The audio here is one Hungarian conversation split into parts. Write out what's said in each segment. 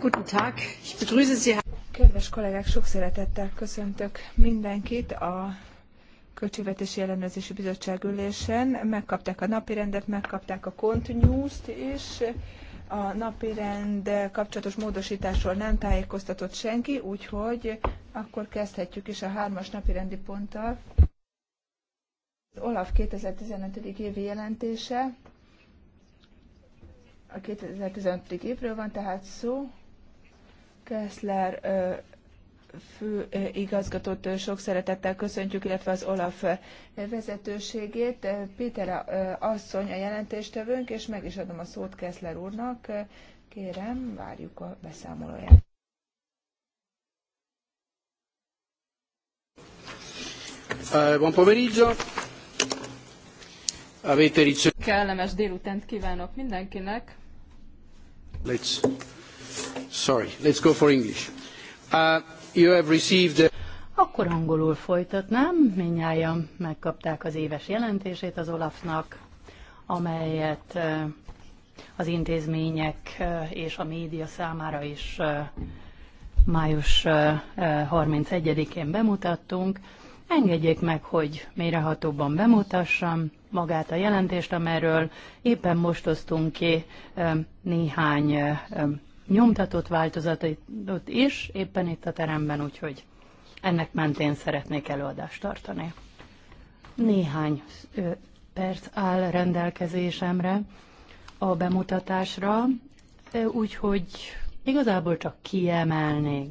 Guten Tag, ich begrüße Sie. Kedves kollégák, sok szeretettel köszöntök mindenkit a Költségvetési Ellenőrzési Bizottság ülésen. Megkapták a napirendet, megkapták a continuous és A napirend kapcsolatos módosításról nem tájékoztatott senki, úgyhogy akkor kezdhetjük is a hármas napirendi ponttal. Az OLAF 2015. évi jelentése. A 2015. évről van tehát szó. Kessler fő igazgatót sok szeretettel köszöntjük, illetve az OLAF vezetőségét. Péter asszony a jelentéstevőnk, és meg is adom a szót Kessler úrnak. Kérem, várjuk a beszámolóját. Eh, buon pomeriggio. Avete ricevuto. Kellemes délutánt kívánok mindenkinek. Let's Sorry, let's go for English. Uh, you have received... A... Akkor angolul folytatnám, minnyáján megkapták az éves jelentését az Olafnak, amelyet uh, az intézmények uh, és a média számára is uh, május 31-én bemutattunk. Engedjék meg, hogy mélyrehatóbban bemutassam magát a jelentést, amelyről éppen most osztunk ki um, néhány um, nyomtatott változatot is, éppen itt a teremben, úgyhogy ennek mentén szeretnék előadást tartani. Néhány perc áll rendelkezésemre a bemutatásra, úgyhogy igazából csak kiemelnék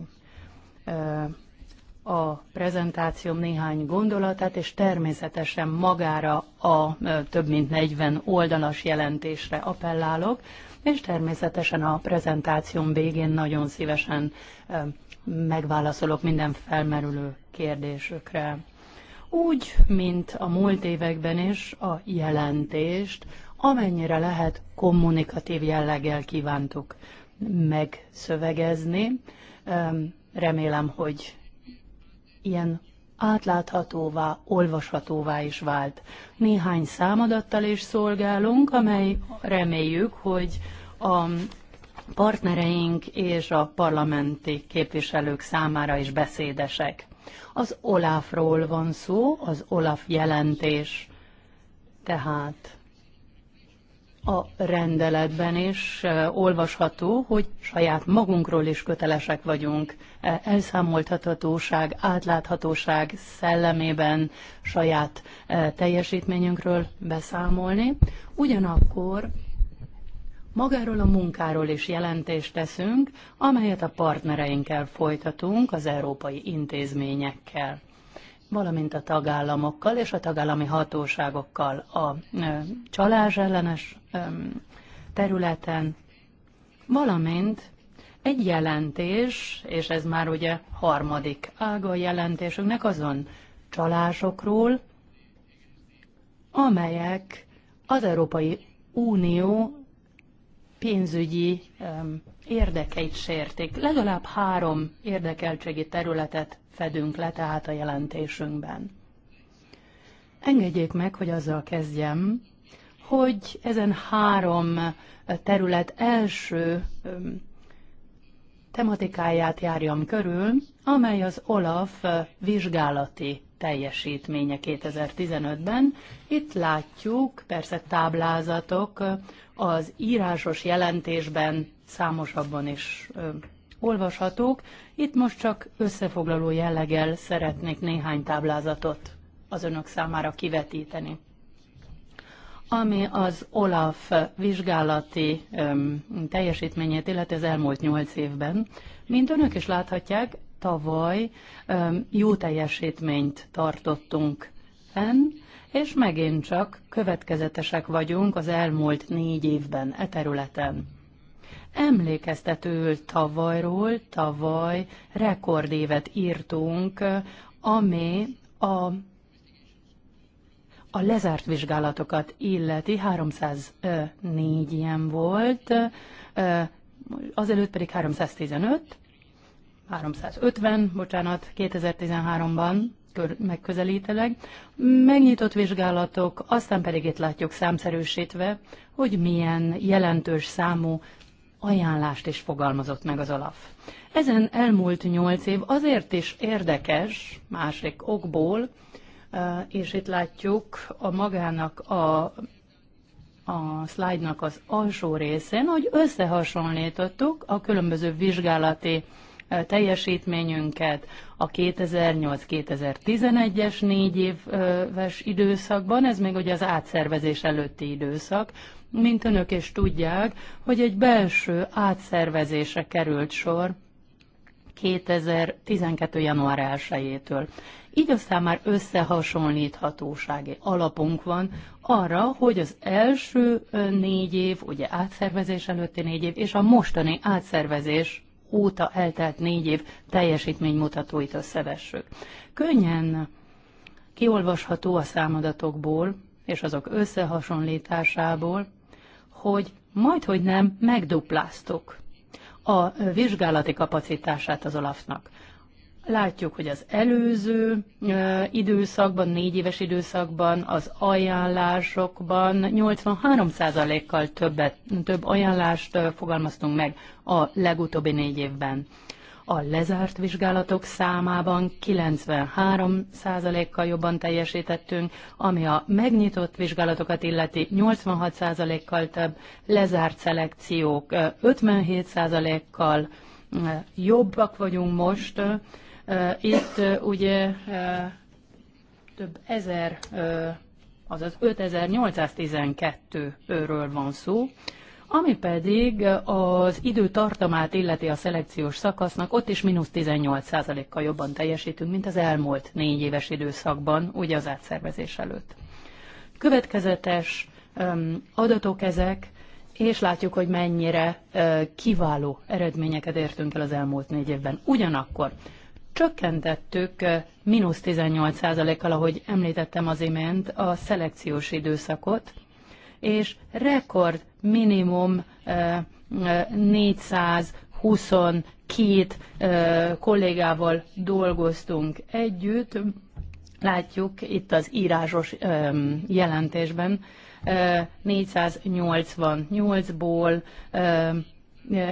a prezentációm néhány gondolatát, és természetesen magára a több mint 40 oldalas jelentésre appellálok, és természetesen a prezentációm végén nagyon szívesen megválaszolok minden felmerülő kérdésükre. Úgy, mint a múlt években is a jelentést, amennyire lehet kommunikatív jelleggel kívántuk megszövegezni. Remélem, hogy ilyen átláthatóvá, olvashatóvá is vált. Néhány számadattal is szolgálunk, amely reméljük, hogy a partnereink és a parlamenti képviselők számára is beszédesek. Az Olafról van szó, az Olaf jelentés, tehát a rendeletben is olvasható, hogy saját magunkról is kötelesek vagyunk. Elszámoltathatóság, átláthatóság szellemében saját teljesítményünkről beszámolni. Ugyanakkor magáról a munkáról is jelentést teszünk, amelyet a partnereinkkel folytatunk, az európai intézményekkel valamint a tagállamokkal és a tagállami hatóságokkal a csalás ellenes területen, valamint egy jelentés, és ez már ugye harmadik ága a jelentésünknek azon csalásokról, amelyek az Európai Unió pénzügyi érdekeit sértik. Legalább három érdekeltségi területet fedünk le tehát a jelentésünkben. Engedjék meg, hogy azzal kezdjem, hogy ezen három terület első tematikáját járjam körül, amely az OLAF vizsgálati teljesítménye 2015-ben. Itt látjuk persze táblázatok, az írásos jelentésben számosabban is olvashatók. Itt most csak összefoglaló jelleggel szeretnék néhány táblázatot az önök számára kivetíteni. Ami az OLAF vizsgálati öm, teljesítményét illeti az elmúlt nyolc évben, mint önök is láthatják, tavaly öm, jó teljesítményt tartottunk fenn, és megint csak következetesek vagyunk az elmúlt négy évben e területen. Emlékeztetőül tavalyról, tavaly rekordévet írtunk, ami a a lezárt vizsgálatokat illeti 304 ilyen volt, azelőtt pedig 315, 350, bocsánat, 2013-ban megközelíteleg, megnyitott vizsgálatok, aztán pedig itt látjuk számszerűsítve, hogy milyen jelentős számú ajánlást is fogalmazott meg az alaf. Ezen elmúlt nyolc év azért is érdekes, másik okból, és itt látjuk a magának a a szlájdnak az alsó részén, hogy összehasonlítottuk a különböző vizsgálati teljesítményünket a 2008-2011-es négy éves időszakban, ez még ugye az átszervezés előtti időszak, mint önök is tudják, hogy egy belső átszervezése került sor 2012. január 1-től. Így aztán már összehasonlíthatósági alapunk van arra, hogy az első négy év, ugye átszervezés előtti négy év, és a mostani átszervezés óta eltelt négy év teljesítménymutatóit összevessük. Könnyen kiolvasható a számadatokból és azok összehasonlításából, hogy majdhogy nem megdupláztuk a vizsgálati kapacitását az Olafnak. Látjuk, hogy az előző időszakban, négy éves időszakban az ajánlásokban 83%-kal többet, több ajánlást fogalmaztunk meg a legutóbbi négy évben a lezárt vizsgálatok számában 93%-kal jobban teljesítettünk, ami a megnyitott vizsgálatokat illeti 86%-kal több, lezárt szelekciók 57%-kal jobbak vagyunk most. Itt ugye több ezer, azaz 5812-ről van szó, ami pedig az időtartamát illeti a szelekciós szakasznak, ott is mínusz 18%-kal jobban teljesítünk, mint az elmúlt négy éves időszakban, ugye az átszervezés előtt. Következetes um, adatok ezek, és látjuk, hogy mennyire uh, kiváló eredményeket értünk el az elmúlt négy évben. Ugyanakkor csökkentettük uh, mínusz 18%-kal, ahogy említettem az imént, a szelekciós időszakot, és rekord minimum 422 kollégával dolgoztunk együtt. Látjuk itt az írásos jelentésben 488-ból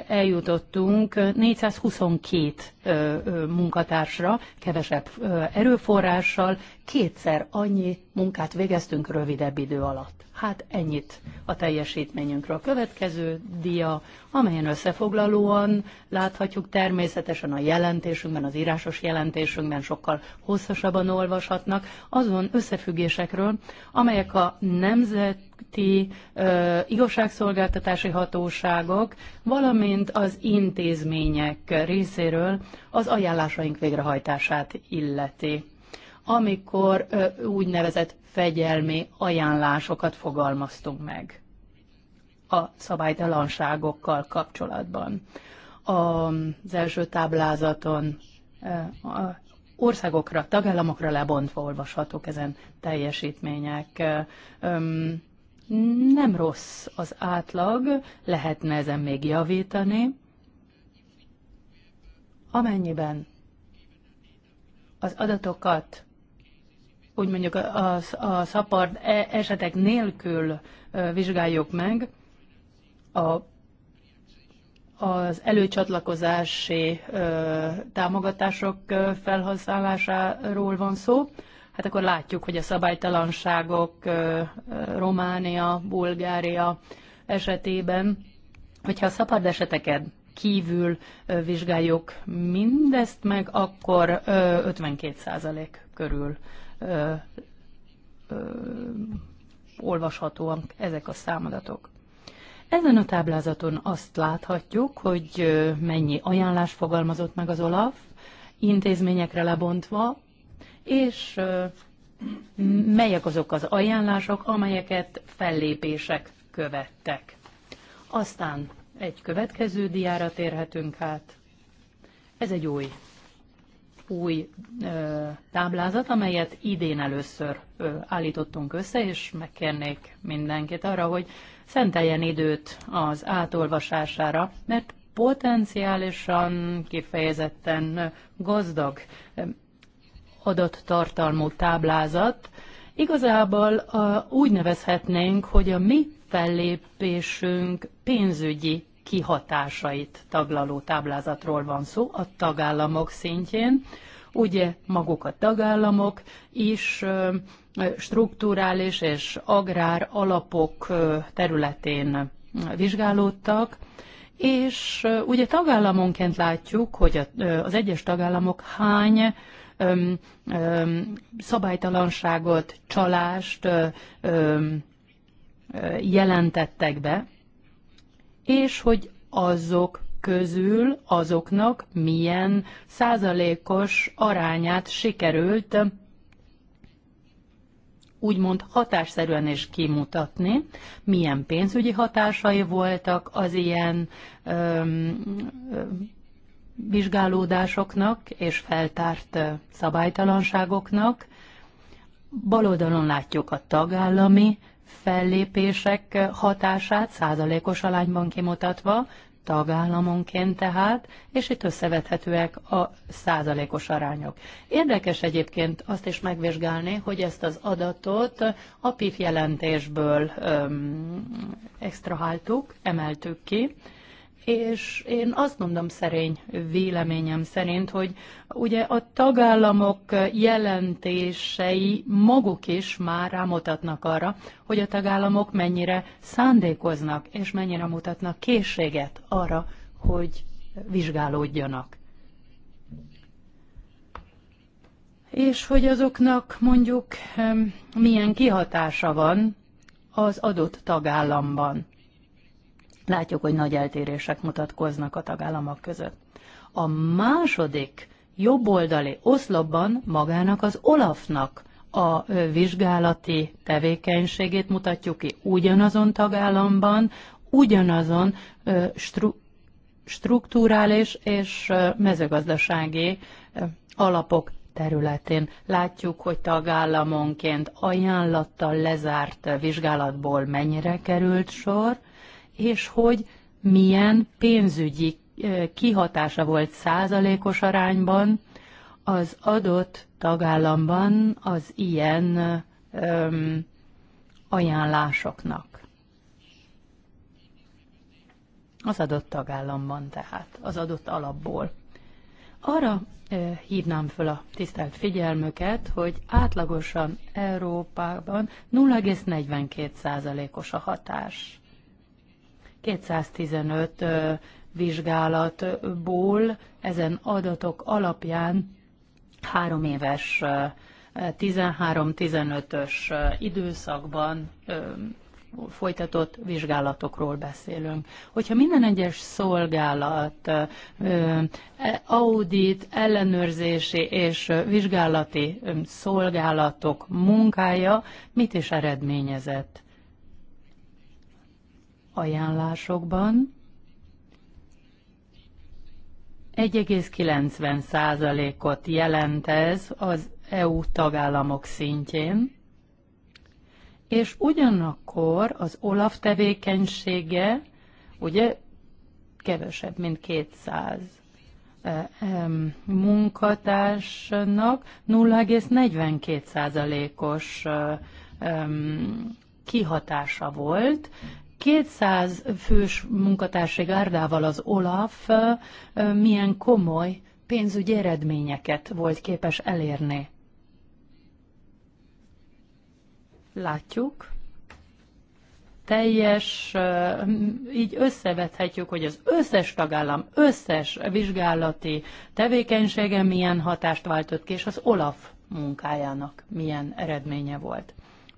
eljutottunk 422 munkatársra, kevesebb erőforrással, kétszer annyi munkát végeztünk rövidebb idő alatt. Hát ennyit a teljesítményünkről. A következő dia, amelyen összefoglalóan láthatjuk természetesen a jelentésünkben, az írásos jelentésünkben sokkal hosszasabban olvashatnak azon összefüggésekről, amelyek a nemzet nemzeti ö, igazságszolgáltatási hatóságok, valamint az intézmények részéről az ajánlásaink végrehajtását illeti amikor úgynevezett fegyelmi ajánlásokat fogalmaztunk meg a szabálytalanságokkal kapcsolatban. Az első táblázaton eh, országokra, tagállamokra lebontva olvashatók ezen teljesítmények. Eh, nem rossz az átlag, lehetne ezen még javítani, amennyiben az adatokat úgy mondjuk a, a, a szapard e, esetek nélkül vizsgáljuk meg a, az előcsatlakozási ö, támogatások felhasználásáról van szó, hát akkor látjuk, hogy a szabálytalanságok ö, Románia, Bulgária esetében, hogyha a szapard eseteket kívül vizsgáljuk mindezt meg, akkor 52% körül ö, ö, olvashatóak ezek a számadatok. Ezen a táblázaton azt láthatjuk, hogy mennyi ajánlás fogalmazott meg az OLAF, intézményekre lebontva, és melyek azok az ajánlások, amelyeket fellépések követtek. Aztán egy következő diára térhetünk át. Ez egy új új ö, táblázat, amelyet idén először ö, állítottunk össze, és megkérnék mindenkit arra, hogy szenteljen időt az átolvasására, mert potenciálisan kifejezetten gazdag adattartalmú táblázat. Igazából a, úgy nevezhetnénk, hogy a mi fellépésünk pénzügyi kihatásait taglaló táblázatról van szó a tagállamok szintjén. Ugye maguk a tagállamok is strukturális és agrár alapok területén vizsgálódtak, és ugye tagállamonként látjuk, hogy az egyes tagállamok hány szabálytalanságot, csalást jelentettek be, és hogy azok közül azoknak milyen százalékos arányát sikerült úgymond hatásszerűen is kimutatni, milyen pénzügyi hatásai voltak az ilyen ö, ö, vizsgálódásoknak és feltárt szabálytalanságoknak. Baloldalon látjuk a tagállami fellépések hatását százalékos alányban kimutatva, tagállamonként tehát, és itt összevethetőek a százalékos arányok. Érdekes egyébként azt is megvizsgálni, hogy ezt az adatot a PIF jelentésből öm, extraháltuk, emeltük ki, és én azt mondom szerény véleményem szerint, hogy ugye a tagállamok jelentései maguk is már rámutatnak arra, hogy a tagállamok mennyire szándékoznak, és mennyire mutatnak készséget arra, hogy vizsgálódjanak. És hogy azoknak mondjuk milyen kihatása van az adott tagállamban Látjuk, hogy nagy eltérések mutatkoznak a tagállamok között. A második jobboldali oszlopban magának az Olafnak a vizsgálati tevékenységét mutatjuk ki ugyanazon tagállamban, ugyanazon stru- strukturális és mezőgazdasági alapok területén. Látjuk, hogy tagállamonként ajánlattal lezárt vizsgálatból mennyire került sor, és hogy milyen pénzügyi kihatása volt százalékos arányban az adott tagállamban az ilyen öm, ajánlásoknak. Az adott tagállamban tehát, az adott alapból. Arra hívnám föl a tisztelt figyelmüket, hogy átlagosan Európában 0,42%-os a hatás. 215 vizsgálatból ezen adatok alapján három éves 13-15-ös időszakban folytatott vizsgálatokról beszélünk. Hogyha minden egyes szolgálat audit, ellenőrzési és vizsgálati szolgálatok munkája mit is eredményezett? ajánlásokban 1,90%-ot jelent ez az EU tagállamok szintjén, és ugyanakkor az OLAF tevékenysége ugye kevesebb, mint 200 e, munkatársnak 0,42%-os kihatása volt, 200 fős munkatársi gárdával az OLAF milyen komoly pénzügyi eredményeket volt képes elérni. Látjuk, teljes, így összevethetjük, hogy az összes tagállam összes vizsgálati tevékenysége milyen hatást váltott ki, és az OLAF munkájának milyen eredménye volt.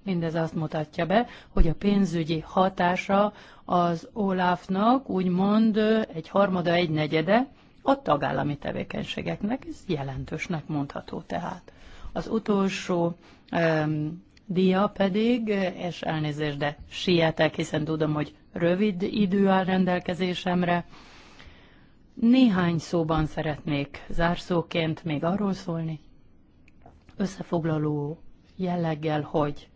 Mindez azt mutatja be, hogy a pénzügyi hatása az Olafnak úgymond egy harmada, egy negyede a tagállami tevékenységeknek, ez jelentősnek mondható tehát. Az utolsó um, dia pedig, és elnézést, de sietek, hiszen tudom, hogy rövid idő áll rendelkezésemre. Néhány szóban szeretnék zárszóként még arról szólni, összefoglaló jelleggel, hogy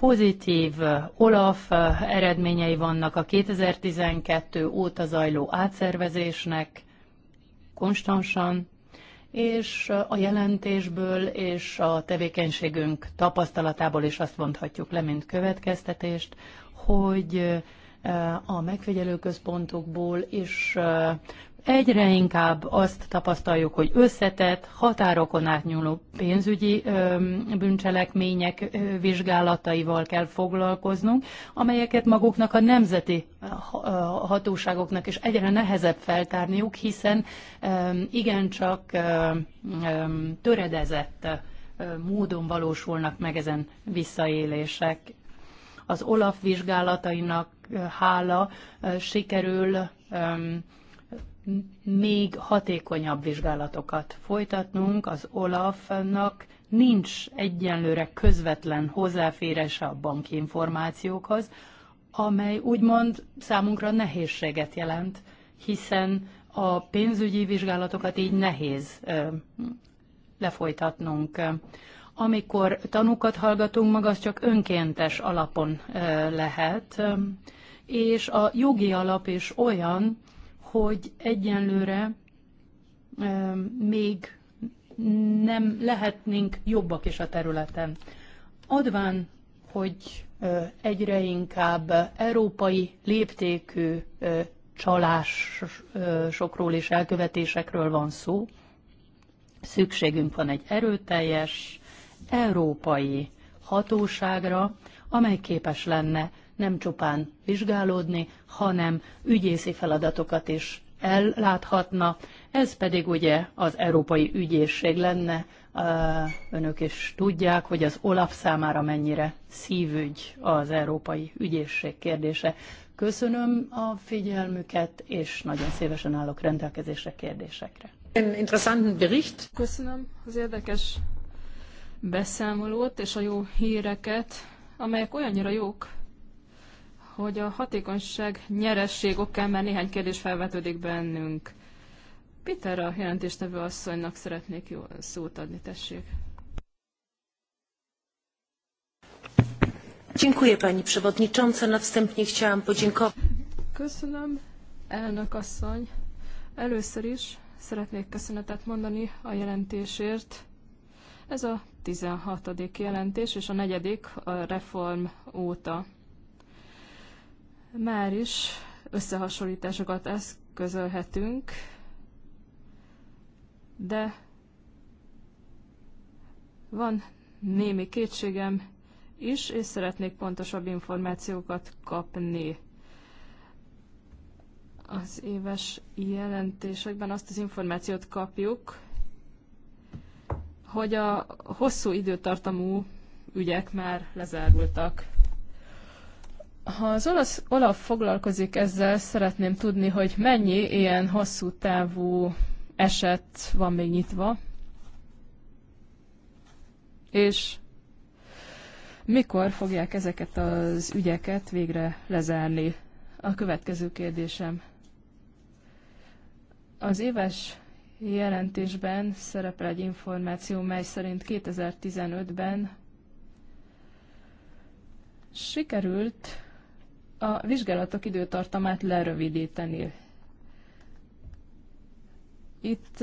pozitív Olaf eredményei vannak a 2012 óta zajló átszervezésnek konstansan, és a jelentésből és a tevékenységünk tapasztalatából is azt mondhatjuk le, mint következtetést, hogy a megfigyelőközpontokból és egyre inkább azt tapasztaljuk, hogy összetett, határokon átnyúló pénzügyi bűncselekmények vizsgálataival kell foglalkoznunk, amelyeket maguknak a nemzeti hatóságoknak is egyre nehezebb feltárniuk, hiszen igencsak töredezett módon valósulnak meg ezen visszaélések. Az Olaf vizsgálatainak hála sikerül még hatékonyabb vizsgálatokat folytatnunk. Az Olafnak nincs egyenlőre közvetlen hozzáférése a banki információkhoz, amely úgymond számunkra nehézséget jelent, hiszen a pénzügyi vizsgálatokat így nehéz lefolytatnunk. Amikor tanúkat hallgatunk maga az csak önkéntes alapon lehet, és a jogi alap is olyan, hogy egyenlőre még nem lehetnénk jobbak is a területen. Adván, hogy egyre inkább európai léptékű csalásokról és elkövetésekről van szó, szükségünk van egy erőteljes európai hatóságra, amely képes lenne nem csupán vizsgálódni, hanem ügyészi feladatokat is elláthatna. Ez pedig ugye az Európai Ügyészség lenne. Önök is tudják, hogy az Olaf számára mennyire szívügy az Európai Ügyészség kérdése. Köszönöm a figyelmüket, és nagyon szívesen állok rendelkezésre kérdésekre. Köszönöm az érdekes beszámolót és a jó híreket, amelyek olyannyira jók hogy a hatékonyság nyeresség okán már néhány kérdés felvetődik bennünk. Peter a jelentéstevő asszonynak szeretnék jó szót adni, tessék. Dziękuję Pani Przewodnicząca. Na wstępnie chciałam podziękować. Köszönöm, elnök asszony. Először is szeretnék köszönetet mondani a jelentésért. Ez a 16. jelentés és a negyedik a reform óta. Már is összehasonlításokat eszközölhetünk, de van némi kétségem is, és szeretnék pontosabb információkat kapni. Az éves jelentésekben azt az információt kapjuk, hogy a hosszú időtartamú ügyek már lezárultak. Ha az olasz Olaf foglalkozik ezzel, szeretném tudni, hogy mennyi ilyen hosszú távú eset van még nyitva, és mikor fogják ezeket az ügyeket végre lezárni? A következő kérdésem. Az éves jelentésben szerepel egy információ, mely szerint 2015-ben sikerült a vizsgálatok időtartamát lerövidíteni. Itt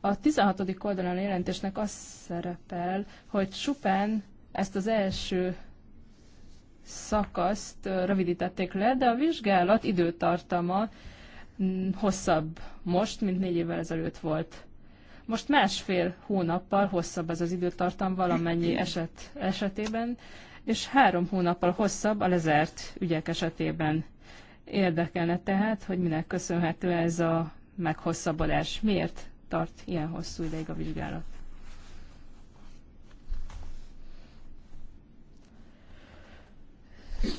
a 16. oldalon a jelentésnek az szerepel, hogy csupán ezt az első szakaszt rövidítették le, de a vizsgálat időtartama hosszabb most, mint négy évvel ezelőtt volt. Most másfél hónappal hosszabb ez az időtartam valamennyi eset esetében, és három hónappal hosszabb a lezárt ügyek esetében. Érdekelne tehát, hogy minek köszönhető ez a meghosszabbodás. Miért tart ilyen hosszú ideig a vizsgálat?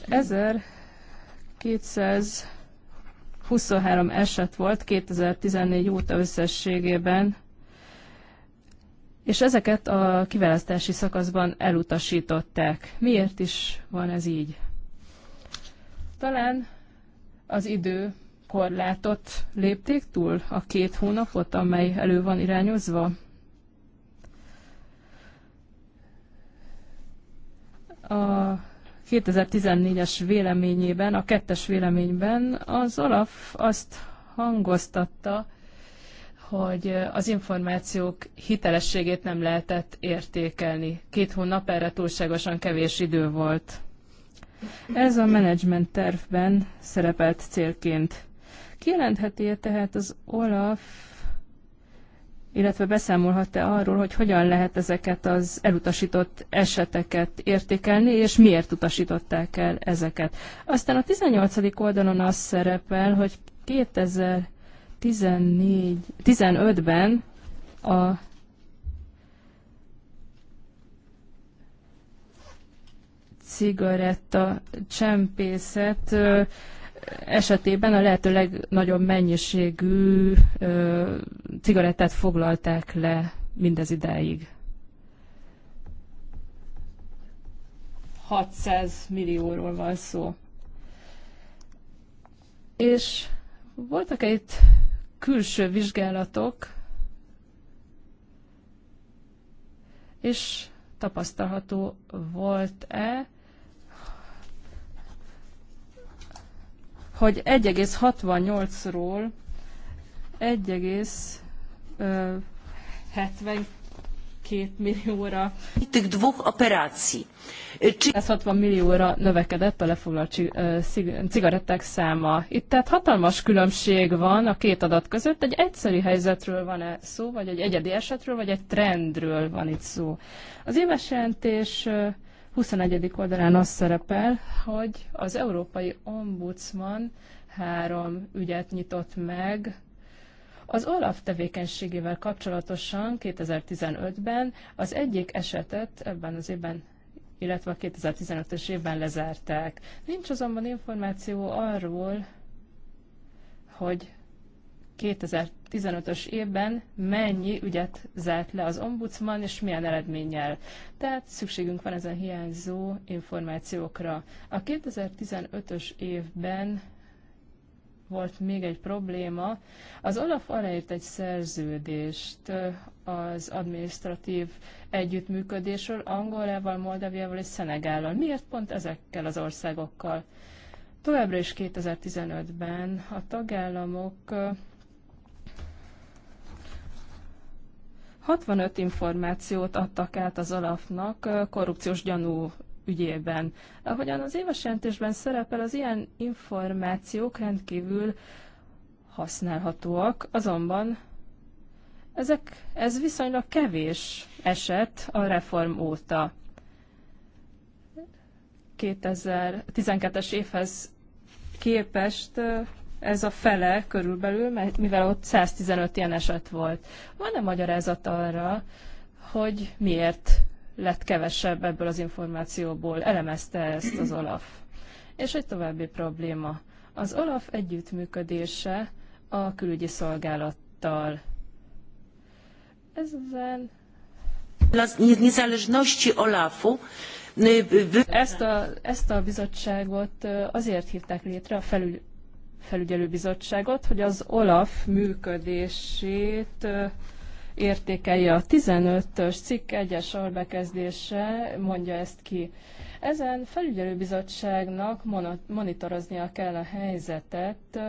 Ezer 223 eset volt 2014 óta összességében, és ezeket a kiválasztási szakaszban elutasították. Miért is van ez így? Talán az idő korlátot lépték túl, a két hónapot, amely elő van irányozva? A 2014-es véleményében, a kettes véleményben az Olaf azt hangoztatta, hogy az információk hitelességét nem lehetett értékelni. Két hónap erre túlságosan kevés idő volt. Ez a menedzsment tervben szerepelt célként. Kijelentheti -e tehát az OLAF, illetve beszámolhat-e arról, hogy hogyan lehet ezeket az elutasított eseteket értékelni, és miért utasították el ezeket. Aztán a 18. oldalon az szerepel, hogy 2000 15 ben a cigaretta csempészet esetében a lehető legnagyobb mennyiségű cigarettát foglalták le mindez ideig 600 millióról van szó. És voltak -e itt külső vizsgálatok, és tapasztalható volt-e, hogy 1,68-ról 1,72 két millióra. Tych dwóch operacji. 160 e, millióra növekedett a lefoglalt e, cigaretták száma. Itt tehát hatalmas különbség van a két adat között. Egy egyszeri helyzetről van -e szó, vagy egy egyedi esetről, vagy egy trendről van itt szó. Az éves jelentés 21. E, oldalán az szerepel, hogy az Európai Ombudsman három ügyet nyitott meg az OLAF tevékenységével kapcsolatosan 2015-ben az egyik esetet ebben az évben illetve a 2015-ös évben lezárták. Nincs azonban információ arról, hogy 2015-ös évben mennyi ügyet zárt le az ombudsman, és milyen eredménnyel. Tehát szükségünk van ezen hiányzó információkra. A 2015-ös évben volt még egy probléma. Az Olaf aláírt egy szerződést az administratív együttműködésről Angolával, Moldaviával és Szenegállal. Miért pont ezekkel az országokkal? Továbbra is 2015-ben a tagállamok 65 információt adtak át az Olafnak korrupciós gyanú ügyében. Ahogyan az éves jelentésben szerepel, az ilyen információk rendkívül használhatóak, azonban ezek, ez viszonylag kevés eset a reform óta. 2012-es évhez képest ez a fele körülbelül, mivel ott 115 ilyen eset volt. Van-e magyarázat arra, hogy miért lett kevesebb ebből az információból, elemezte ezt az Olaf. És egy további probléma. Az Olaf együttműködése a külügyi szolgálattal. Ezen... Olafu ezt a, ezt a bizottságot azért hívták létre, a felügy, felügyelőbizottságot, hogy az OLAF működését értékelje. A 15-ös cikk egyes albekezdése mondja ezt ki. Ezen felügyelőbizottságnak monitoroznia kell a helyzetet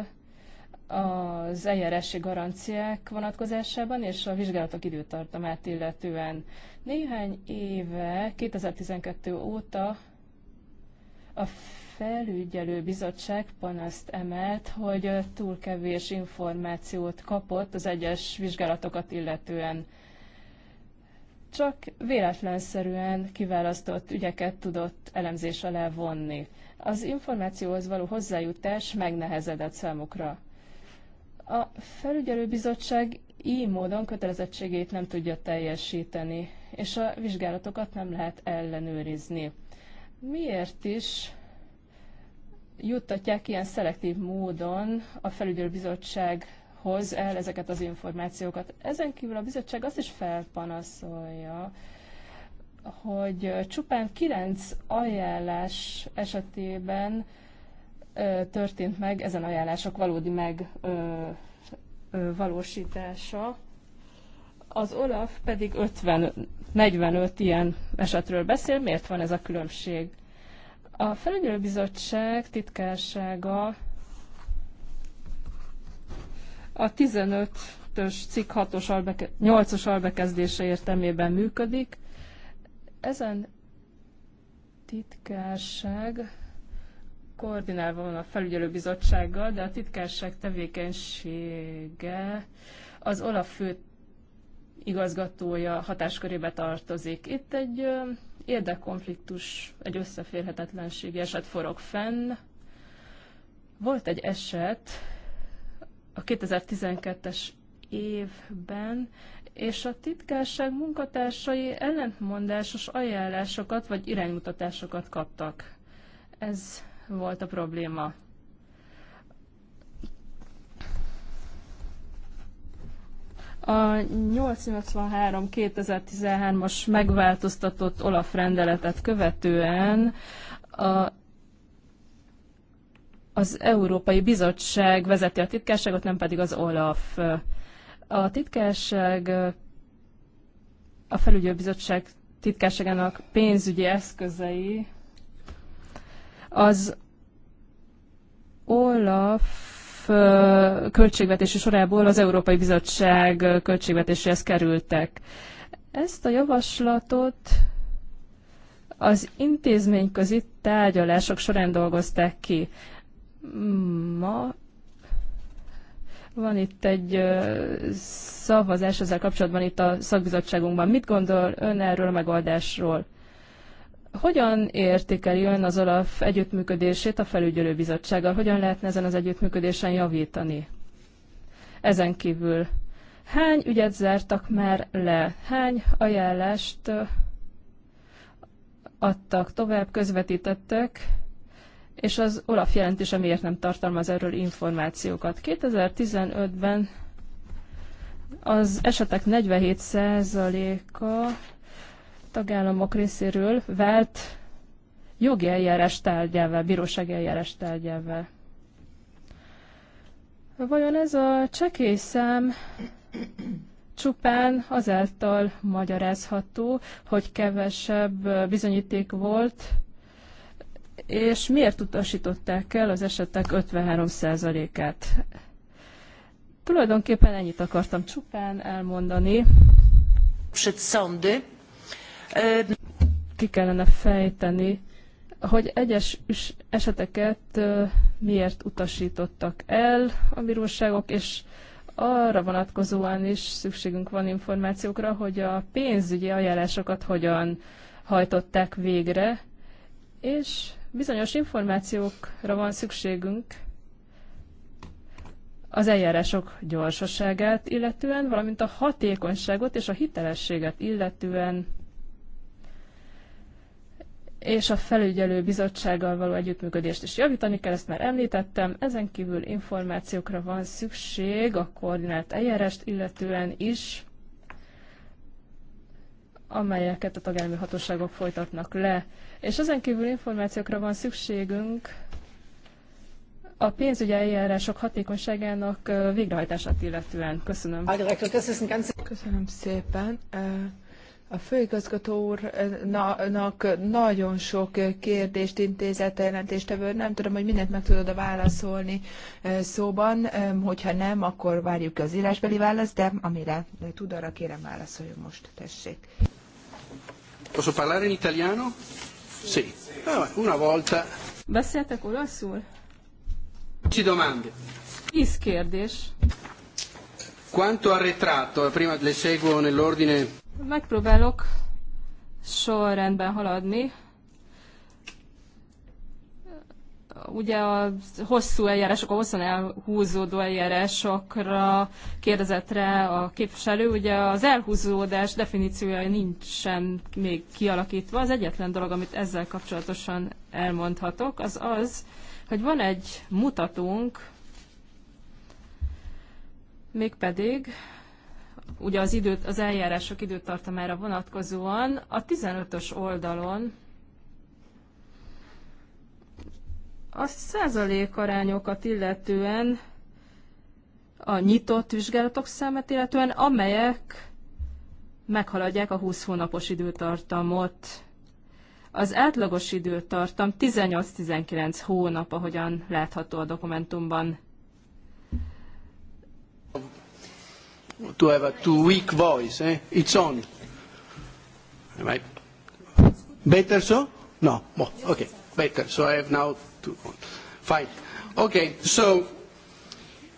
az eljárási garanciák vonatkozásában és a vizsgálatok időtartamát illetően. Néhány éve, 2012 óta a felügyelő bizottság panaszt emelt, hogy túl kevés információt kapott az egyes vizsgálatokat illetően. Csak véletlenszerűen kiválasztott ügyeket tudott elemzés alá vonni. Az információhoz való hozzájutás megnehezedett számukra. A bizottság így módon kötelezettségét nem tudja teljesíteni, és a vizsgálatokat nem lehet ellenőrizni miért is juttatják ilyen szelektív módon a felügyelőbizottsághoz el ezeket az információkat. Ezen kívül a bizottság azt is felpanaszolja, hogy csupán kilenc ajánlás esetében ö, történt meg ezen ajánlások valódi megvalósítása. Az OLAF pedig 50-45 ilyen esetről beszél. Miért van ez a különbség? A felügyelőbizottság titkársága a 15-ös cikk 6-os albeke- 8-os albekezdése értelmében működik. Ezen titkárság koordinálva van a felügyelőbizottsággal, de a titkárság tevékenysége az Olaf fő igazgatója hatáskörébe tartozik. Itt egy érdekkonfliktus, egy összeférhetetlenségi eset forog fenn. Volt egy eset a 2012-es évben, és a titkárság munkatársai ellentmondásos ajánlásokat vagy iránymutatásokat kaptak. Ez volt a probléma. A 883-2013-as megváltoztatott Olaf rendeletet követően a az Európai Bizottság vezeti a titkárságot, nem pedig az OLAF. A titkárság a felügyőbizottság titkárságának pénzügyi eszközei az OLAF költségvetési sorából az Európai Bizottság költségvetéséhez kerültek. Ezt a javaslatot az intézményközi tárgyalások során dolgozták ki. Ma van itt egy szavazás ezzel kapcsolatban itt a szakbizottságunkban. Mit gondol ön erről a megoldásról? Hogyan értékeli ön az Olaf együttműködését a felügyelőbizottsággal? Hogyan lehetne ezen az együttműködésen javítani? Ezen kívül hány ügyet zártak már le? Hány ajánlást adtak tovább, közvetítettek? És az Olaf jelentése miért nem tartalmaz erről információkat? 2015-ben az esetek 47%-a tagállamok részéről vált jogi eljárás tárgyával, bírósági eljárás tárgyával. Vajon ez a szám csupán azáltal magyarázható, hogy kevesebb bizonyíték volt, és miért utasították el az esetek 53%-át? Tulajdonképpen ennyit akartam csupán elmondani. Przed sądy ki kellene fejteni, hogy egyes eseteket miért utasítottak el a bíróságok, és arra vonatkozóan is szükségünk van információkra, hogy a pénzügyi ajánlásokat hogyan hajtották végre, és bizonyos információkra van szükségünk az eljárások gyorsaságát illetően, valamint a hatékonyságot és a hitelességet illetően és a felügyelő bizottsággal való együttműködést is javítani kell, ezt már említettem. Ezen kívül információkra van szükség a koordinált eljárást illetően is, amelyeket a tagállami hatóságok folytatnak le. És ezen kívül információkra van szükségünk a pénzügyi eljárások hatékonyságának végrehajtását illetően. Köszönöm. Köszönöm szépen. A főigazgató úrnak eh, nagyon sok eh, kérdést intézett a jelentéstevő. Nem tudom, hogy mindent meg tudod a válaszolni eh, szóban. Hogyha nem, akkor várjuk az írásbeli választ, de amire tud, arra kérem válaszoljon most. Tessék. Posso parlare in italiano? Sì. Ah, una volta. Beszéltek olaszul? Ci domande. Tíz kérdés. Quanto arretrato, prima le seguo nell'ordine Megpróbálok sorrendben haladni. Ugye a hosszú eljárások, a hosszan elhúzódó eljárásokra kérdezett rá a képviselő, ugye az elhúzódás definíciója nincsen még kialakítva. Az egyetlen dolog, amit ezzel kapcsolatosan elmondhatok, az az, hogy van egy mutatónk, mégpedig ugye az, időt, az eljárások időtartamára vonatkozóan a 15-ös oldalon a százalékarányokat illetően a nyitott vizsgálatok számát illetően, amelyek meghaladják a 20 hónapos időtartamot. Az átlagos időtartam 18-19 hónap, ahogyan látható a dokumentumban to have a too weak voice. Eh? It's on. Am I better so? No. More. Okay. Better. So I have now to. Fine. Okay. So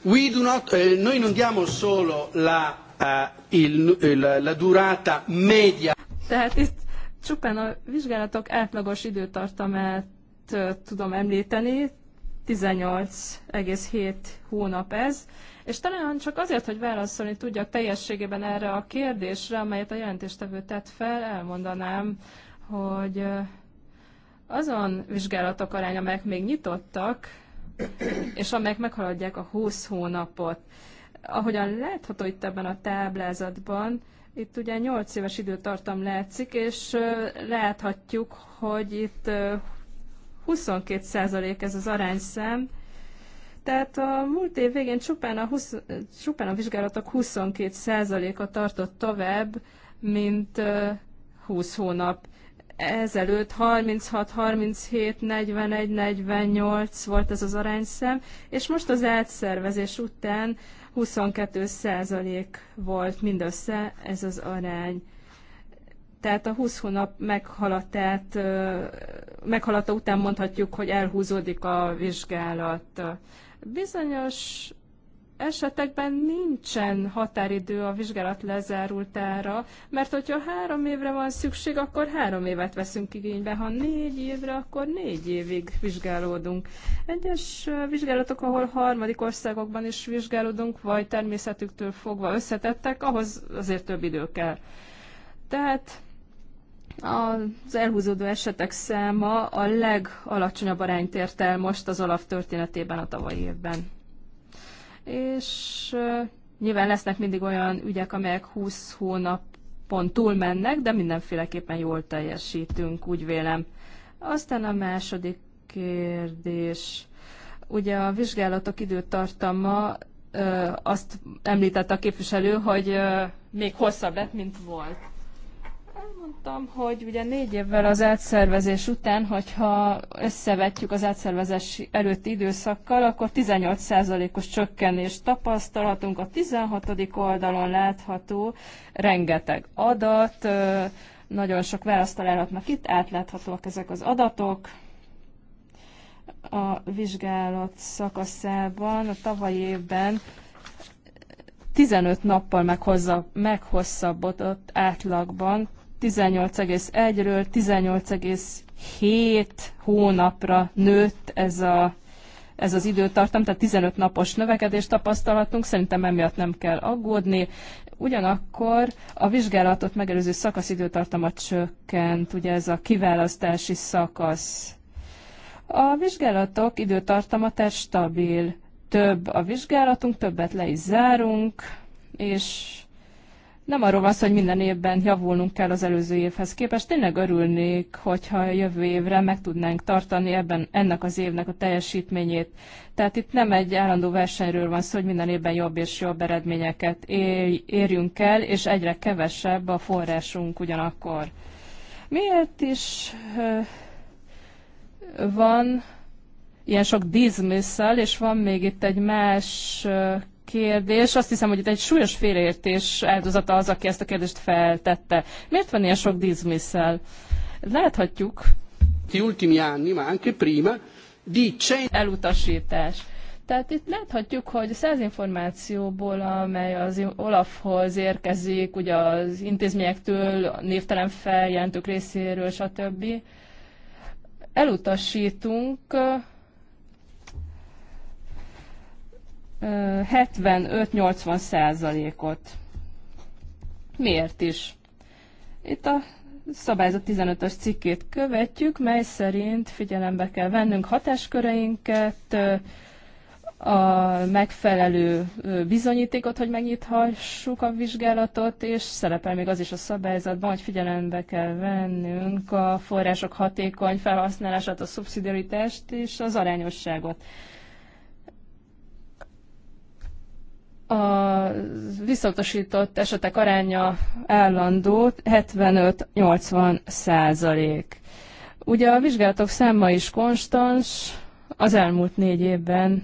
we do not, eh, noi non diamo solo la, uh, il, il, la durata media. Tehát itt csupán a vizsgálatok átlagos időtartamát eh, tudom említeni, 18,7 hónap ez, és talán csak azért, hogy válaszolni tudja teljességében erre a kérdésre, amelyet a jelentéstevő tett fel, elmondanám, hogy azon vizsgálatok aránya, amelyek még nyitottak, és amelyek meghaladják a 20 hónapot. Ahogyan látható itt ebben a táblázatban, itt ugye 8 éves időtartam látszik, és láthatjuk, hogy itt 22% ez az arányszám, tehát a múlt év végén csupán a, 20, csupán a vizsgálatok 22%-a tartott tovább, mint 20 hónap ezelőtt 36, 37, 41, 48 volt ez az arányszem, és most az átszervezés után 22 százalék volt mindössze ez az arány. Tehát a 20 hónap meghaladtát, meghaladta után mondhatjuk, hogy elhúzódik a vizsgálat. Bizonyos esetekben nincsen határidő a vizsgálat lezárultára, mert hogyha három évre van szükség, akkor három évet veszünk igénybe, ha négy évre, akkor négy évig vizsgálódunk. Egyes vizsgálatok, ahol harmadik országokban is vizsgálódunk, vagy természetüktől fogva összetettek, ahhoz azért több idő kell. Tehát az elhúzódó esetek száma a legalacsonyabb arányt ért el most az Olaf történetében a tavalyi évben. És nyilván lesznek mindig olyan ügyek, amelyek 20 hónap pont túl mennek, de mindenféleképpen jól teljesítünk, úgy vélem. Aztán a második kérdés. Ugye a vizsgálatok időtartama azt említette a képviselő, hogy még hosszabb lett, mint volt mondtam, hogy ugye négy évvel az átszervezés után, hogyha összevetjük az átszervezés előtti időszakkal, akkor 18%-os csökkenés tapasztalhatunk. A 16. oldalon látható rengeteg adat, nagyon sok választalálatnak itt, átláthatóak ezek az adatok. A vizsgálat szakaszában a tavalyi évben 15 nappal meghosszabbodott átlagban 18,1-ről 18,7 hónapra nőtt ez, a, ez az időtartam, tehát 15 napos növekedést tapasztalhatunk, szerintem emiatt nem kell aggódni. Ugyanakkor a vizsgálatot megelőző időtartama csökkent, ugye ez a kiválasztási szakasz. A vizsgálatok időtartama stabil. Több a vizsgálatunk, többet le is zárunk, és nem arról van szó, hogy minden évben javulnunk kell az előző évhez képest. Tényleg örülnék, hogyha jövő évre meg tudnánk tartani ebben, ennek az évnek a teljesítményét. Tehát itt nem egy állandó versenyről van szó, hogy minden évben jobb és jobb eredményeket érjünk el, és egyre kevesebb a forrásunk ugyanakkor. Miért is van ilyen sok dizmisszel, és van még itt egy más kérdés. Azt hiszem, hogy itt egy súlyos félreértés áldozata az, aki ezt a kérdést feltette. Miért van ilyen sok díszmisszel? Láthatjuk. Ti ultimi anni, ma anche prima, di elutasítás. Tehát itt láthatjuk, hogy száz információból, amely az Olafhoz érkezik, ugye az intézményektől, névtelen feljelentők részéről, stb. elutasítunk 75-80 százalékot. Miért is? Itt a szabályzat 15-ös cikkét követjük, mely szerint figyelembe kell vennünk hatásköreinket, a megfelelő bizonyítékot, hogy megnyithassuk a vizsgálatot, és szerepel még az is a szabályzatban, hogy figyelembe kell vennünk a források hatékony felhasználását, a szubszidiaritást és az arányosságot. a visszautasított esetek aránya állandó 75-80 százalék. Ugye a vizsgálatok száma is konstans, az elmúlt négy évben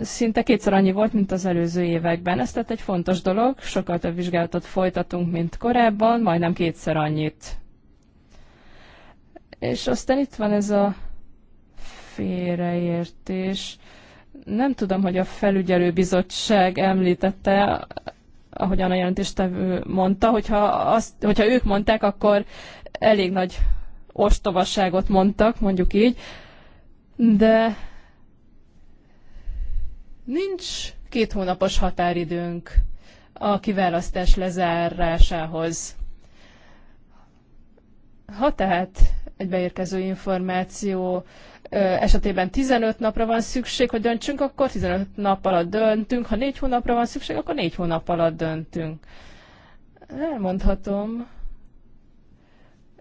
szinte kétszer annyi volt, mint az előző években. Ez tehát egy fontos dolog, sokkal több vizsgálatot folytatunk, mint korábban, majdnem kétszer annyit. És aztán itt van ez a félreértés nem tudom, hogy a felügyelőbizottság említette, ahogyan a jelentéstevő mondta, hogyha, azt, hogyha ők mondták, akkor elég nagy ostobaságot mondtak, mondjuk így, de nincs két hónapos határidőnk a kiválasztás lezárásához. Ha tehát egy beérkező információ esetében 15 napra van szükség, hogy döntsünk, akkor 15 nap alatt döntünk, ha 4 hónapra van szükség, akkor 4 hónap alatt döntünk. Elmondhatom.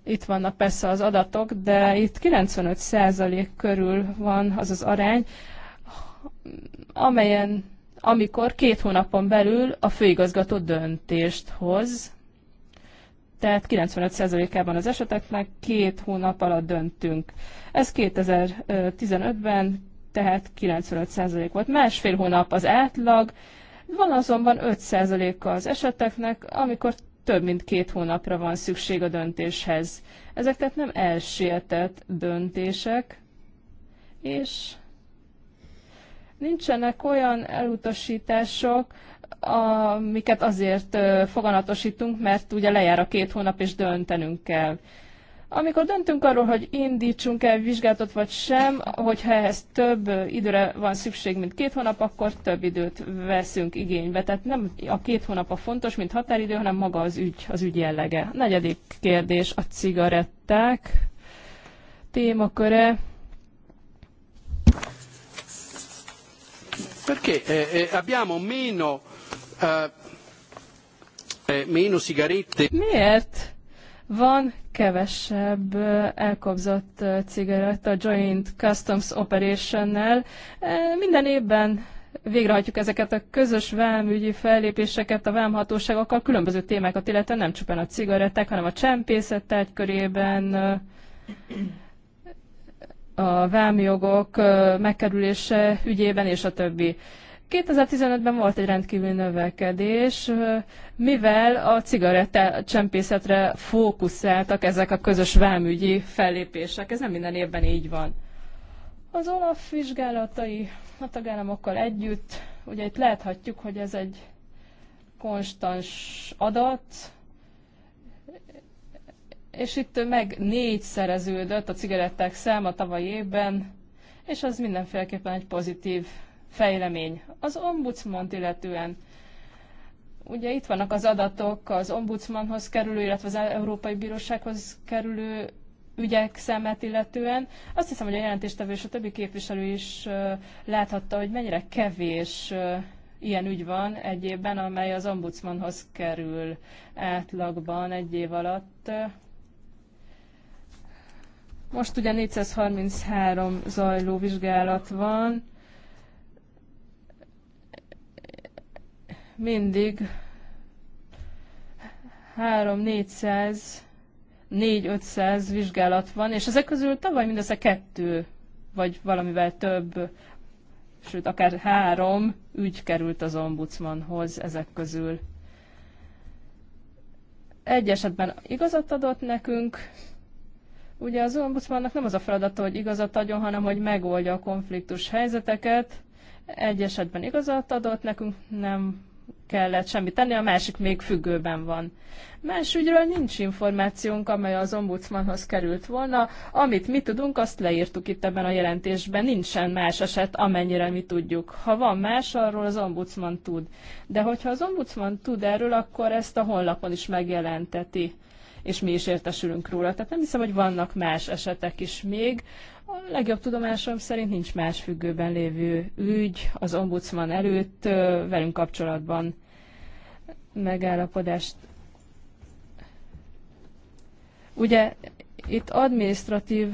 Itt vannak persze az adatok, de itt 95% körül van az az arány, amelyen, amikor két hónapon belül a főigazgató döntést hoz, tehát 95%-ában az eseteknek két hónap alatt döntünk. Ez 2015-ben, tehát 95% volt. Másfél hónap az átlag, van azonban 5%-a az eseteknek, amikor több mint két hónapra van szükség a döntéshez. Ezek tehát nem elsietett döntések, és nincsenek olyan elutasítások, amiket azért foganatosítunk, mert ugye lejár a két hónap, és döntenünk kell. Amikor döntünk arról, hogy indítsunk el vizsgálatot vagy sem, hogyha ehhez több időre van szükség, mint két hónap, akkor több időt veszünk igénybe. Tehát nem a két hónap a fontos, mint határidő, hanem maga az ügy, az ügy jellege. A negyedik kérdés a cigaretták témaköre. Perché eh, eh abbiamo meno Eh, eh, Miért van kevesebb eh, elkobzott cigaretta a Joint Customs Operation-nel? Minden évben végrehajtjuk ezeket a közös vámügyi fellépéseket a vámhatóságokkal, különböző témákat, illetve nem csupán a cigaretták, hanem a csempészet egy körében, a vámjogok megkerülése ügyében és a többi. 2015-ben volt egy rendkívüli növekedés, mivel a cigaretta csempészetre fókuszáltak ezek a közös vámügyi fellépések. Ez nem minden évben így van. Az OLAF vizsgálatai a tagállamokkal együtt, ugye itt láthatjuk, hogy ez egy konstans adat, és itt meg négy szereződött a cigaretták száma tavaly évben, és az mindenféleképpen egy pozitív fejlemény. Az ombudsman illetően ugye itt vannak az adatok az ombudsmanhoz kerülő, illetve az Európai Bírósághoz kerülő ügyek szemet illetően. Azt hiszem, hogy a jelentéstevő és a többi képviselő is láthatta, hogy mennyire kevés ilyen ügy van egy évben, amely az ombudsmanhoz kerül átlagban egy év alatt. Most ugye 433 zajló vizsgálat van, mindig 3-400, 4-500 vizsgálat van, és ezek közül tavaly mindössze kettő, vagy valamivel több, sőt akár három ügy került az ombudsmanhoz ezek közül. Egy esetben igazat adott nekünk, ugye az ombudsmannak nem az a feladata, hogy igazat adjon, hanem hogy megoldja a konfliktus helyzeteket. Egy esetben igazat adott nekünk, nem kellett semmit tenni, a másik még függőben van. Más ügyről nincs információnk, amely az ombudsmanhoz került volna. Amit mi tudunk, azt leírtuk itt ebben a jelentésben. Nincsen más eset, amennyire mi tudjuk. Ha van más, arról az ombudsman tud. De hogyha az ombudsman tud erről, akkor ezt a honlapon is megjelenteti és mi is értesülünk róla. Tehát nem hiszem, hogy vannak más esetek is még, a legjobb tudomásom szerint nincs más függőben lévő ügy az ombudsman előtt velünk kapcsolatban megállapodást. Ugye itt administratív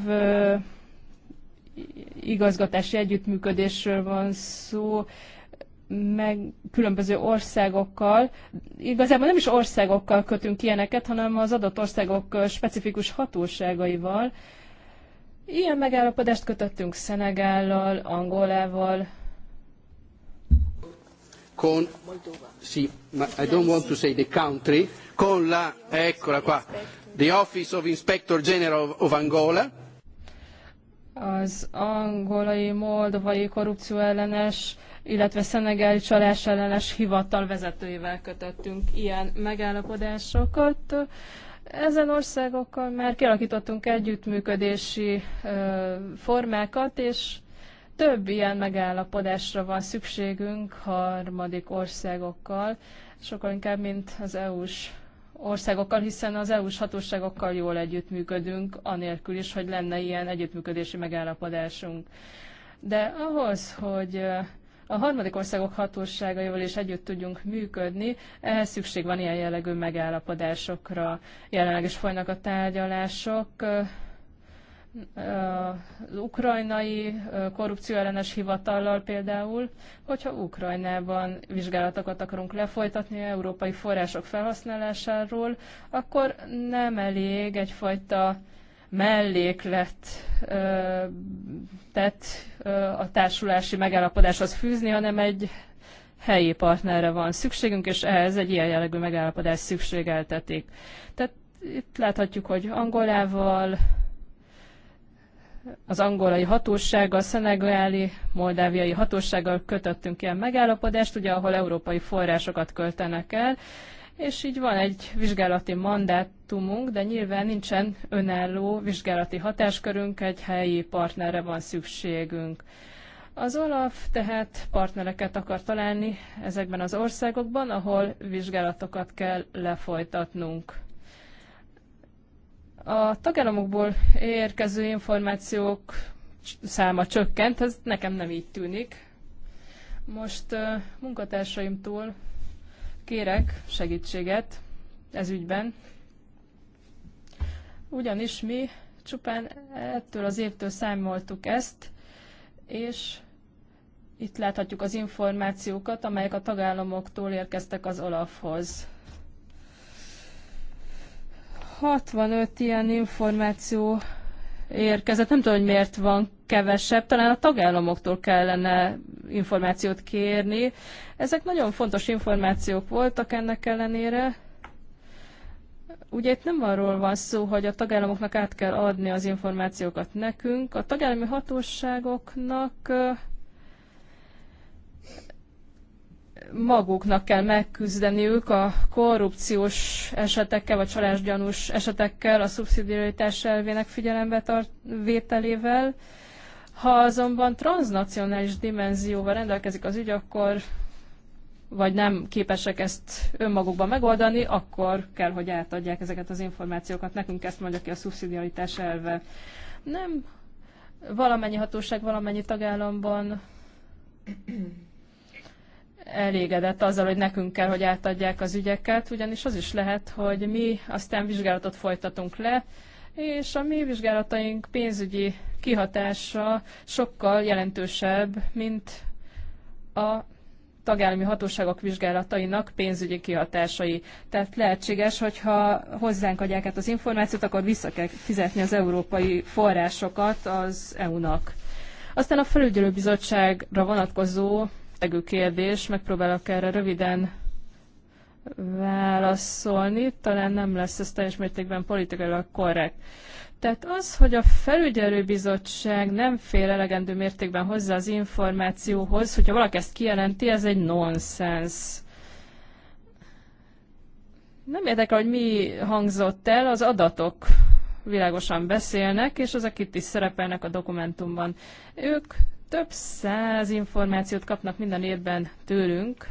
igazgatási együttműködésről van szó, meg különböző országokkal. Igazából nem is országokkal kötünk ilyeneket, hanem az adott országok specifikus hatóságaival, Ilyen megállapodást kötöttünk Szenegállal, Angolával. Con, sì, ma I don't want to say the country, con la, eccola qua, the Office of Inspector General of Angola. Az angolai, moldovai korrupció ellenes, illetve szenegeli csalás ellenes hivatal vezetőivel kötöttünk ilyen megállapodásokat. Ezen országokkal már kialakítottunk együttműködési formákat, és több ilyen megállapodásra van szükségünk harmadik országokkal, sokkal inkább, mint az EU-s országokkal, hiszen az EU-s hatóságokkal jól együttműködünk, anélkül is, hogy lenne ilyen együttműködési megállapodásunk. De ahhoz, hogy a harmadik országok hatóságaival is együtt tudjunk működni, ehhez szükség van ilyen jellegű megállapodásokra. Jelenleg is folynak a tárgyalások, az ukrajnai korrupcióellenes hivatallal például, hogyha Ukrajnában vizsgálatokat akarunk lefolytatni európai források felhasználásáról, akkor nem elég egyfajta melléklet tett a társulási megállapodáshoz fűzni, hanem egy helyi partnerre van szükségünk, és ehhez egy ilyen jellegű megállapodás szükségeltetik. Tehát itt láthatjuk, hogy Angolával, az angolai hatósággal, szenegáli, moldáviai hatósággal kötöttünk ilyen megállapodást, ugye ahol európai forrásokat költenek el, és így van egy vizsgálati mandát, mandátumunk, de nyilván nincsen önálló vizsgálati hatáskörünk, egy helyi partnerre van szükségünk. Az OLAF tehát partnereket akar találni ezekben az országokban, ahol vizsgálatokat kell lefolytatnunk. A tagállamokból érkező információk száma csökkent, ez nekem nem így tűnik. Most munkatársaimtól kérek segítséget ez ügyben ugyanis mi csupán ettől az évtől számoltuk ezt, és itt láthatjuk az információkat, amelyek a tagállamoktól érkeztek az Olafhoz. 65 ilyen információ érkezett. Nem tudom, hogy miért van kevesebb. Talán a tagállamoktól kellene információt kérni. Ezek nagyon fontos információk voltak ennek ellenére. Ugye itt nem arról van szó, hogy a tagállamoknak át kell adni az információkat nekünk, a tagállami hatóságoknak maguknak kell megküzdeniük a korrupciós esetekkel, vagy csalásgyanús esetekkel, a szubszidiaritás elvének figyelembe tart, vételével. Ha azonban transnacionális dimenzióval rendelkezik az ügy, akkor vagy nem képesek ezt önmagukban megoldani, akkor kell, hogy átadják ezeket az információkat. Nekünk ezt mondja ki a szubszidiaritás elve. Nem valamennyi hatóság, valamennyi tagállamban elégedett azzal, hogy nekünk kell, hogy átadják az ügyeket, ugyanis az is lehet, hogy mi aztán vizsgálatot folytatunk le, és a mi vizsgálataink pénzügyi kihatása sokkal jelentősebb, mint a tagállami hatóságok vizsgálatainak pénzügyi kihatásai. Tehát lehetséges, hogyha hozzánk adják át az információt, akkor vissza kell fizetni az európai forrásokat az EU-nak. Aztán a felügyelőbizottságra vonatkozó tegű kérdés, megpróbálok erre röviden válaszolni, talán nem lesz ez teljes mértékben politikailag korrekt. Tehát az, hogy a felügyelőbizottság nem fér elegendő mértékben hozzá az információhoz, hogyha valaki ezt kijelenti, ez egy nonsens. Nem érdekel, hogy mi hangzott el, az adatok világosan beszélnek, és azok itt is szerepelnek a dokumentumban. Ők több száz információt kapnak minden évben tőlünk,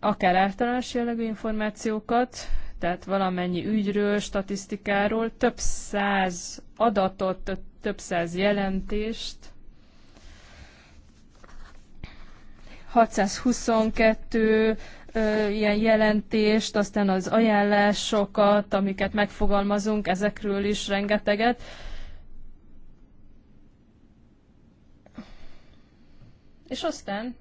akár általános jellegű információkat, tehát valamennyi ügyről, statisztikáról több száz adatot, több száz jelentést, 622 ö, ilyen jelentést, aztán az ajánlásokat, amiket megfogalmazunk, ezekről is rengeteget. És aztán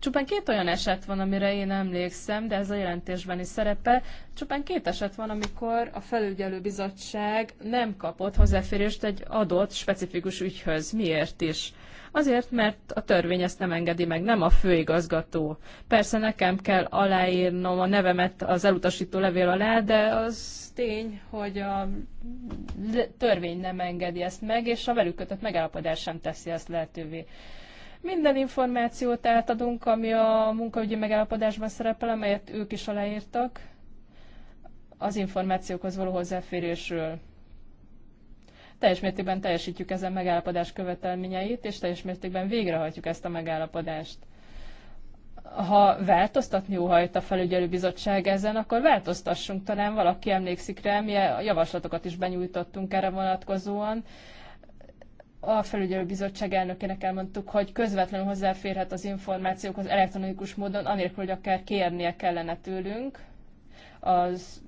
Csupán két olyan eset van, amire én emlékszem, de ez a jelentésben is szerepel. Csupán két eset van, amikor a felügyelőbizottság nem kapott hozzáférést egy adott specifikus ügyhöz. Miért is? Azért, mert a törvény ezt nem engedi meg, nem a főigazgató. Persze nekem kell aláírnom a nevemet az elutasító levél alá, de az tény, hogy a törvény nem engedi ezt meg, és a velük kötött megállapodás sem teszi ezt lehetővé. Minden információt átadunk, ami a munkaügyi megállapodásban szerepel, amelyet ők is aláírtak az információkhoz való hozzáférésről. Teljes mértékben teljesítjük ezen megállapodás követelményeit, és teljes mértékben végrehajtjuk ezt a megállapodást ha változtatni óhajt a felügyelőbizottság ezen, akkor változtassunk, talán valaki emlékszik rá, mi javaslatokat is benyújtottunk erre vonatkozóan, a felügyelőbizottság elnökének elmondtuk, hogy közvetlenül hozzáférhet az információkhoz elektronikus módon, anélkül, hogy akár kérnie kellene tőlünk az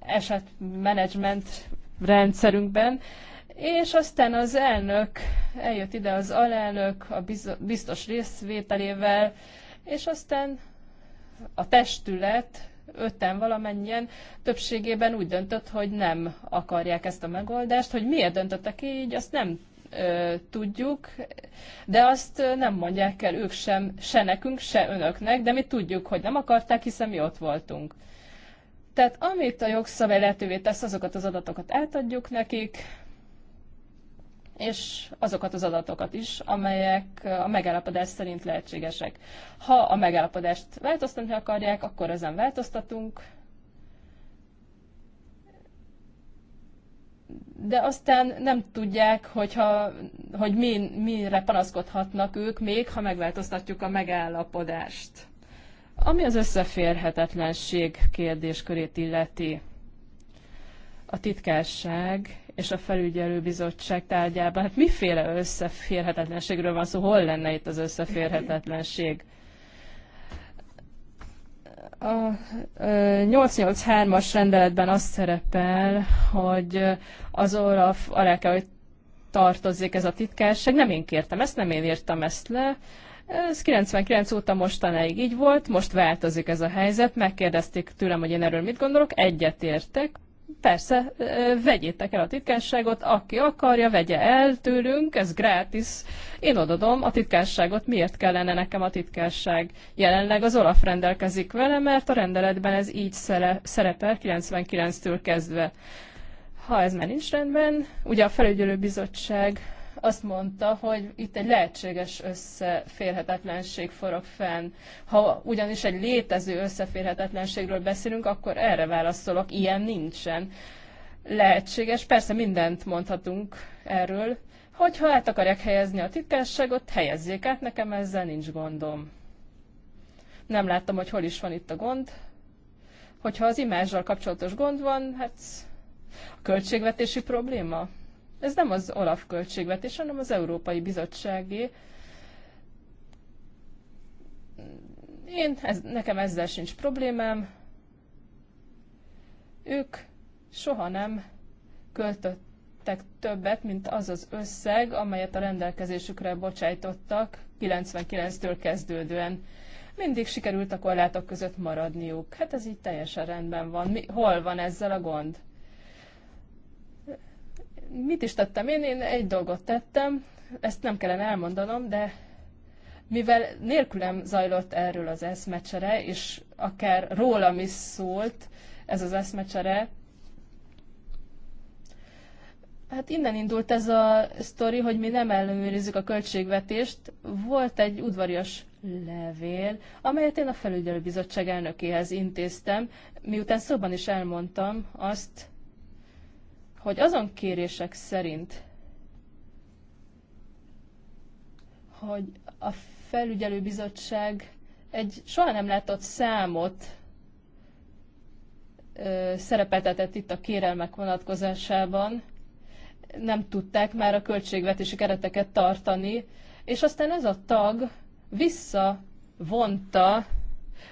esetmenedzsment rendszerünkben. És aztán az elnök eljött ide, az alelnök a biztos részvételével, és aztán a testület öten valamennyien többségében úgy döntött, hogy nem akarják ezt a megoldást, hogy miért döntöttek így, azt nem tudjuk, de azt nem mondják el ők sem, se nekünk, se önöknek, de mi tudjuk, hogy nem akarták, hiszen mi ott voltunk. Tehát amit a jogszabály lehetővé tesz, azokat az adatokat átadjuk nekik, és azokat az adatokat is, amelyek a megállapodás szerint lehetségesek. Ha a megállapodást változtatni akarják, akkor ezen változtatunk, de aztán nem tudják, hogyha, hogy min, mire panaszkodhatnak ők még, ha megváltoztatjuk a megállapodást. Ami az összeférhetetlenség kérdéskörét illeti, a titkárság és a felügyelőbizottság tárgyában, hát miféle összeférhetetlenségről van szó, hol lenne itt az összeférhetetlenség? A 883-as rendeletben az szerepel, hogy az óra alá kell, hogy tartozik ez a titkárság. Nem én kértem ezt, nem én írtam ezt le. Ez 99 óta mostanáig így volt, most változik ez a helyzet. Megkérdezték tőlem, hogy én erről mit gondolok, egyetértek. Persze, vegyétek el a titkárságot, aki akarja, vegye el tőlünk, ez gratis. Én odadom a titkárságot, miért kellene nekem a titkárság? Jelenleg az Olaf rendelkezik vele, mert a rendeletben ez így szerepel 99-től kezdve. Ha ez már nincs rendben, ugye a felügyelőbizottság azt mondta, hogy itt egy lehetséges összeférhetetlenség forog fenn. Ha ugyanis egy létező összeférhetetlenségről beszélünk, akkor erre válaszolok, ilyen nincsen. Lehetséges, persze mindent mondhatunk erről, hogyha át akarják helyezni a titkárságot, helyezzék át, nekem ezzel nincs gondom. Nem láttam, hogy hol is van itt a gond. Hogyha az imázsal kapcsolatos gond van, hát a költségvetési probléma? Ez nem az Olaf költségvetés, hanem az Európai Bizottságé. Én, ez, nekem ezzel sincs problémám. Ők soha nem költöttek többet, mint az az összeg, amelyet a rendelkezésükre bocsájtottak 99-től kezdődően. Mindig sikerült a korlátok között maradniuk. Hát ez így teljesen rendben van. Mi, hol van ezzel a gond? mit is tettem én? Én egy dolgot tettem, ezt nem kellene elmondanom, de mivel nélkülem zajlott erről az eszmecsere, és akár rólam is szólt ez az eszmecsere, Hát innen indult ez a sztori, hogy mi nem ellenőrizzük a költségvetést. Volt egy udvarias levél, amelyet én a felügyelőbizottság elnökéhez intéztem, miután szóban is elmondtam azt, hogy azon kérések szerint, hogy a felügyelőbizottság egy soha nem látott számot ö, szerepeltetett itt a kérelmek vonatkozásában, nem tudták már a költségvetési kereteket tartani, és aztán ez a tag visszavonta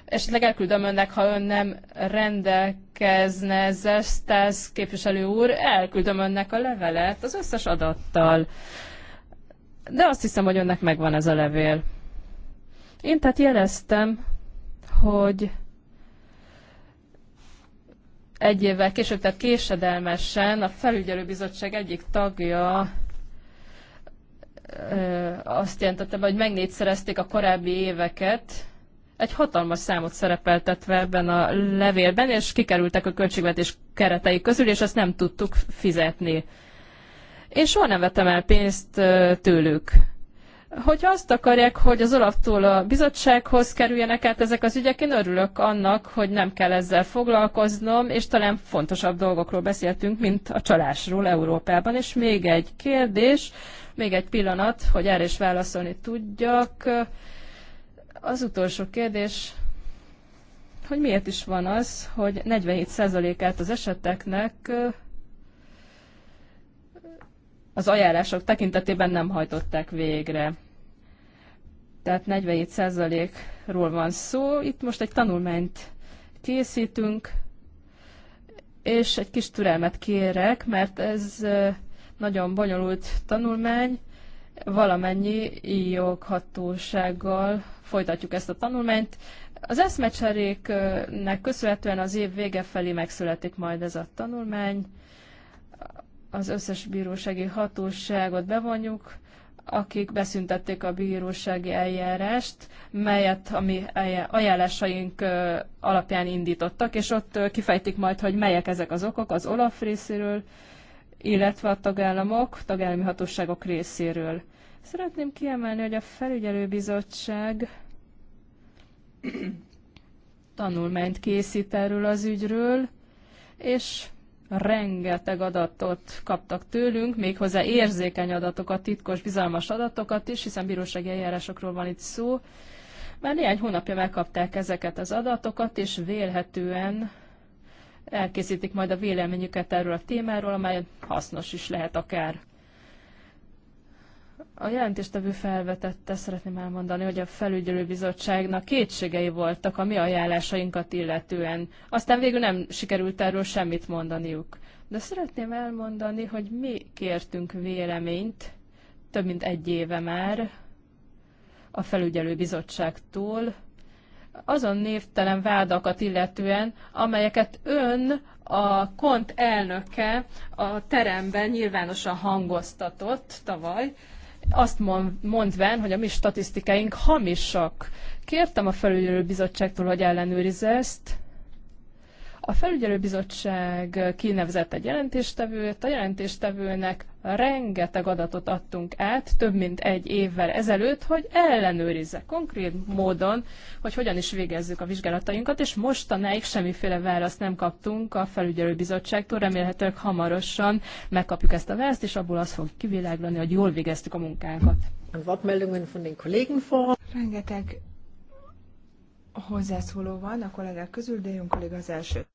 Esetleg elküldöm önnek, ha ön nem rendelkezne ezzel, Stász képviselő úr, elküldöm önnek a levelet az összes adattal. De azt hiszem, hogy önnek megvan ez a levél. Én tehát jeleztem, hogy egy évvel később, tehát késedelmesen a felügyelőbizottság egyik tagja azt jelentette, hogy megnégyszerezték a korábbi éveket, egy hatalmas számot szerepeltetve ebben a levélben, és kikerültek a költségvetés keretei közül, és azt nem tudtuk fizetni. Én soha nem vettem el pénzt tőlük. Hogyha azt akarják, hogy az Olaftól a bizottsághoz kerüljenek át ezek az ügyek, én örülök annak, hogy nem kell ezzel foglalkoznom, és talán fontosabb dolgokról beszéltünk, mint a csalásról Európában. És még egy kérdés, még egy pillanat, hogy erre is válaszolni tudjak az utolsó kérdés, hogy miért is van az, hogy 47%-át az eseteknek az ajánlások tekintetében nem hajtották végre. Tehát 47%-ról van szó. Itt most egy tanulmányt készítünk, és egy kis türelmet kérek, mert ez nagyon bonyolult tanulmány, valamennyi joghatósággal folytatjuk ezt a tanulmányt. Az eszmecseréknek köszönhetően az év vége felé megszületik majd ez a tanulmány. Az összes bírósági hatóságot bevonjuk, akik beszüntették a bírósági eljárást, melyet a mi ajánlásaink alapján indítottak, és ott kifejtik majd, hogy melyek ezek az okok az Olaf részéről, illetve a tagállamok, tagállami hatóságok részéről. Szeretném kiemelni, hogy a felügyelőbizottság tanulmányt készít erről az ügyről, és rengeteg adatot kaptak tőlünk, méghozzá érzékeny adatokat, titkos, bizalmas adatokat is, hiszen bírósági eljárásokról van itt szó. Már néhány hónapja megkapták ezeket az adatokat, és vélhetően elkészítik majd a véleményüket erről a témáról, amely hasznos is lehet akár. A jelentéstevő felvetette, szeretném elmondani, hogy a felügyelőbizottságnak kétségei voltak a mi ajánlásainkat illetően. Aztán végül nem sikerült erről semmit mondaniuk. De szeretném elmondani, hogy mi kértünk véleményt több mint egy éve már a felügyelőbizottságtól, azon névtelen vádakat illetően, amelyeket ön a kont elnöke a teremben nyilvánosan hangoztatott tavaly, azt mondván, hogy a mi statisztikáink hamisak. Kértem a felügyelőbizottságtól, bizottságtól, hogy ellenőrizze ezt, a felügyelőbizottság kinevezett egy jelentéstevőt, a jelentéstevőnek rengeteg adatot adtunk át, több mint egy évvel ezelőtt, hogy ellenőrizze konkrét módon, hogy hogyan is végezzük a vizsgálatainkat, és mostanáig semmiféle választ nem kaptunk a felügyelőbizottságtól, remélhetőleg hamarosan megkapjuk ezt a választ, és abból az fog kiviláglani, hogy jól végeztük a munkánkat. von den Kollegen Rengeteg hozzászóló van a kollégák közül, de jön kolléga az első.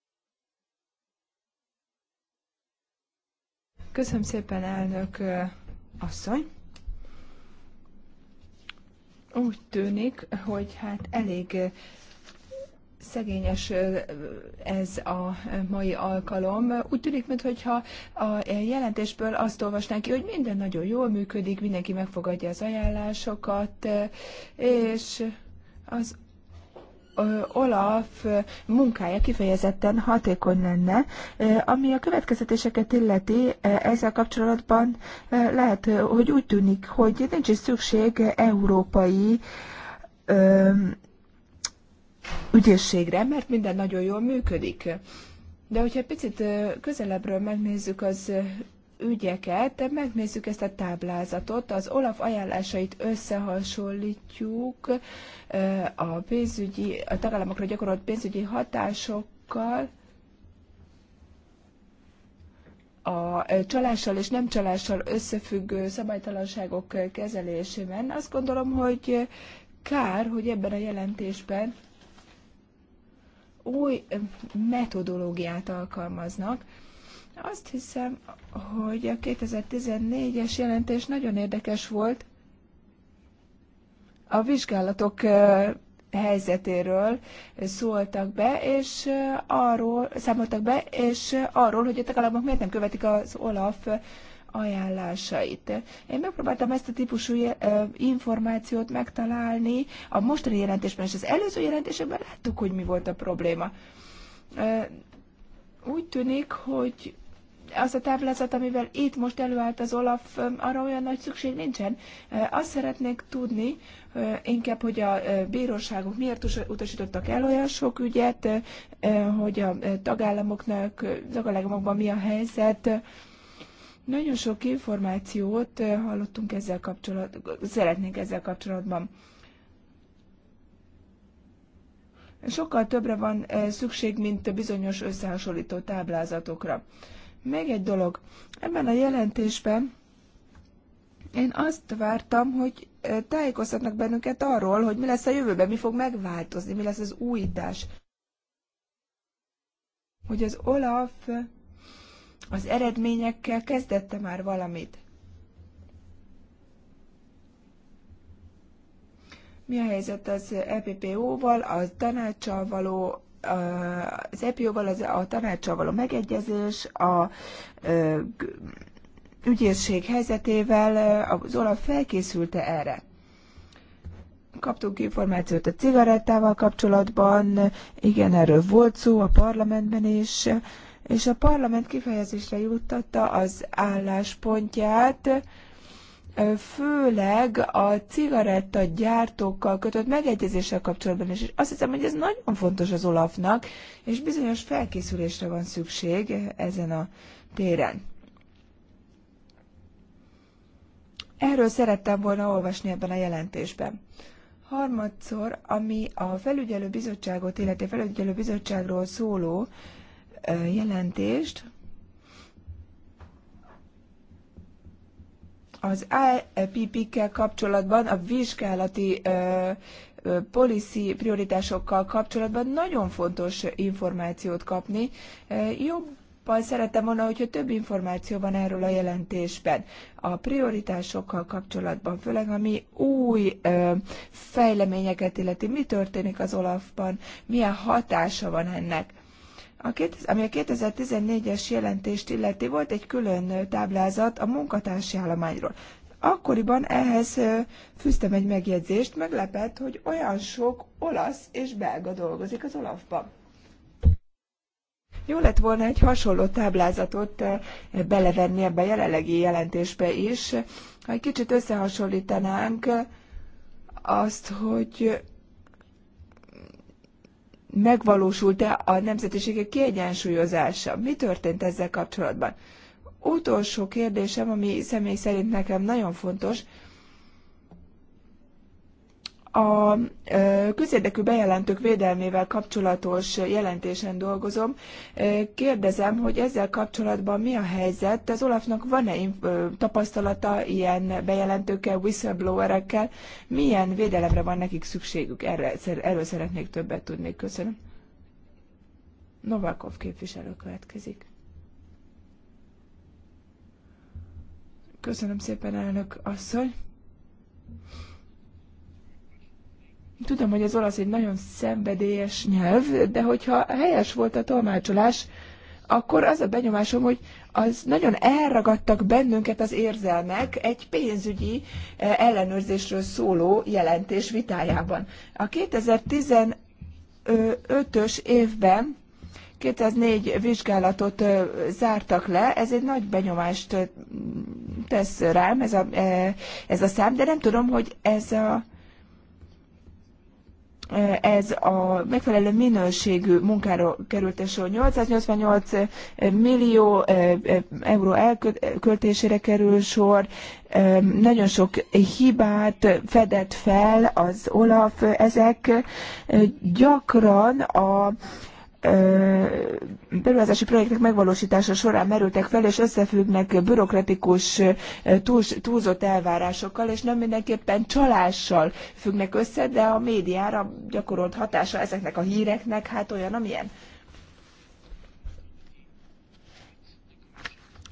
Köszönöm szépen, elnök asszony. Úgy tűnik, hogy hát elég szegényes ez a mai alkalom. Úgy tűnik, mintha a jelentésből azt olvasnánk ki, hogy minden nagyon jól működik, mindenki megfogadja az ajánlásokat, és az Olaf munkája kifejezetten hatékony lenne. Ami a következetéseket illeti, ezzel kapcsolatban lehet, hogy úgy tűnik, hogy nincs is szükség európai ügyészségre, mert minden nagyon jól működik. De hogyha picit közelebbről megnézzük az ügyeket, megnézzük ezt a táblázatot, az OLAF ajánlásait összehasonlítjuk a pénzügyi, a tagállamokra gyakorolt pénzügyi hatásokkal, a csalással és nem csalással összefüggő szabálytalanságok kezelésében. Azt gondolom, hogy kár, hogy ebben a jelentésben új metodológiát alkalmaznak, azt hiszem, hogy a 2014-es jelentés nagyon érdekes volt a vizsgálatok helyzetéről szóltak be, és arról számoltak be, és arról, hogy a tagállamok miért nem követik az OLAF ajánlásait. Én megpróbáltam ezt a típusú információt megtalálni a mostani jelentésben, és az előző jelentésekben láttuk, hogy mi volt a probléma. Úgy tűnik, hogy az a táblázat, amivel itt most előállt az Olaf, arra olyan nagy szükség nincsen. Azt szeretnék tudni, inkább, hogy a bíróságok miért utasítottak el olyan sok ügyet, hogy a tagállamoknak, tagállamokban mi a helyzet, nagyon sok információt hallottunk ezzel kapcsolatban, szeretnénk ezzel kapcsolatban. Sokkal többre van szükség, mint bizonyos összehasonlító táblázatokra. Még egy dolog, ebben a jelentésben én azt vártam, hogy tájékoztatnak bennünket arról, hogy mi lesz a jövőben, mi fog megváltozni, mi lesz az újítás. Hogy az Olaf az eredményekkel kezdette már valamit. Mi a helyzet az EPPO-val, a tanácsal való az EPO-val, az, a tanácsa való megegyezés, a ügyészség helyzetével az Olaf felkészülte erre. Kaptunk információt a cigarettával kapcsolatban, igen, erről volt szó a parlamentben is, és a parlament kifejezésre juttatta az álláspontját, főleg a cigaretta gyártókkal kötött megegyezéssel kapcsolatban is. És azt hiszem, hogy ez nagyon fontos az Olafnak, és bizonyos felkészülésre van szükség ezen a téren. Erről szerettem volna olvasni ebben a jelentésben. Harmadszor, ami a felügyelő bizottságot, illetve felügyelő bizottságról szóló jelentést, Az IPP-kkel kapcsolatban a vizsgálati ö, policy prioritásokkal kapcsolatban nagyon fontos információt kapni. Jobban szerettem volna, hogyha több információ van erről a jelentésben. A prioritásokkal kapcsolatban, főleg ami új fejleményeket illeti, mi történik az Olafban, milyen hatása van ennek. A ami a 2014-es jelentést illeti, volt egy külön táblázat a munkatársi állományról. Akkoriban ehhez fűztem egy megjegyzést, meglepett, hogy olyan sok olasz és belga dolgozik az Olafban. Jó lett volna egy hasonló táblázatot belevenni ebbe a jelenlegi jelentésbe is, ha egy kicsit összehasonlítanánk azt, hogy megvalósult-e a nemzetiségek kiegyensúlyozása? Mi történt ezzel kapcsolatban? Utolsó kérdésem, ami személy szerint nekem nagyon fontos, a közérdekű bejelentők védelmével kapcsolatos jelentésen dolgozom. Kérdezem, hogy ezzel kapcsolatban mi a helyzet? Az Olafnak van-e tapasztalata ilyen bejelentőkkel, whistleblowerekkel? Milyen védelemre van nekik szükségük? Erre, erről szeretnék többet tudni. Köszönöm. Novakov képviselő következik. Köszönöm szépen, elnök asszony. Tudom, hogy az olasz egy nagyon szenvedélyes nyelv, de hogyha helyes volt a tolmácsolás, akkor az a benyomásom, hogy az nagyon elragadtak bennünket az érzelmek egy pénzügyi e, ellenőrzésről szóló jelentés vitájában. A 2015-ös évben 2004 vizsgálatot e, zártak le, ez egy nagy benyomást e, tesz rám ez a, ez a szám, de nem tudom, hogy ez a ez a megfelelő minőségű munkára került, és 888 eh, millió eh, eh, euró elköltésére kerül sor, nagyon sok hibát fedett fel az Olaf, ezek gyakran a beruházási projektek megvalósítása során merültek fel, és összefüggnek bürokratikus túlzott elvárásokkal, és nem mindenképpen csalással függnek össze, de a médiára gyakorolt hatása ezeknek a híreknek hát olyan, amilyen.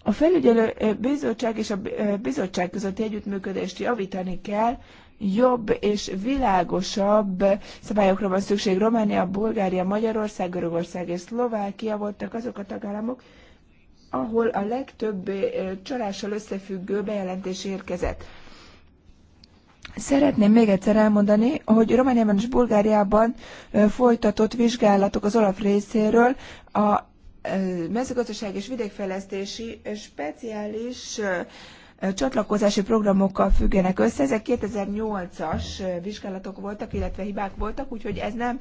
A felügyelő bizottság és a bizottság közötti együttműködést javítani kell, jobb és világosabb szabályokra van szükség. Románia, Bulgária, Magyarország, Görögország és Szlovákia voltak azok a tagállamok, ahol a legtöbb csalással összefüggő bejelentés érkezett. Szeretném még egyszer elmondani, hogy Romániában és Bulgáriában folytatott vizsgálatok az Olaf részéről a mezőgazdaság és vidékfejlesztési speciális csatlakozási programokkal függenek össze. Ezek 2008-as vizsgálatok voltak, illetve hibák voltak, úgyhogy ez nem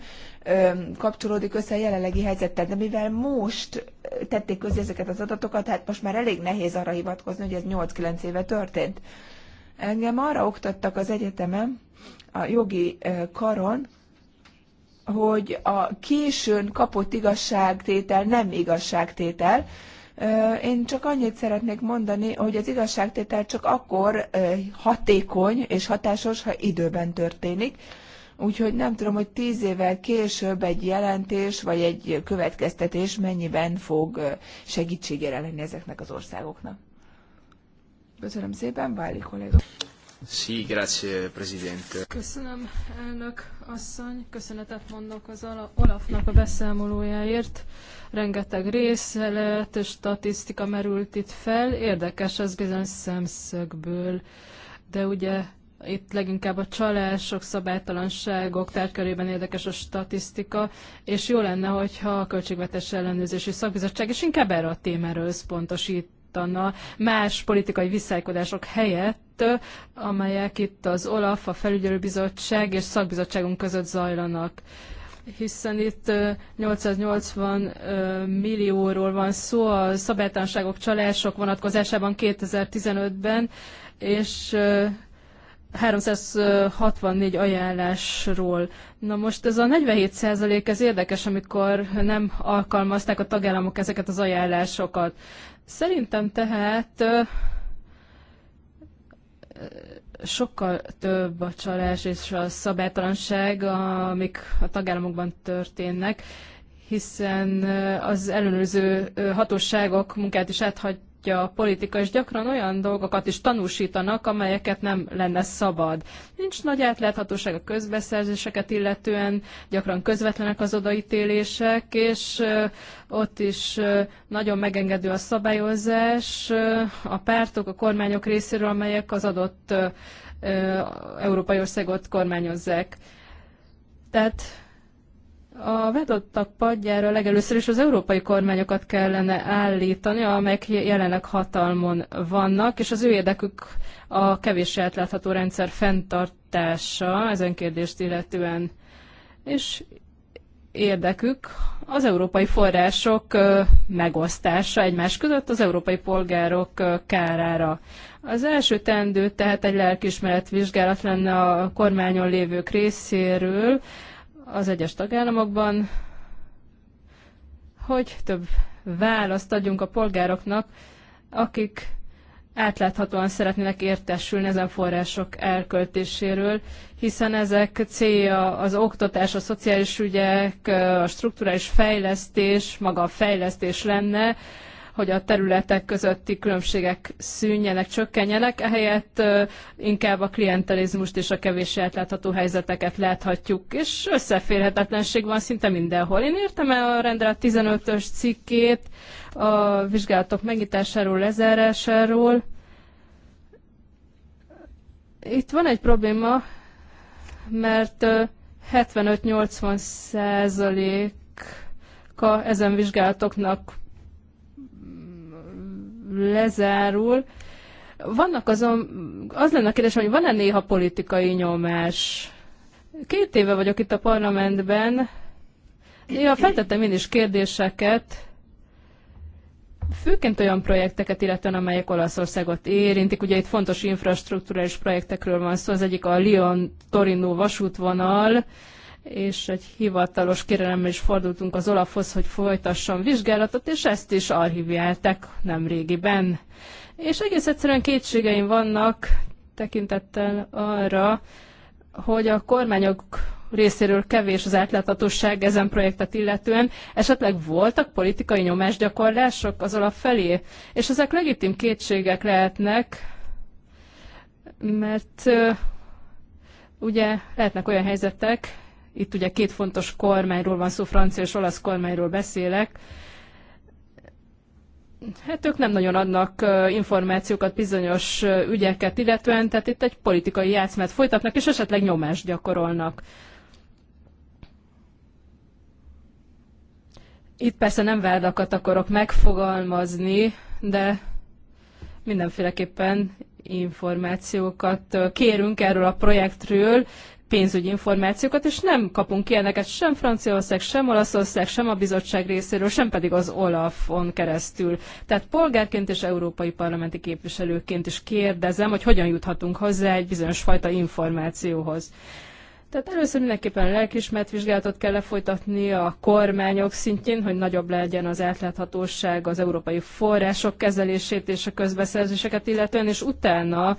kapcsolódik össze a jelenlegi helyzettel. De mivel most tették közé ezeket az adatokat, hát most már elég nehéz arra hivatkozni, hogy ez 8-9 éve történt. Engem arra oktattak az egyetemen, a jogi karon, hogy a későn kapott igazságtétel nem igazságtétel, én csak annyit szeretnék mondani, hogy az igazságtétel csak akkor hatékony és hatásos, ha időben történik. Úgyhogy nem tudom, hogy tíz évvel később egy jelentés vagy egy következtetés mennyiben fog segítségére lenni ezeknek az országoknak. Köszönöm szépen, Váli kolléga. Sí, grazie, Presidente. Köszönöm, elnök asszony. Köszönetet mondok az Olafnak a beszámolójáért. Rengeteg részlet, statisztika merült itt fel. Érdekes ez bizonyos szemszögből. De ugye itt leginkább a csalások, szabálytalanságok tárgykörében érdekes a statisztika, és jó lenne, hogyha a Költségvetés Ellenőrzési Szakbizottság is inkább erre a témára összpontosít tartana más politikai visszájkodások helyett, amelyek itt az OLAF, a felügyelőbizottság és szakbizottságunk között zajlanak hiszen itt 880 millióról van szó a szabálytanságok csalások vonatkozásában 2015-ben, és 364 ajánlásról. Na most ez a 47 százalék, ez érdekes, amikor nem alkalmazták a tagállamok ezeket az ajánlásokat. Szerintem tehát sokkal több a csalás és a szabálytalanság, amik a tagállamokban történnek, hiszen az ellenőrző hatóságok munkát is áthagy, támogatja a politika, és gyakran olyan dolgokat is tanúsítanak, amelyeket nem lenne szabad. Nincs nagy átláthatóság a közbeszerzéseket illetően, gyakran közvetlenek az odaítélések, és ott is nagyon megengedő a szabályozás a pártok, a kormányok részéről, amelyek az adott európai országot kormányozzák. Tehát a vádottak padjára legelőször is az európai kormányokat kellene állítani, amelyek jelenleg hatalmon vannak, és az ő érdekük a kevés átlátható rendszer fenntartása ezen kérdést illetően. És érdekük az európai források megosztása egymás között az európai polgárok kárára. Az első teendő tehát egy lelkismeret lenne a kormányon lévők részéről, az egyes tagállamokban, hogy több választ adjunk a polgároknak, akik átláthatóan szeretnének értesülni ezen források elköltéséről, hiszen ezek célja az oktatás, a szociális ügyek, a strukturális fejlesztés, maga a fejlesztés lenne, hogy a területek közötti különbségek szűnjenek, csökkenjenek, ehelyett inkább a klientelizmust és a kevés átlátható helyzeteket láthatjuk, és összeférhetetlenség van szinte mindenhol. Én írtam el a rendelet 15-ös cikkét a vizsgálatok megnyitásáról, lezárásáról. Itt van egy probléma, mert 75-80 a ezen vizsgálatoknak lezárul. Vannak azon, az lenne a kérdés, hogy van-e néha politikai nyomás? Két éve vagyok itt a parlamentben, Néha feltettem én is kérdéseket, főként olyan projekteket, illetően amelyek Olaszországot érintik. Ugye itt fontos infrastruktúrális projektekről van szó, az egyik a Lyon-Torino vasútvonal, és egy hivatalos kérelemmel is fordultunk az Olafhoz, hogy folytasson vizsgálatot, és ezt is archiválták nem régiben. És egész egyszerűen kétségeim vannak tekintettel arra, hogy a kormányok részéről kevés az átláthatóság ezen projektet illetően. Esetleg voltak politikai nyomásgyakorlások az alap felé? És ezek legitim kétségek lehetnek, mert ugye lehetnek olyan helyzetek, itt ugye két fontos kormányról van szó, francia és olasz kormányról beszélek. Hát ők nem nagyon adnak információkat bizonyos ügyeket illetően, tehát itt egy politikai játszmát folytatnak, és esetleg nyomást gyakorolnak. Itt persze nem vádakat akarok megfogalmazni, de mindenféleképpen információkat kérünk erről a projektről, pénzügyi információkat, és nem kapunk ki ilyeneket sem Franciaország, sem Olaszország, sem a bizottság részéről, sem pedig az Olafon keresztül. Tehát polgárként és európai parlamenti képviselőként is kérdezem, hogy hogyan juthatunk hozzá egy bizonyos fajta információhoz. Tehát először mindenképpen lelkismert vizsgálatot kell lefolytatni a kormányok szintjén, hogy nagyobb legyen az átláthatóság, az európai források kezelését és a közbeszerzéseket illetően, és utána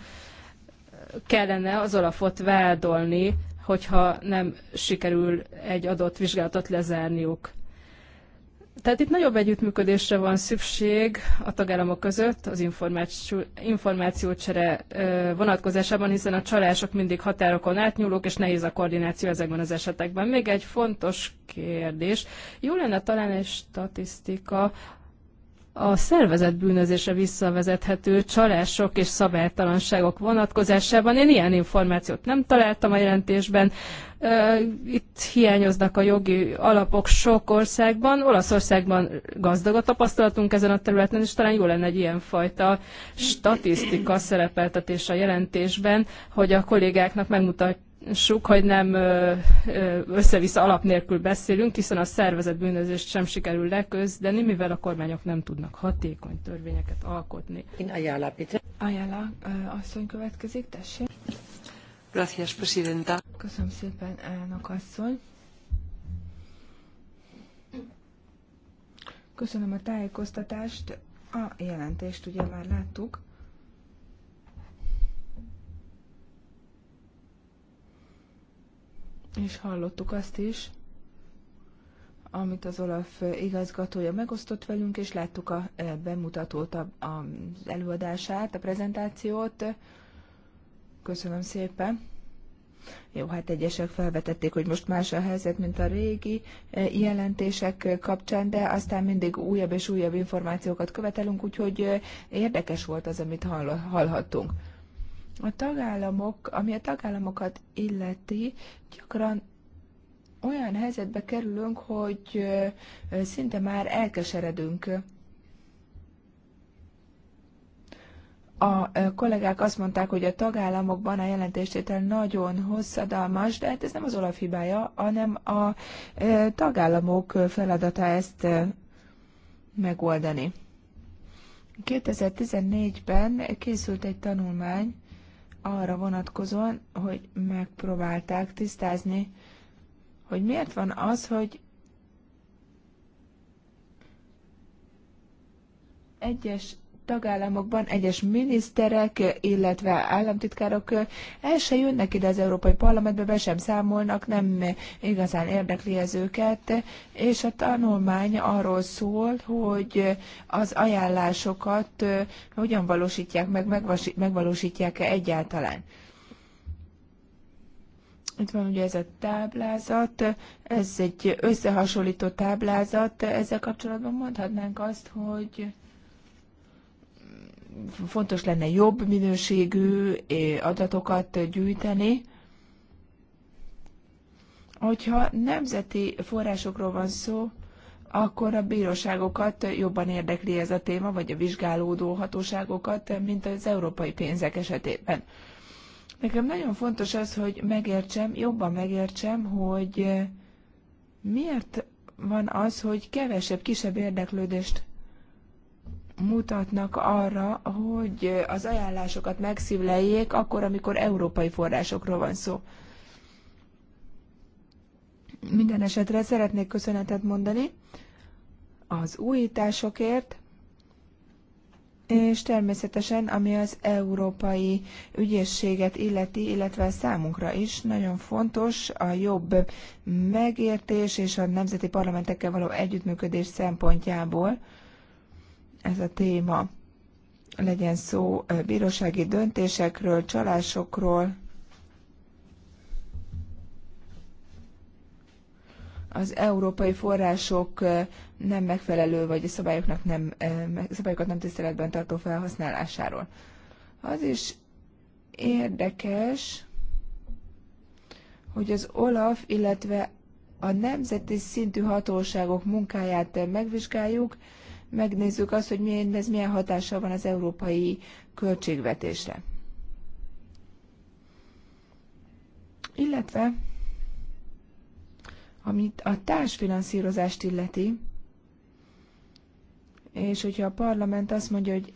kellene az Olafot vádolni, hogyha nem sikerül egy adott vizsgálatot lezárniuk. Tehát itt nagyobb együttműködésre van szükség a tagállamok között az információ, információcsere vonatkozásában, hiszen a csalások mindig határokon átnyúlók, és nehéz a koordináció ezekben az esetekben. Még egy fontos kérdés. Jó lenne talán egy statisztika a szervezet bűnözése visszavezethető csalások és szabálytalanságok vonatkozásában. Én ilyen információt nem találtam a jelentésben. Itt hiányoznak a jogi alapok sok országban. Olaszországban gazdag a tapasztalatunk ezen a területen, és talán jó lenne egy ilyenfajta statisztika szerepeltetés a jelentésben, hogy a kollégáknak megmutatjuk, sok, hogy nem össze-vissza alap nélkül beszélünk, hiszen a szervezet bűnözést sem sikerül leküzdeni, mivel a kormányok nem tudnak hatékony törvényeket alkotni. Én Ayala, Peter. Ayala asszony következik, tessék. Gracias, Presidenta. Köszönöm szépen, elnök asszony. Köszönöm a tájékoztatást. A jelentést ugye már láttuk. És hallottuk azt is, amit az Olaf igazgatója megosztott velünk, és láttuk a e, bemutatót, a, az előadását, a prezentációt. Köszönöm szépen. Jó, hát egyesek felvetették, hogy most más a helyzet, mint a régi e, jelentések kapcsán, de aztán mindig újabb és újabb információkat követelünk, úgyhogy e, érdekes volt az, amit hall, hallhattunk a tagállamok, ami a tagállamokat illeti, gyakran olyan helyzetbe kerülünk, hogy szinte már elkeseredünk. A kollégák azt mondták, hogy a tagállamokban a jelentéstétel nagyon hosszadalmas, de hát ez nem az Olaf hibája, hanem a tagállamok feladata ezt megoldani. 2014-ben készült egy tanulmány, arra vonatkozóan, hogy megpróbálták tisztázni, hogy miért van az, hogy egyes tagállamokban egyes miniszterek, illetve államtitkárok el se jönnek ide az Európai Parlamentbe, be sem számolnak, nem igazán érdekli ez őket, és a tanulmány arról szól, hogy az ajánlásokat hogyan valósítják meg, megvalósítják-e egyáltalán. Itt van ugye ez a táblázat, ez egy összehasonlító táblázat, ezzel kapcsolatban mondhatnánk azt, hogy fontos lenne jobb minőségű eh, adatokat gyűjteni. Hogyha nemzeti forrásokról van szó, akkor a bíróságokat jobban érdekli ez a téma, vagy a vizsgálódó hatóságokat, mint az európai pénzek esetében. Nekem nagyon fontos az, hogy megértsem, jobban megértsem, hogy miért van az, hogy kevesebb, kisebb érdeklődést mutatnak arra, hogy az ajánlásokat megszívleljék akkor, amikor európai forrásokról van szó. Minden esetre szeretnék köszönetet mondani az újításokért, és természetesen, ami az európai ügyészséget illeti, illetve számunkra is nagyon fontos a jobb megértés és a nemzeti parlamentekkel való együttműködés szempontjából ez a téma. Legyen szó bírósági döntésekről, csalásokról, az európai források nem megfelelő, vagy a szabályoknak nem, szabályokat nem tiszteletben tartó felhasználásáról. Az is érdekes, hogy az OLAF, illetve a nemzeti szintű hatóságok munkáját megvizsgáljuk, megnézzük azt, hogy ez milyen hatással van az európai költségvetésre. Illetve, amit a társfinanszírozást illeti, és hogyha a parlament azt mondja, hogy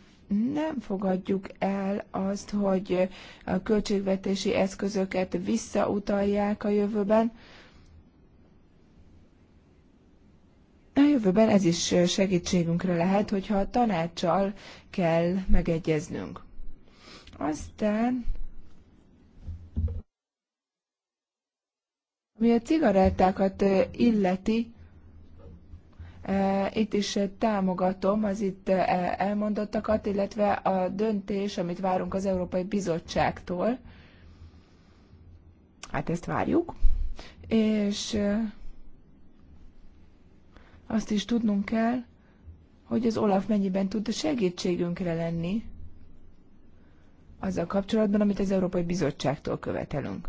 nem fogadjuk el azt, hogy a költségvetési eszközöket visszautalják a jövőben, A jövőben ez is segítségünkre lehet, hogyha a tanácssal kell megegyeznünk. Aztán, ami a cigarettákat illeti, itt is támogatom az itt elmondottakat, illetve a döntés, amit várunk az Európai Bizottságtól. Hát ezt várjuk. És azt is tudnunk kell, hogy az Olaf mennyiben tud segítségünkre lenni azzal kapcsolatban, amit az Európai Bizottságtól követelünk.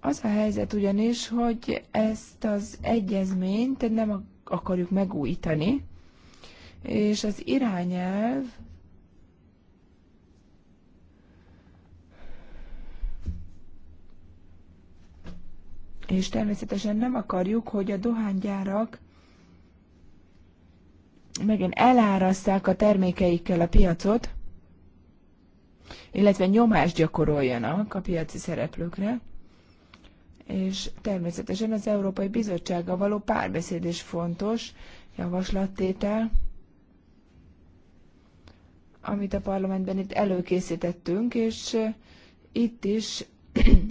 Az a helyzet ugyanis, hogy ezt az egyezményt nem akarjuk megújítani, és az irányelv és természetesen nem akarjuk, hogy a dohánygyárak megint elárasszák a termékeikkel a piacot, illetve nyomást gyakoroljanak a piaci szereplőkre, és természetesen az Európai Bizottsággal való párbeszéd is fontos javaslattétel, amit a parlamentben itt előkészítettünk, és itt is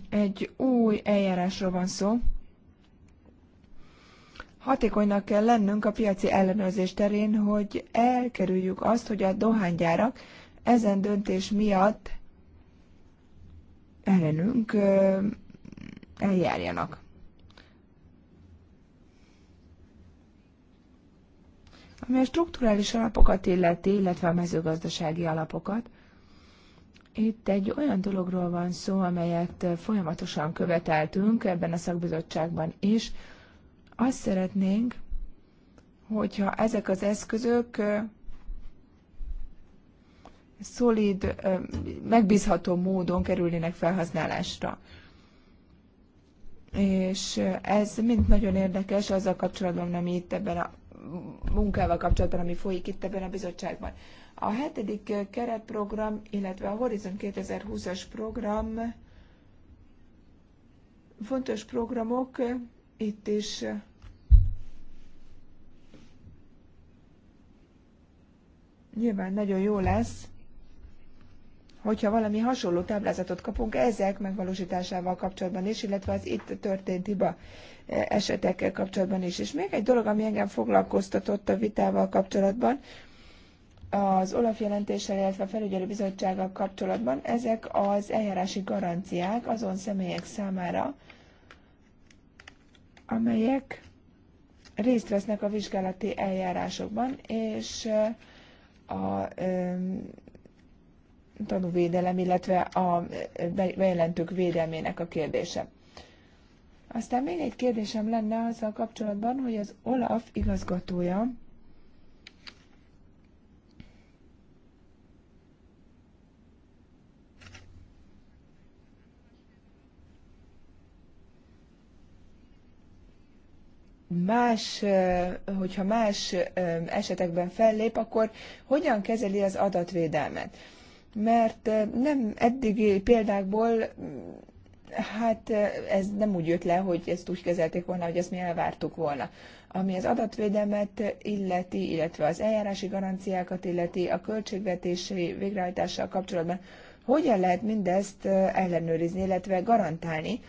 egy új eljárásról van szó, Hatékonynak kell lennünk a piaci ellenőrzés terén, hogy elkerüljük azt, hogy a dohánygyárak ezen döntés miatt ellenünk eljárjanak. Ami a strukturális alapokat illeti, illetve a mezőgazdasági alapokat, itt egy olyan dologról van szó, amelyet folyamatosan követeltünk ebben a szakbizottságban is, azt szeretnénk, hogyha ezek az eszközök szolid, megbízható módon kerülnének felhasználásra. És ez mind nagyon érdekes azzal kapcsolatban, ami itt ebben a munkával kapcsolatban, ami folyik itt ebben a bizottságban. A hetedik keretprogram, illetve a Horizon 2020-as program fontos programok, itt is nyilván nagyon jó lesz, hogyha valami hasonló táblázatot kapunk ezek megvalósításával kapcsolatban is, illetve az itt történt hiba eh, esetekkel kapcsolatban is. És még egy dolog, ami engem foglalkoztatott a vitával kapcsolatban, az Olaf jelentéssel, illetve a felügyelő bizottsággal kapcsolatban, ezek az eljárási garanciák azon személyek számára, amelyek részt vesznek a vizsgálati eljárásokban, és eh, a tanúvédelem, illetve a bejelentők védelmének a kérdése. Aztán még egy kérdésem lenne azzal kapcsolatban, hogy az OLAF igazgatója más, hogyha más esetekben fellép, akkor hogyan kezeli az adatvédelmet? Mert nem eddigi példákból, hát ez nem úgy jött le, hogy ezt úgy kezelték volna, hogy ezt mi elvártuk volna. Ami az adatvédelmet illeti, illetve az eljárási garanciákat illeti, a költségvetési végrehajtással kapcsolatban, hogyan lehet mindezt ellenőrizni, illetve garantálni,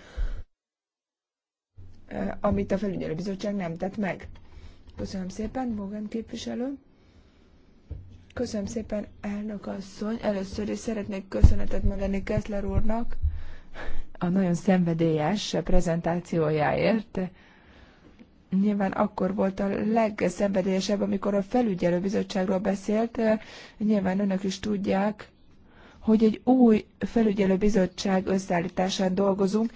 Eh, amit a felügyelőbizottság nem tett meg. Köszönöm szépen, Bogan képviselő. Köszönöm szépen, elnök asszony. Először is szeretnék köszönetet mondani Kessler úrnak a nagyon szenvedélyes prezentációjáért. Nyilván akkor volt a legszenvedélyesebb, amikor a felügyelőbizottságról beszélt. Nyilván önök is tudják, hogy egy új felügyelőbizottság összeállításán dolgozunk,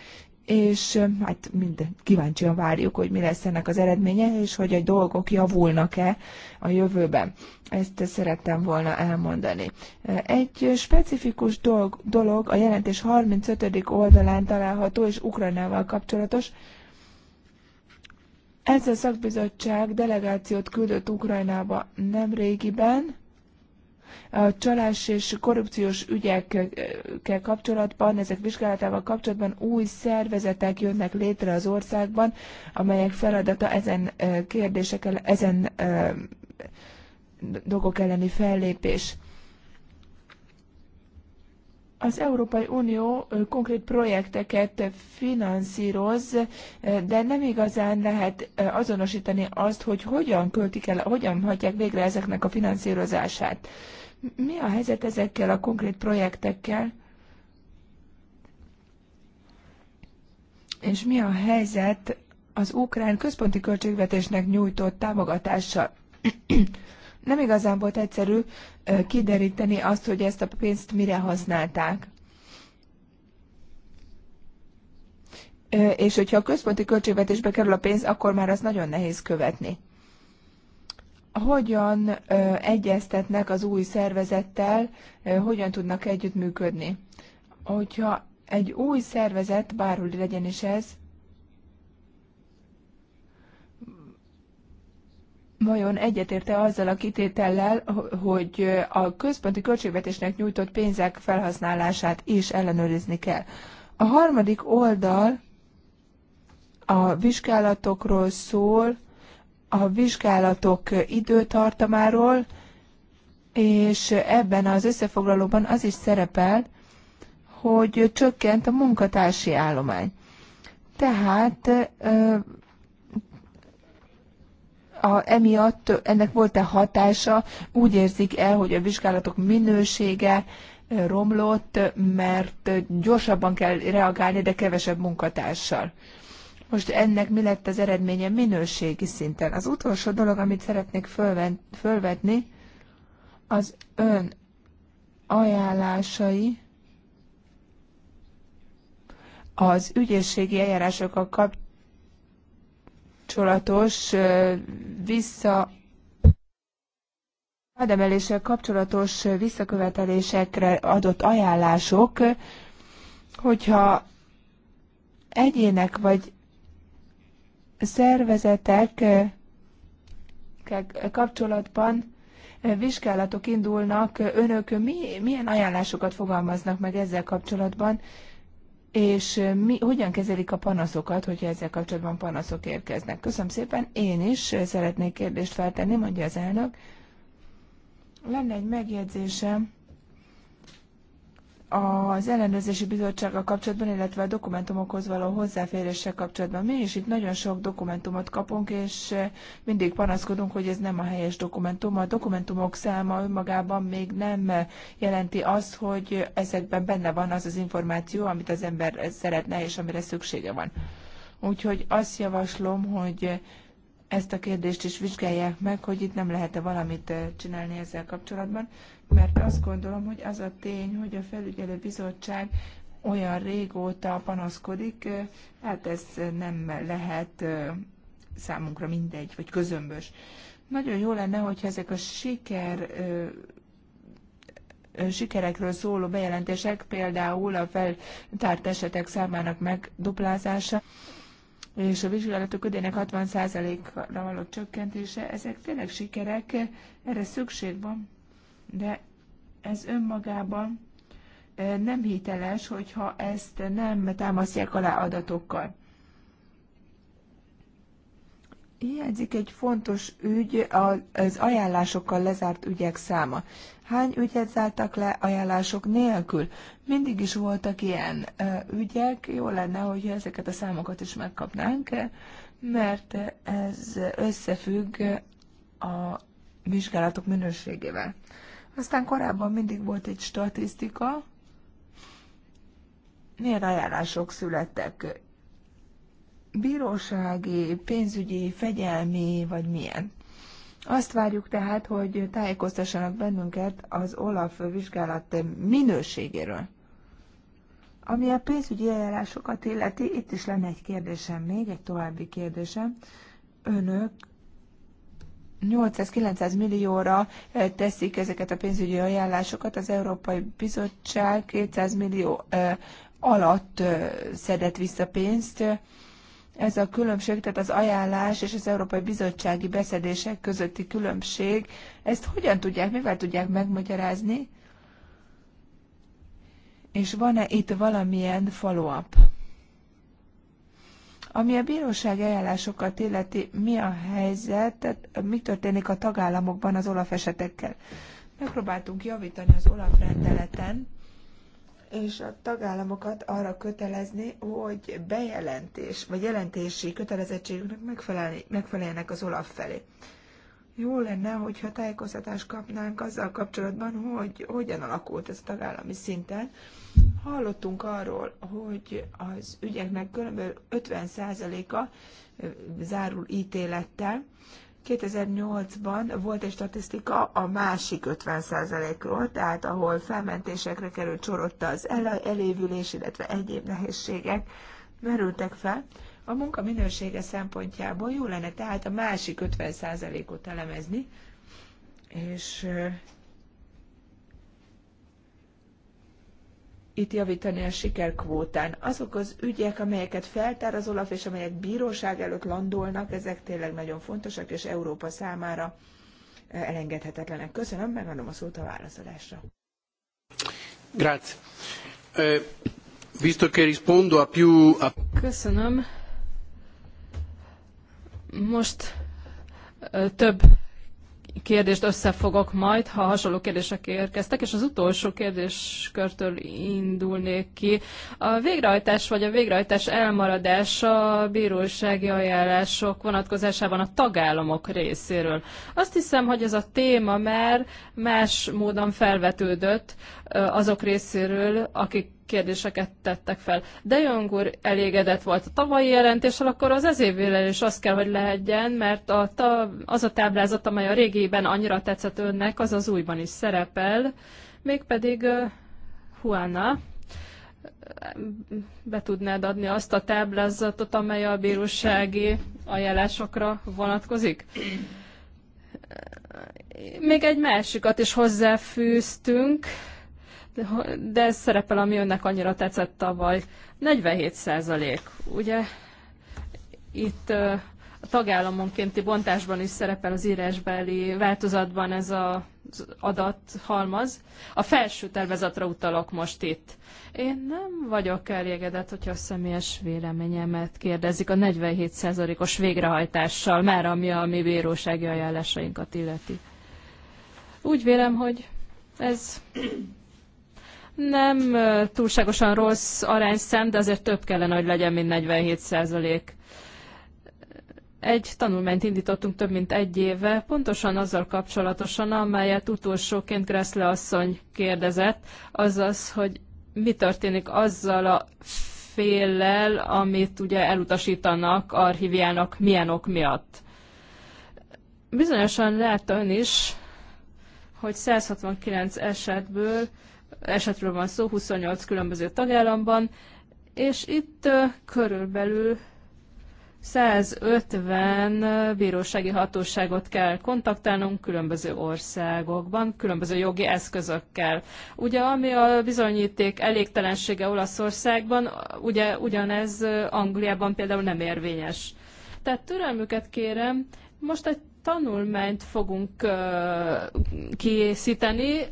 és hát mind kíváncsian várjuk, hogy mi lesz ennek az eredménye, és hogy a dolgok javulnak-e a jövőben. Ezt szerettem volna elmondani. Egy specifikus dolog, dolog a jelentés 35. oldalán található, és Ukrajnával kapcsolatos. Ez a szakbizottság delegációt küldött Ukrajnába nemrégiben, a csalás és korrupciós ügyekkel kapcsolatban, ezek vizsgálatával kapcsolatban új szervezetek jönnek létre az országban, amelyek feladata ezen kérdések, ezen dolgok elleni fellépés. Az Európai Unió konkrét projekteket finanszíroz, de nem igazán lehet azonosítani azt, hogy hogyan költik el, hogyan hagyják végre ezeknek a finanszírozását. Mi a helyzet ezekkel a konkrét projektekkel? És mi a helyzet az ukrán központi költségvetésnek nyújtott támogatással? Nem igazán volt egyszerű kideríteni azt, hogy ezt a pénzt mire használták. És hogyha a központi költségvetésbe kerül a pénz, akkor már az nagyon nehéz követni hogyan egyeztetnek az új szervezettel, hogyan tudnak együttműködni. Hogyha egy új szervezet, bárhol legyen is ez, vajon egyetérte azzal a kitétellel, hogy a központi költségvetésnek nyújtott pénzek felhasználását is ellenőrizni kell. A harmadik oldal a vizsgálatokról szól, a vizsgálatok időtartamáról, és ebben az összefoglalóban az is szerepel, hogy csökkent a munkatársi állomány. Tehát a, emiatt ennek volt-e hatása, úgy érzik el, hogy a vizsgálatok minősége romlott, mert gyorsabban kell reagálni, de kevesebb munkatársal. Most ennek mi lett az eredménye minőségi szinten? Az utolsó dolog, amit szeretnék fölvetni, az ön ajánlásai az ügyészségi eljárásokkal kapcsolatos vissza ademeléssel kapcsolatos visszakövetelésekre adott ajánlások, hogyha egyének vagy szervezetek kapcsolatban vizsgálatok indulnak. Önök mi, milyen ajánlásokat fogalmaznak meg ezzel kapcsolatban, és mi, hogyan kezelik a panaszokat, hogyha ezzel kapcsolatban panaszok érkeznek? Köszönöm szépen, én is szeretnék kérdést feltenni, mondja az elnök. Lenne egy megjegyzésem az ellenőrzési bizottsággal kapcsolatban, illetve a dokumentumokhoz való hozzáféréssel kapcsolatban. Mi is itt nagyon sok dokumentumot kapunk, és eh, mindig panaszkodunk, hogy ez nem a helyes dokumentum. A dokumentumok száma önmagában még nem jelenti azt, hogy ezekben benne van az az információ, amit az ember szeretne, és amire szüksége van. Úgyhogy azt javaslom, hogy ezt a kérdést is vizsgálják meg, hogy itt nem lehet-e valamit eh, csinálni ezzel kapcsolatban mert azt gondolom, hogy az a tény, hogy a felügyelő bizottság olyan régóta panaszkodik, hát ez nem lehet számunkra mindegy, vagy közömbös. Nagyon jó lenne, hogyha ezek a siker sikerekről szóló bejelentések, például a feltárt esetek számának megduplázása, és a vizsgálatok ödének 60%-ra való csökkentése, ezek tényleg sikerek, erre szükség van de ez önmagában e, nem hiteles, hogyha ezt nem támasztják alá adatokkal. Hiányzik egy fontos ügy, az ajánlásokkal lezárt ügyek száma. Hány ügyet zártak le ajánlások nélkül? Mindig is voltak ilyen e, ügyek, jó lenne, hogy ezeket a számokat is megkapnánk, mert ez összefügg a vizsgálatok minőségével. Aztán korábban mindig volt egy statisztika, milyen ajánlások születtek. Bírósági, pénzügyi, fegyelmi, vagy milyen. Azt várjuk tehát, hogy tájékoztassanak bennünket az OLAF vizsgálat minőségéről. Ami a pénzügyi eljárásokat illeti, itt is lenne egy kérdésem még, egy további kérdésem. Önök 800-900 millióra teszik ezeket a pénzügyi ajánlásokat, az Európai Bizottság 200 millió alatt szedett vissza pénzt. Ez a különbség, tehát az ajánlás és az Európai Bizottsági beszedések közötti különbség, ezt hogyan tudják, mivel tudják megmagyarázni? És van-e itt valamilyen follow-up? Ami a bíróság eljárásokat illeti, mi a helyzet, tehát mi történik a tagállamokban az OLAF esetekkel? Megpróbáltunk javítani az OLAF rendeleten, és a tagállamokat arra kötelezni, hogy bejelentés vagy jelentési kötelezettségüknek megfeleljenek az OLAF felé. Jó lenne, hogyha tájékoztatást kapnánk azzal kapcsolatban, hogy hogyan alakult ez a tagállami szinten, Hallottunk arról, hogy az ügyeknek kb. 50%-a zárul ítélettel. 2008-ban volt egy statisztika a másik 50%-ról, tehát ahol felmentésekre került sorotta az elévülés, illetve egyéb nehézségek merültek fel. A munka minősége szempontjából jó lenne tehát a másik 50%-ot elemezni, és itt javítani a sikerkvótán. Azok az ügyek, amelyeket feltár az Olaf, és amelyek bíróság előtt landolnak, ezek tényleg nagyon fontosak, és Európa számára eh, elengedhetetlenek. Köszönöm, megadom a szót a válaszolásra. Eh, Köszönöm. Most eh, több kérdést összefogok majd, ha hasonló kérdések érkeztek, és az utolsó kérdéskörtől indulnék ki. A végrehajtás vagy a végrehajtás elmaradása a bírósági ajánlások vonatkozásában a tagállamok részéről. Azt hiszem, hogy ez a téma már más módon felvetődött azok részéről, akik kérdéseket tettek fel. De Jong úr elégedett volt a tavalyi jelentéssel, akkor az ez is az kell, hogy legyen, mert a, ta, az a táblázat, amely a régiben annyira tetszett önnek, az az újban is szerepel, mégpedig uh, Huana be tudnád adni azt a táblázatot, amely a bírósági ajánlásokra vonatkozik? Még egy másikat is hozzáfűztünk, de, ez szerepel, ami önnek annyira tetszett tavaly. 47 százalék, ugye? Itt a tagállamonkénti bontásban is szerepel az írásbeli változatban ez a adat halmaz. A felső tervezetre utalok most itt. Én nem vagyok elégedett, hogyha a személyes véleményemet kérdezik a 47%-os végrehajtással, már ami a mi bírósági ajánlásainkat illeti. Úgy vélem, hogy ez nem túlságosan rossz arányszem, de azért több kellene, hogy legyen, mint 47 százalék. Egy tanulmányt indítottunk több mint egy éve, pontosan azzal kapcsolatosan, amelyet utolsóként Gressle asszony kérdezett, azaz, hogy mi történik azzal a féllel, amit ugye elutasítanak archíviának milyen ok miatt. Bizonyosan látta ön is, hogy 169 esetből esetről van szó 28 különböző tagállamban, és itt körülbelül 150 bírósági hatóságot kell kontaktálnunk különböző országokban, különböző jogi eszközökkel. Ugye, ami a bizonyíték elégtelensége Olaszországban, ugye ugyanez Angliában például nem érvényes. Tehát türelmüket kérem, most egy tanulmányt fogunk készíteni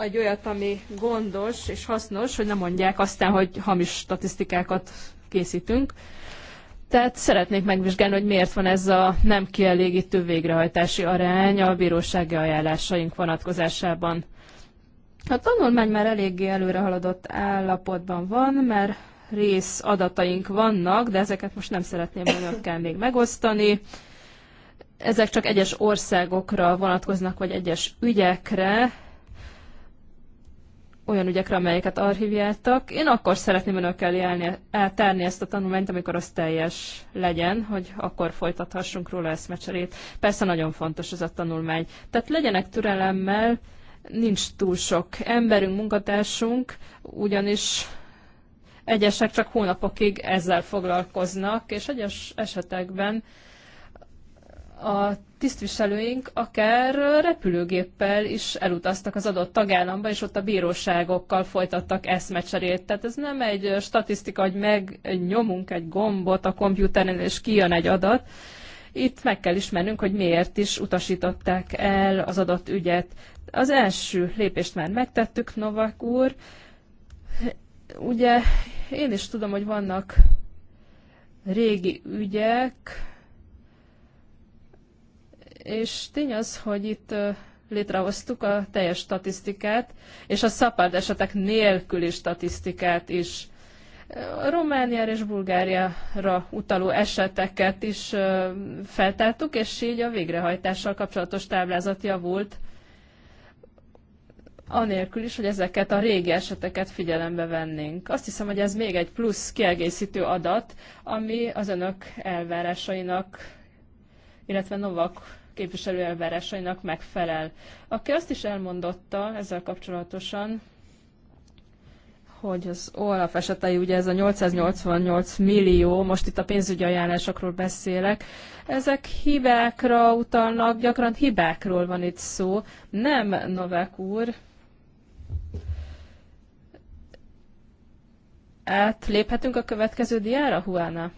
egy olyat, ami gondos és hasznos, hogy nem mondják aztán, hogy hamis statisztikákat készítünk. Tehát szeretnék megvizsgálni, hogy miért van ez a nem kielégítő végrehajtási arány a bírósági ajánlásaink vonatkozásában. A tanulmány már eléggé haladott állapotban van, mert rész adataink vannak, de ezeket most nem szeretném önökkel még megosztani. Ezek csak egyes országokra vonatkoznak, vagy egyes ügyekre, olyan ügyekre, amelyeket archiviáltak. Én akkor szeretném önökkel jelni, eltárni ezt a tanulmányt, amikor az teljes legyen, hogy akkor folytathassunk róla eszmecserét. Persze nagyon fontos ez a tanulmány. Tehát legyenek türelemmel, nincs túl sok emberünk, munkatársunk, ugyanis egyesek csak hónapokig ezzel foglalkoznak, és egyes esetekben a tisztviselőink akár repülőgéppel is elutaztak az adott tagállamba, és ott a bíróságokkal folytattak eszmecserét. Tehát ez nem egy statisztika, hogy megnyomunk egy gombot a komputeren, és kijön egy adat. Itt meg kell ismernünk, hogy miért is utasították el az adott ügyet. Az első lépést már megtettük, Novak úr. Ugye én is tudom, hogy vannak régi ügyek, és tény az, hogy itt létrehoztuk a teljes statisztikát, és a szapád esetek nélküli statisztikát is. A Romániára és Bulgáriára utaló eseteket is feltártuk, és így a végrehajtással kapcsolatos táblázat javult, anélkül is, hogy ezeket a régi eseteket figyelembe vennénk. Azt hiszem, hogy ez még egy plusz kiegészítő adat, ami az önök elvárásainak illetve Novak képviselő elvárásainak megfelel. Aki azt is elmondotta ezzel kapcsolatosan, hogy az Olaf esetei, ugye ez a 888 millió, most itt a pénzügyi ajánlásokról beszélek, ezek hibákra utalnak, gyakran hibákról van itt szó. Nem, Novák úr, átléphetünk a következő diára, Huána?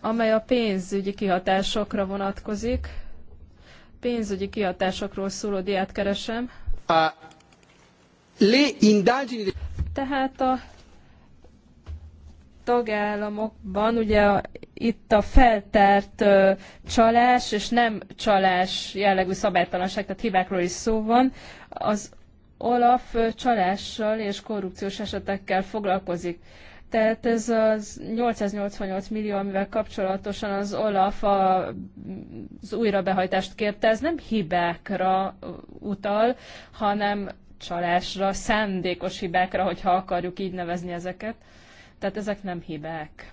amely a pénzügyi kihatásokra vonatkozik. Pénzügyi kihatásokról szóló diát keresem. A le indagini... Tehát a tagállamokban ugye a, itt a feltárt ö, csalás és nem csalás jellegű szabálytalanság, tehát hibákról is szó van. Az Olaf csalással és korrupciós esetekkel foglalkozik. Tehát ez az 888 millió, amivel kapcsolatosan az Olaf a, az újrabehajtást kérte, ez nem hibákra utal, hanem csalásra, szándékos hibákra, hogyha akarjuk így nevezni ezeket. Tehát ezek nem hibák.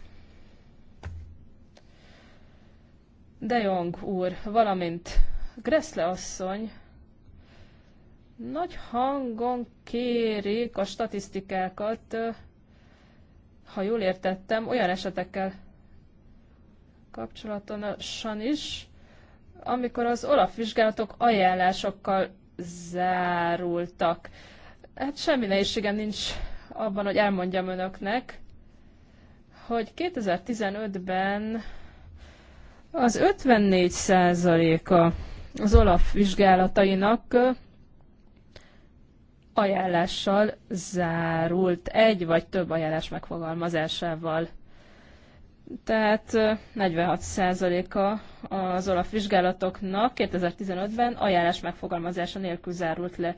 De Jong úr, valamint Greszle asszony nagy hangon kérik a statisztikákat, ha jól értettem, olyan esetekkel kapcsolatosan is, amikor az olaf vizsgálatok ajánlásokkal zárultak. Hát semmi nehézségem nincs abban, hogy elmondjam önöknek, hogy 2015-ben az 54 százaléka az olaf vizsgálatainak ajánlással zárult, egy vagy több ajánlás megfogalmazásával. Tehát 46%-a az olaf vizsgálatoknak 2015-ben ajánlás megfogalmazása nélkül zárult le.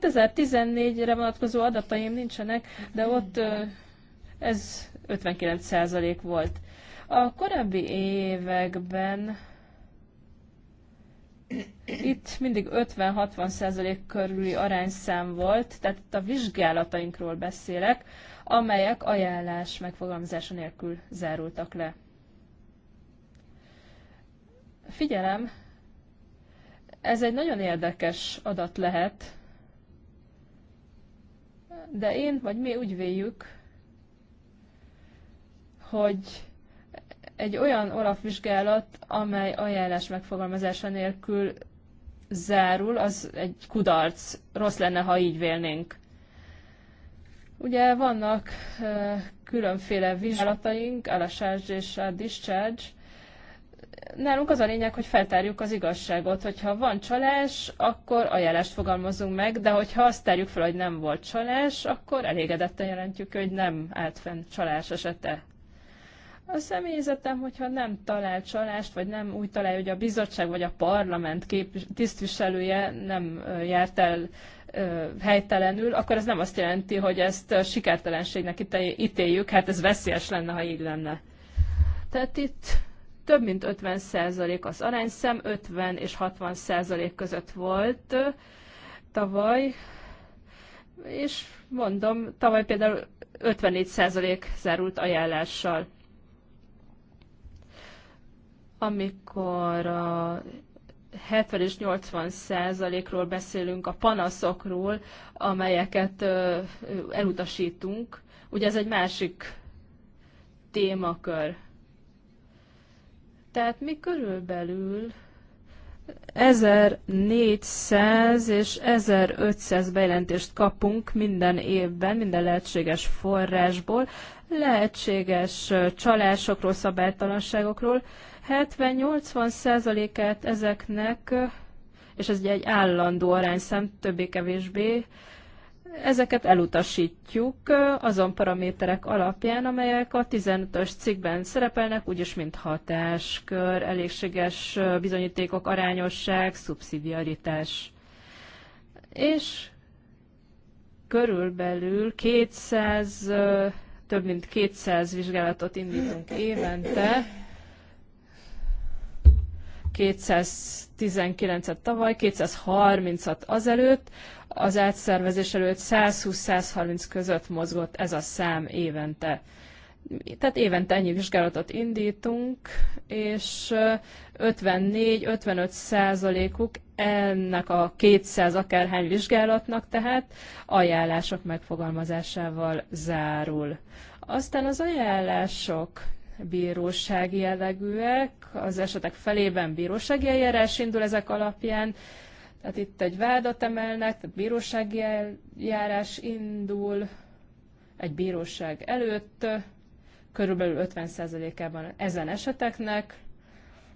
2014-re vonatkozó adataim nincsenek, de ott ez 59% volt. A korábbi években itt mindig 50-60 százalék körüli arányszám volt, tehát itt a vizsgálatainkról beszélek, amelyek ajánlás megfogalmazása nélkül zárultak le. Figyelem, ez egy nagyon érdekes adat lehet, de én vagy mi úgy véljük, hogy egy olyan Olaf vizsgálat, amely ajánlás megfogalmazása nélkül zárul, az egy kudarc. Rossz lenne, ha így vélnénk. Ugye vannak különféle vizsgálataink, a charge és a discharge. Nálunk az a lényeg, hogy feltárjuk az igazságot. Hogyha van csalás, akkor ajánlást fogalmazunk meg, de hogyha azt tárjuk fel, hogy nem volt csalás, akkor elégedetten jelentjük, hogy nem állt fenn csalás esete. A személyzetem, hogyha nem talál csalást, vagy nem úgy találja, hogy a bizottság vagy a parlament kép, tisztviselője nem járt el helytelenül, akkor ez nem azt jelenti, hogy ezt sikertelenségnek ítéljük, hát ez veszélyes lenne, ha így lenne. Tehát itt több mint 50 százalék az arányszem, 50 és 60 százalék között volt tavaly, és mondom, tavaly például 54 százalék zárult ajánlással amikor a 70 és 80 százalékról beszélünk, a panaszokról, amelyeket elutasítunk. Ugye ez egy másik témakör. Tehát mi körülbelül 1400 és 1500 bejelentést kapunk minden évben, minden lehetséges forrásból, lehetséges csalásokról, szabálytalanságokról, 70-80 százalékát ezeknek, és ez ugye egy állandó arányszám, többé-kevésbé, ezeket elutasítjuk azon paraméterek alapján, amelyek a 15-ös cikkben szerepelnek, úgyis mint hatáskör, elégséges bizonyítékok, arányosság, szubszidiaritás. És körülbelül 200, több mint 200 vizsgálatot indítunk évente, 219-et tavaly, 230-at azelőtt, az átszervezés előtt 120-130 között mozgott ez a szám évente. Tehát évente ennyi vizsgálatot indítunk, és 54-55 százalékuk ennek a 200 akárhány vizsgálatnak tehát ajánlások megfogalmazásával zárul. Aztán az ajánlások bírósági jellegűek, az esetek felében bírósági eljárás indul ezek alapján, tehát itt egy vádat emelnek, tehát bírósági eljárás indul egy bíróság előtt, körülbelül 50%-ában ezen eseteknek,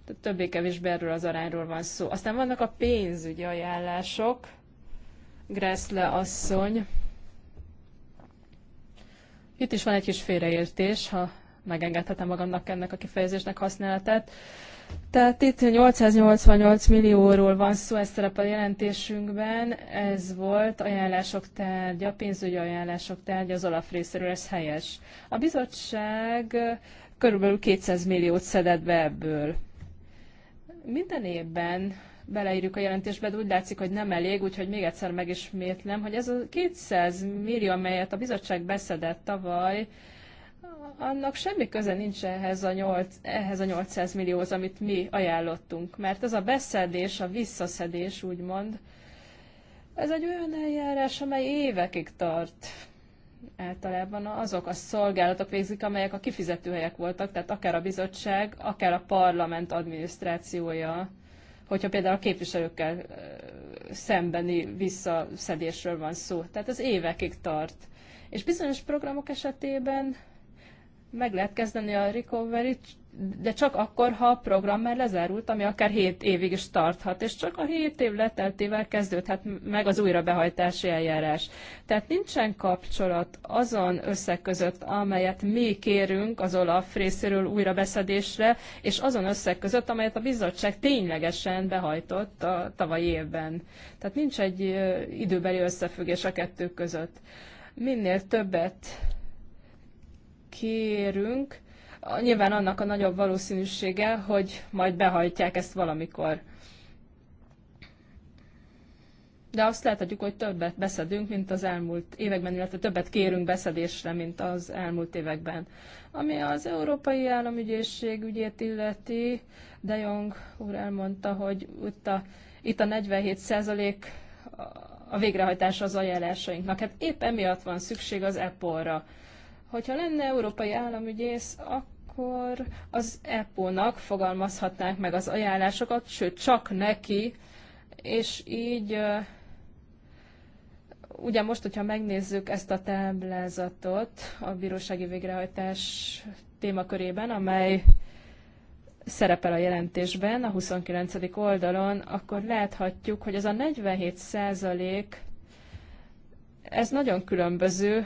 tehát többé-kevésbé erről az arányról van szó. Aztán vannak a pénzügyi ajánlások, Gressle asszony. Itt is van egy kis félreértés, ha megengedhetem magamnak ennek a kifejezésnek használatát. Tehát itt 888 millióról van szó, ez szerepel a jelentésünkben, ez volt ajánlások tárgya, pénzügyi ajánlások tárgya az Olaf részéről, ez helyes. A bizottság körülbelül 200 milliót szedett be ebből. Minden évben beleírjuk a jelentésbe, de úgy látszik, hogy nem elég, úgyhogy még egyszer megismétlem, hogy ez a 200 millió, amelyet a bizottság beszedett tavaly, annak semmi köze nincs ehhez a, 8, ehhez a 800 millióhoz, amit mi ajánlottunk. Mert ez a beszedés, a visszaszedés, úgymond, ez egy olyan eljárás, amely évekig tart. Általában azok a szolgálatok végzik, amelyek a kifizetőhelyek voltak, tehát akár a bizottság, akár a parlament adminisztrációja, hogyha például a képviselőkkel szembeni visszaszedésről van szó. Tehát ez évekig tart. És bizonyos programok esetében meg lehet kezdeni a recovery de csak akkor, ha a program már lezárult, ami akár 7 évig is tarthat, és csak a 7 év leteltével kezdődhet meg az újrabehajtási eljárás. Tehát nincsen kapcsolat azon összeg között, amelyet mi kérünk az OLAF részéről újrabeszedésre, és azon összeg között, amelyet a bizottság ténylegesen behajtott a tavalyi évben. Tehát nincs egy időbeli összefüggés a kettő között. Minél többet kérünk, nyilván annak a nagyobb valószínűsége, hogy majd behajtják ezt valamikor. De azt láthatjuk, hogy többet beszedünk, mint az elmúlt években, illetve többet kérünk beszedésre, mint az elmúlt években. Ami az Európai Államügyészség ügyét illeti, De Jong úr elmondta, hogy itt a, itt a 47 százalék a végrehajtása az ajánlásainknak. Hát épp emiatt van szükség az EPOL-ra. Hogyha lenne európai államügyész, akkor az EPO-nak fogalmazhatnánk meg az ajánlásokat, sőt csak neki, és így ugye most, hogyha megnézzük ezt a táblázatot a bírósági végrehajtás témakörében, amely szerepel a jelentésben, a 29. oldalon, akkor láthatjuk, hogy ez a 47 százalék, ez nagyon különböző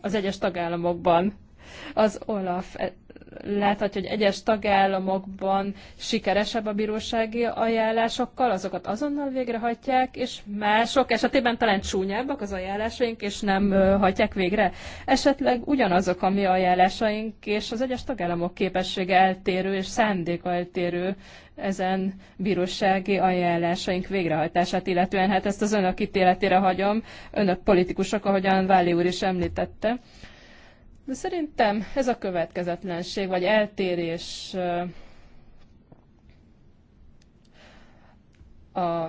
az egyes tagállamokban. Az Olaf láthatja, hogy egyes tagállamokban sikeresebb a bírósági ajánlásokkal, azokat azonnal végrehajtják, és mások esetében talán csúnyábbak az ajánlásaink, és nem hajtják végre. Esetleg ugyanazok a mi ajánlásaink, és az egyes tagállamok képessége eltérő, és szándéka eltérő ezen bírósági ajánlásaink végrehajtását illetően. Hát ezt az önök ítéletére hagyom, önök politikusok, ahogyan Váli úr is említette de szerintem ez a következetlenség, vagy eltérés a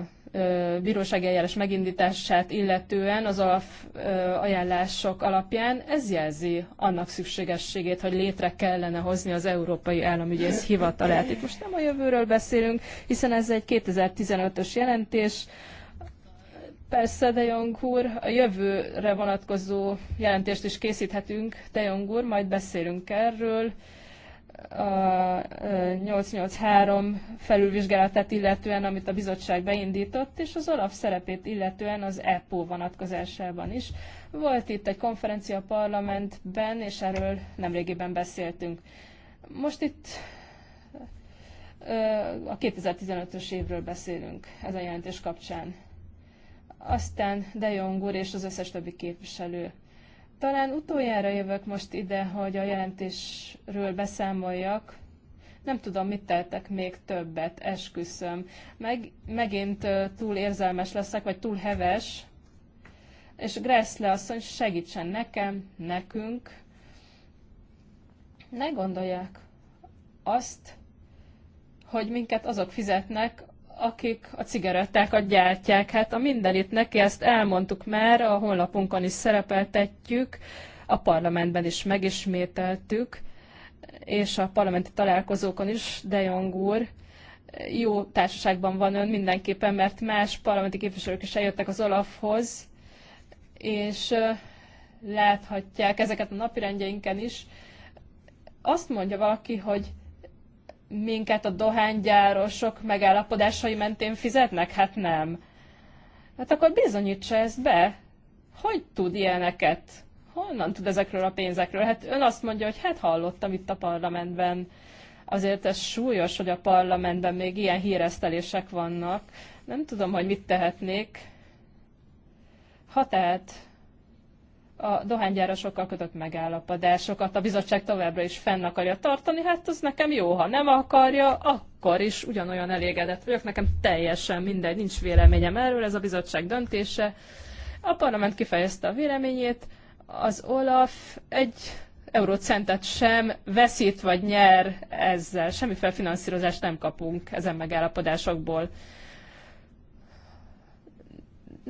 bírósági eljárás megindítását illetően az alap ajánlások alapján ez jelzi annak szükségességét, hogy létre kellene hozni az Európai Államügyész Hivatalát. Itt most nem a jövőről beszélünk, hiszen ez egy 2015-ös jelentés, Persze, De Jongúr, a jövőre vonatkozó jelentést is készíthetünk, De Jongúr, majd beszélünk erről. A 883 e, felülvizsgálatát illetően, amit a bizottság beindított, és az Olaf szerepét illetően az EPO vonatkozásában is. Volt itt egy konferencia a parlamentben, és erről nemrégiben beszéltünk. Most itt e, a 2015-ös évről beszélünk ez a jelentés kapcsán aztán De Jong úr és az összes többi képviselő. Talán utoljára jövök most ide, hogy a jelentésről beszámoljak. Nem tudom, mit teltek még többet, esküszöm. Meg, megint túl érzelmes leszek, vagy túl heves. És Gressle asszony segítsen nekem, nekünk. Ne gondolják azt, hogy minket azok fizetnek, akik a cigarettákat gyártják. Hát a mindenit neki, ezt elmondtuk már, a honlapunkon is szerepeltetjük, a parlamentben is megismételtük, és a parlamenti találkozókon is, De Jong úr, jó társaságban van ön mindenképpen, mert más parlamenti képviselők is eljöttek az Olafhoz, és láthatják ezeket a napirendjeinken is. Azt mondja valaki, hogy minket a dohánygyárosok megállapodásai mentén fizetnek? Hát nem. Hát akkor bizonyítsa ezt be. Hogy tud ilyeneket? Honnan tud ezekről a pénzekről? Hát ön azt mondja, hogy hát hallottam itt a parlamentben. Azért ez súlyos, hogy a parlamentben még ilyen híresztelések vannak. Nem tudom, hogy mit tehetnék. Ha tehet, a dohánygyárosokkal kötött megállapodásokat a bizottság továbbra is fenn akarja tartani, hát az nekem jó, ha nem akarja, akkor is ugyanolyan elégedett vagyok, nekem teljesen mindegy, nincs véleményem erről, ez a bizottság döntése. A parlament kifejezte a véleményét, az Olaf egy eurócentet sem veszít vagy nyer ezzel, semmiféle finanszírozást nem kapunk ezen megállapodásokból.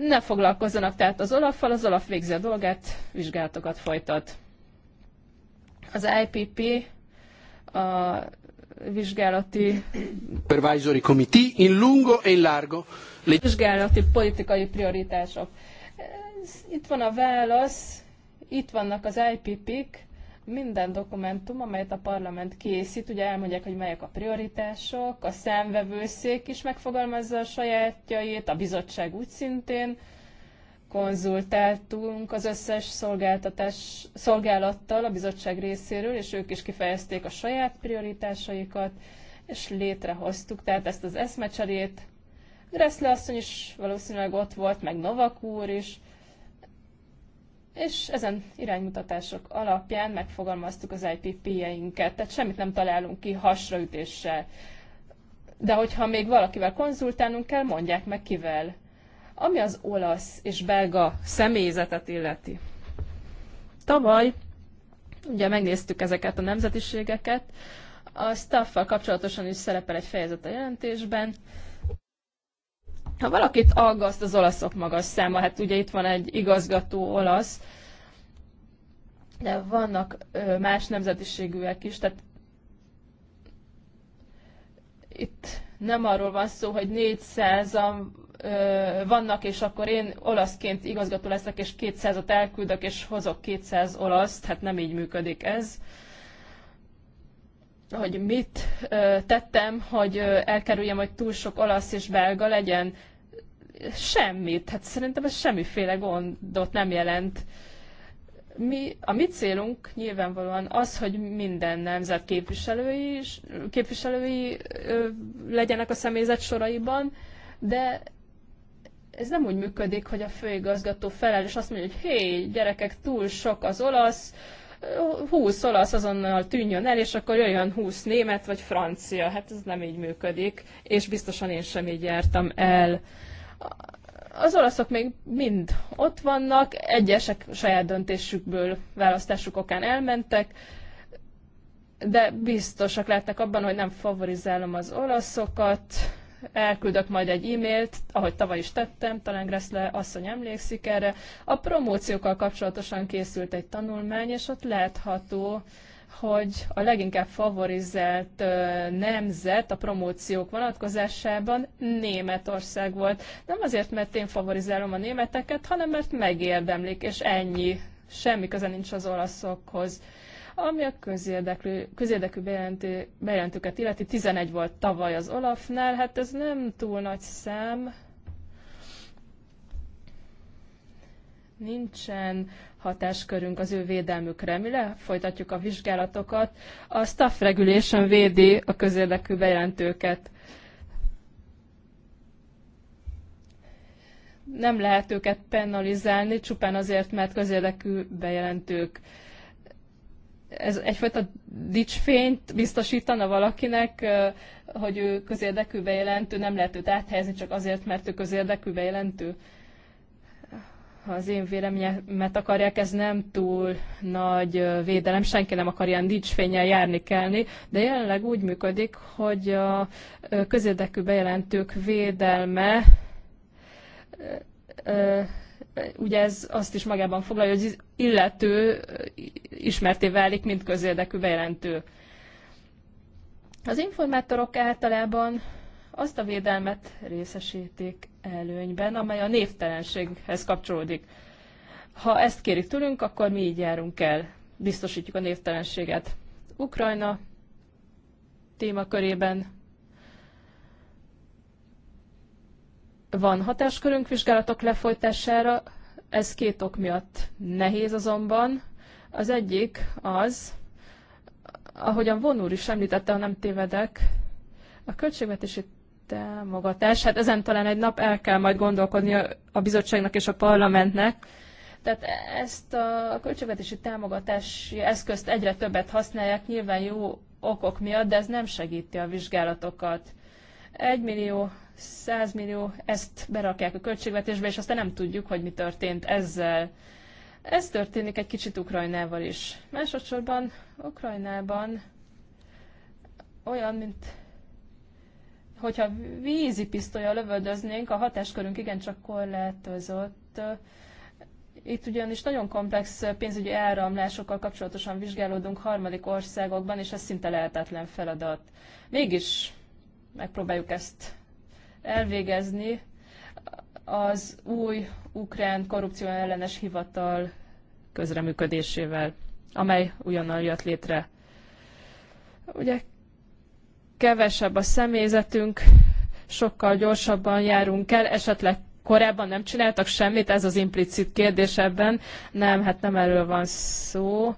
Ne foglalkozzanak tehát az olaffal, az olaf végzi a dolgát, vizsgálatokat folytat. Az IPP a vizsgálati Supervisory Committee in lungo e in largo. Vizsgálati politikai prioritások. Itt van a válasz, itt vannak az IPP-k, minden dokumentum, amelyet a parlament készít, ugye elmondják, hogy melyek a prioritások, a szemvevőszék is megfogalmazza a sajátjait, a bizottság úgy szintén, konzultáltunk az összes szolgáltatás, szolgálattal a bizottság részéről, és ők is kifejezték a saját prioritásaikat, és létrehoztuk tehát ezt az eszmecserét. Gressle asszony is valószínűleg ott volt, meg Novak úr is, és ezen iránymutatások alapján megfogalmaztuk az IPP-jeinket, tehát semmit nem találunk ki hasraütéssel. De hogyha még valakivel konzultálnunk kell, mondják meg kivel. Ami az olasz és belga személyzetet illeti. Tavaly ugye megnéztük ezeket a nemzetiségeket, a staffal kapcsolatosan is szerepel egy fejezet a jelentésben, ha valakit aggaszt az olaszok magas száma, hát ugye itt van egy igazgató olasz, de vannak más nemzetiségűek is, tehát itt nem arról van szó, hogy 400-an vannak, és akkor én olaszként igazgató leszek, és 200-at elküldök, és hozok 200 olaszt, hát nem így működik ez. Ö, hogy mit tettem, hogy elkerüljem, hogy túl sok olasz és belga legyen. Semmit. Hát szerintem ez semmiféle gondot nem jelent. Mi, a mi célunk nyilvánvalóan az, hogy minden nemzet képviselői, képviselői ö, legyenek a személyzet soraiban, de ez nem úgy működik, hogy a főigazgató felel, és azt mondja, hogy hé, gyerekek, túl sok az olasz, 20 olasz azonnal tűnjön el, és akkor jöjjön 20 német vagy francia. Hát ez nem így működik, és biztosan én sem így jártam el. Az olaszok még mind ott vannak, egyesek saját döntésükből, választásuk okán elmentek, de biztosak lehetnek abban, hogy nem favorizálom az olaszokat elküldök majd egy e-mailt, ahogy tavaly is tettem, talán Gressle asszony emlékszik erre. A promóciókkal kapcsolatosan készült egy tanulmány, és ott látható, hogy a leginkább favorizált nemzet a promóciók vonatkozásában Németország volt. Nem azért, mert én favorizálom a németeket, hanem mert megérdemlik, és ennyi. Semmi köze nincs az olaszokhoz. Ami a közérdekű, közérdekű bejelentő, bejelentőket illeti, 11 volt tavaly az Olafnál, hát ez nem túl nagy szám. Nincsen hatáskörünk az ő védelmükre. Mi folytatjuk a vizsgálatokat. A staff regulation védi a közérdekű bejelentőket. Nem lehet őket penalizálni, csupán azért, mert közérdekű bejelentők ez egyfajta dicsfényt biztosítana valakinek, hogy ő közérdekű bejelentő, nem lehet őt áthelyezni csak azért, mert ő közérdekű bejelentő. Ha az én véleményemet akarják, ez nem túl nagy védelem, senki nem akar ilyen dicsfényel járni kellni, de jelenleg úgy működik, hogy a közérdekű bejelentők védelme ugye ez azt is magában foglalja, hogy illető ismerté válik, mint közérdekű bejelentő. Az informátorok általában azt a védelmet részesítik előnyben, amely a névtelenséghez kapcsolódik. Ha ezt kérik tőlünk, akkor mi így járunk el, biztosítjuk a névtelenséget. Ukrajna témakörében Van hatáskörünk vizsgálatok lefolytására, ez két ok miatt nehéz azonban. Az egyik az, ahogyan vonúr is említette, ha nem tévedek, a költségvetési támogatás, hát ezen talán egy nap el kell majd gondolkodni a bizottságnak és a parlamentnek, tehát ezt a költségvetési támogatási eszközt egyre többet használják, nyilván jó okok miatt, de ez nem segíti a vizsgálatokat. 1 millió 100 millió, ezt berakják a költségvetésbe, és aztán nem tudjuk, hogy mi történt ezzel. Ez történik egy kicsit Ukrajnával is. Másodszorban Ukrajnában olyan, mint hogyha vízi pisztolya lövöldöznénk, a hatáskörünk igencsak korlátozott. Itt ugyanis nagyon komplex pénzügyi elramlásokkal kapcsolatosan vizsgálódunk harmadik országokban, és ez szinte lehetetlen feladat. Mégis megpróbáljuk ezt elvégezni az új ukrán korrupció ellenes hivatal közreműködésével, amely ugyannal jött létre. Ugye kevesebb a személyzetünk, sokkal gyorsabban járunk el, esetleg korábban nem csináltak semmit, ez az implicit kérdés ebben. Nem, hát nem erről van szó.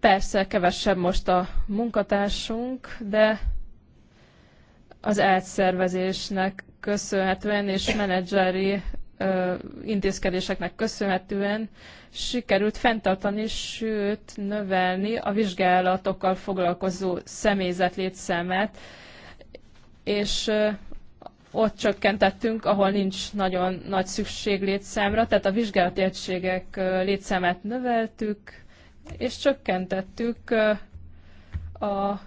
Persze kevesebb most a munkatársunk, de az átszervezésnek köszönhetően és menedzseri ö, intézkedéseknek köszönhetően sikerült fenntartani, sőt növelni a vizsgálatokkal foglalkozó személyzet létszámát, és ö, ott csökkentettünk, ahol nincs nagyon nagy szükség létszámra, tehát a vizsgálati egységek létszámát növeltük, és csökkentettük a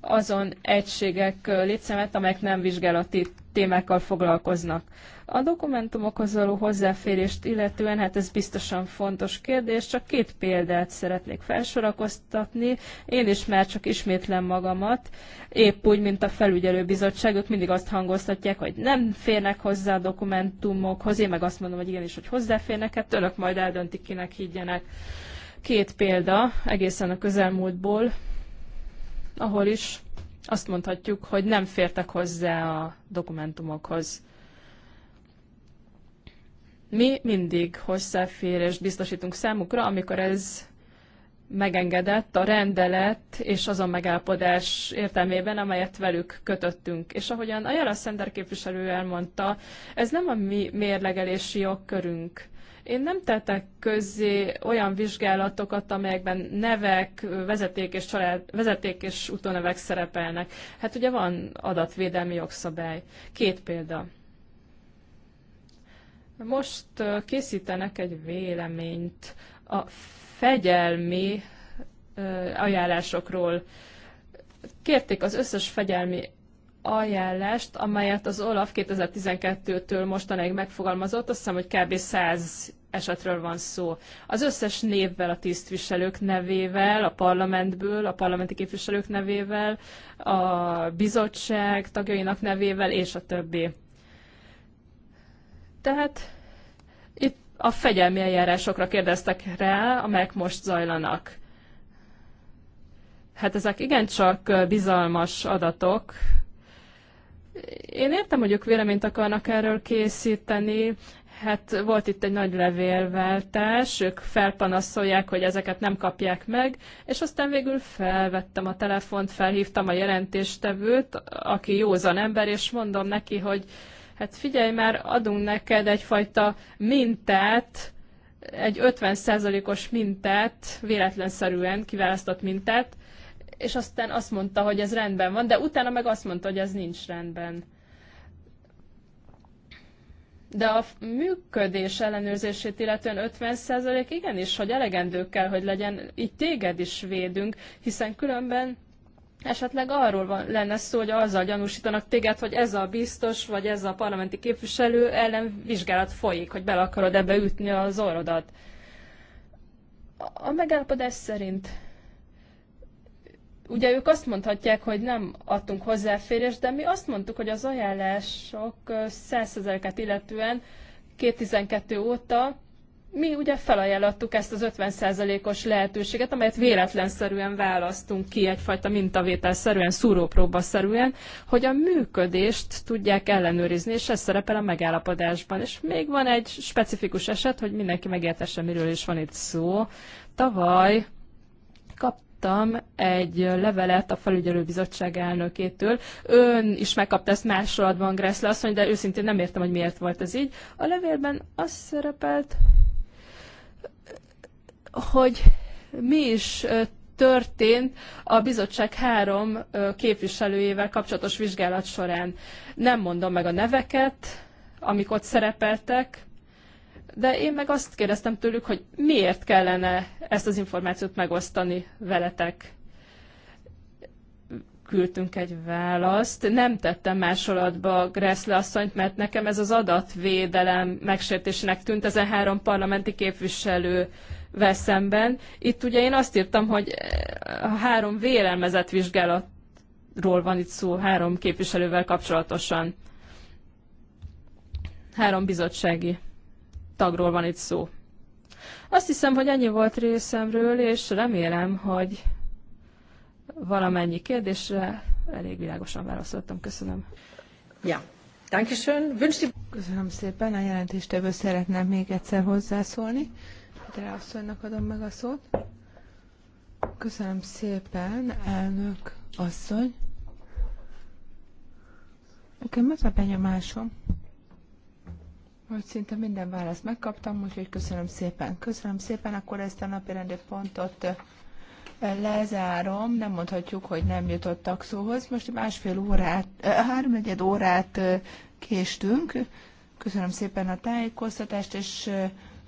azon egységek létszámát, amelyek nem vizsgálati témákkal foglalkoznak. A dokumentumokhoz való hozzáférést illetően, hát ez biztosan fontos kérdés, csak két példát szeretnék felsorakoztatni. Én is már csak ismétlem magamat, épp úgy, mint a felügyelőbizottság, ők mindig azt hangoztatják, hogy nem férnek hozzá a dokumentumokhoz, én meg azt mondom, hogy igenis, hogy hozzáférnek, hát önök majd eldöntik, kinek higgyenek. Két példa egészen a közelmúltból, ahol is azt mondhatjuk, hogy nem fértek hozzá a dokumentumokhoz. Mi mindig hozzáférést biztosítunk számukra, amikor ez megengedett a rendelet és az a megállapodás értelmében, amelyet velük kötöttünk. És ahogyan a Jara Szender képviselő elmondta, ez nem a mi mérlegelési jogkörünk. Én nem tettek közzé olyan vizsgálatokat, amelyekben nevek, vezeték és, család, vezeték és utónevek szerepelnek. Hát ugye van adatvédelmi jogszabály. Két példa. Most készítenek egy véleményt a fegyelmi ajánlásokról. Kérték az összes fegyelmi ajánlást, amelyet az Olaf 2012-től mostanáig megfogalmazott, azt hiszem, hogy kb. 100 esetről van szó. Az összes névvel, a tisztviselők nevével, a parlamentből, a parlamenti képviselők nevével, a bizottság tagjainak nevével, és a többi. Tehát a fegyelmi eljárásokra kérdeztek rá, amelyek most zajlanak. Hát ezek igencsak bizalmas adatok. Én értem, hogy ők véleményt akarnak erről készíteni, Hát volt itt egy nagy levélváltás, ők felpanaszolják, hogy ezeket nem kapják meg, és aztán végül felvettem a telefont, felhívtam a jelentéstevőt, aki józan ember, és mondom neki, hogy hát figyelj már, adunk neked egyfajta mintát, egy 50%-os mintát, véletlenszerűen kiválasztott mintát, és aztán azt mondta, hogy ez rendben van, de utána meg azt mondta, hogy ez nincs rendben. De a működés ellenőrzését illetően 50% igenis, hogy elegendő kell, hogy legyen, így téged is védünk, hiszen különben Esetleg arról van, lenne szó, hogy azzal gyanúsítanak téged, hogy ez a biztos, vagy ez a parlamenti képviselő ellen vizsgálat folyik, hogy bele akarod ebbe ütni az orrodat. A megállapodás szerint ugye ők azt mondhatják, hogy nem adtunk hozzáférést, de mi azt mondtuk, hogy az ajánlások 100%-et illetően 2012 óta mi ugye felajánlottuk ezt az 50%-os lehetőséget, amelyet véletlenszerűen választunk ki, egyfajta mintavételszerűen, szúrópróbaszerűen, hogy a működést tudják ellenőrizni, és ez szerepel a megállapodásban. És még van egy specifikus eset, hogy mindenki megértesse, miről is van itt szó. Tavaly kap kaptam egy levelet a felügyelőbizottság elnökétől. Ön is megkapta ezt másolatban, Gressle mondja, de őszintén nem értem, hogy miért volt ez így. A levélben az szerepelt, hogy mi is történt a bizottság három képviselőjével kapcsolatos vizsgálat során. Nem mondom meg a neveket, amik ott szerepeltek, de én meg azt kérdeztem tőlük, hogy miért kellene ezt az információt megosztani veletek. Küldtünk egy választ, nem tettem másolatba Gressle asszonyt, mert nekem ez az adatvédelem megsértésének tűnt, ezen három parlamenti képviselő vel szemben. Itt ugye én azt írtam, hogy eh, három vélelmezett vizsgálatról van itt szó, három képviselővel kapcsolatosan. Három bizottsági tagról van itt szó. Azt hiszem, hogy ennyi volt részemről, és remélem, hogy valamennyi kérdésre elég világosan válaszoltam. Köszönöm. Ja. Köszönöm szépen. A jelentéstevő szeretném még egyszer hozzászólni asszonynak adom meg a szót. Köszönöm szépen, elnök asszony. Nekem az a benyomásom, hogy szinte minden választ megkaptam, úgyhogy köszönöm szépen. Köszönöm szépen, akkor ezt a napi rendi pontot eh, lezárom. Nem mondhatjuk, hogy nem jutottak szóhoz. Most másfél órát, eh, háromnegyed órát eh, késtünk. Köszönöm szépen a tájékoztatást, és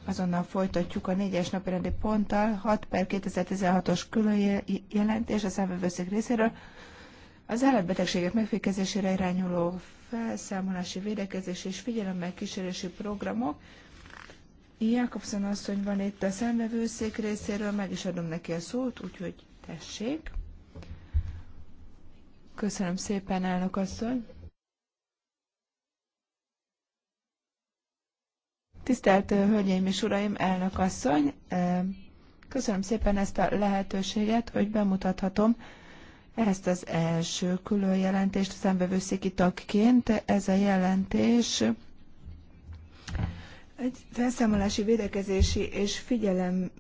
Azonnal folytatjuk a négyes napi rendi ponttal, 6 per 2016-os külön jelentés a szemvevőszék részéről. Az állatbetegségek megfékezésére irányuló felszámolási, védekezés és figyelemmel kísérési programok. Jakobson asszony van itt a szemvevőszék részéről, meg is adom neki a szót, úgyhogy tessék. Köszönöm szépen, elnök asszony. Tisztelt Hölgyeim és Uraim, elnök asszony, köszönöm szépen ezt a lehetőséget, hogy bemutathatom ezt az első külön jelentést szembevőszéki tagként. Ez a jelentés egy felszámolási, védekezési és figyelem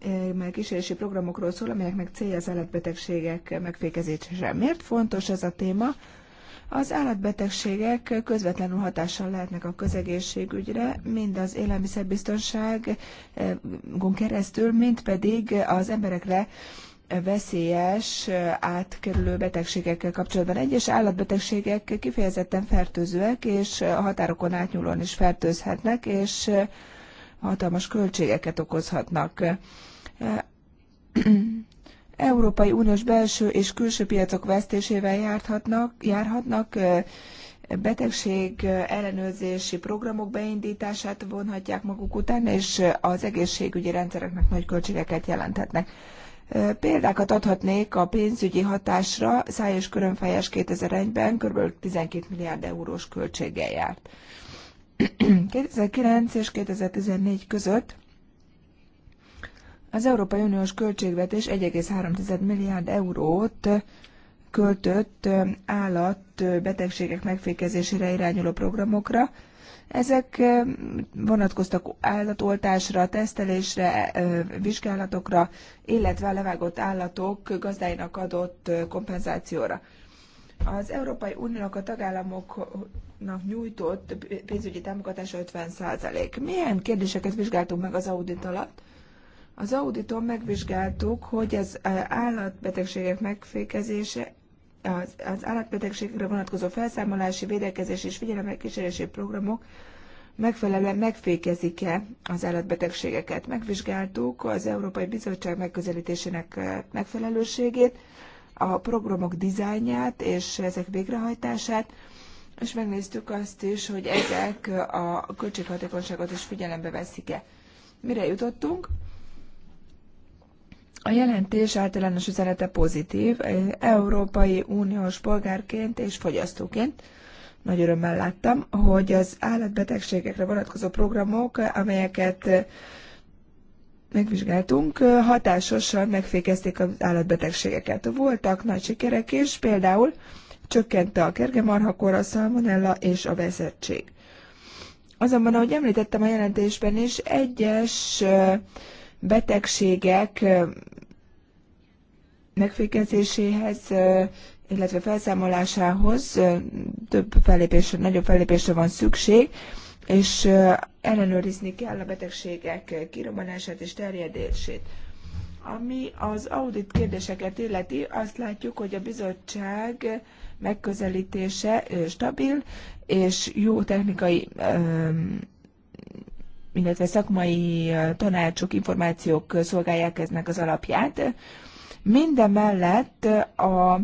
kísérési programokról szól, amelyeknek célja az állatbetegségek megfékezése. Miért fontos ez a téma? Az állatbetegségek közvetlenül hatással lehetnek a közegészségügyre, mind az élelmiszerbiztonságon eh, keresztül, mind pedig az emberekre veszélyes átkerülő betegségekkel kapcsolatban. Egyes állatbetegségek kifejezetten fertőzőek, és a határokon átnyúlóan is fertőzhetnek, és hatalmas költségeket okozhatnak eh, Európai Uniós belső és külső piacok vesztésével járhatnak, járhatnak betegség ellenőrzési programok beindítását vonhatják maguk után, és az egészségügyi rendszereknek nagy költségeket jelenthetnek. Példákat adhatnék a pénzügyi hatásra, és körönfejes 2001-ben kb. 12 milliárd eurós költséggel járt. 2009 és 2014 között az Európai Uniós költségvetés 1,3 milliárd eurót költött állat betegségek megfékezésére irányuló programokra. Ezek vonatkoztak állatoltásra, tesztelésre, vizsgálatokra, illetve a levágott állatok gazdáinak adott kompenzációra. Az Európai Uniónak a tagállamoknak nyújtott pénzügyi támogatása 50 százalék. Milyen kérdéseket vizsgáltunk meg az audit alatt? Az auditon megvizsgáltuk, hogy az eh, állatbetegségek megfékezése az, az állatbetegségekre vonatkozó felszámolási, védekezés és figyelemelkísérési programok megfelelően megfékezik-e az állatbetegségeket. Megvizsgáltuk az Európai Bizottság megközelítésének eh, megfelelőségét, a programok dizájnját és ezek végrehajtását, és megnéztük azt is, hogy ezek a költséghatékonyságot is figyelembe veszik-e. Mire jutottunk? A jelentés általános üzenete pozitív, eh, Európai Uniós polgárként és fogyasztóként. Nagy örömmel láttam, hogy az állatbetegségekre vonatkozó programok, amelyeket eh, megvizsgáltunk, eh, hatásosan megfékezték az állatbetegségeket. Voltak nagy sikerek is, például csökkente a kergemarhakor, a szalmonella és a veszettség. Azonban, ahogy említettem a jelentésben is, egyes betegségek megfékezéséhez, illetve felszámolásához több fellépésre, nagyobb fellépésre van szükség, és ellenőrizni kell a betegségek kirobbanását és terjedését. Ami az audit kérdéseket illeti, azt látjuk, hogy a bizottság megközelítése stabil, és jó technikai illetve szakmai tanácsok, információk szolgálják eznek az alapját. Minden mellett a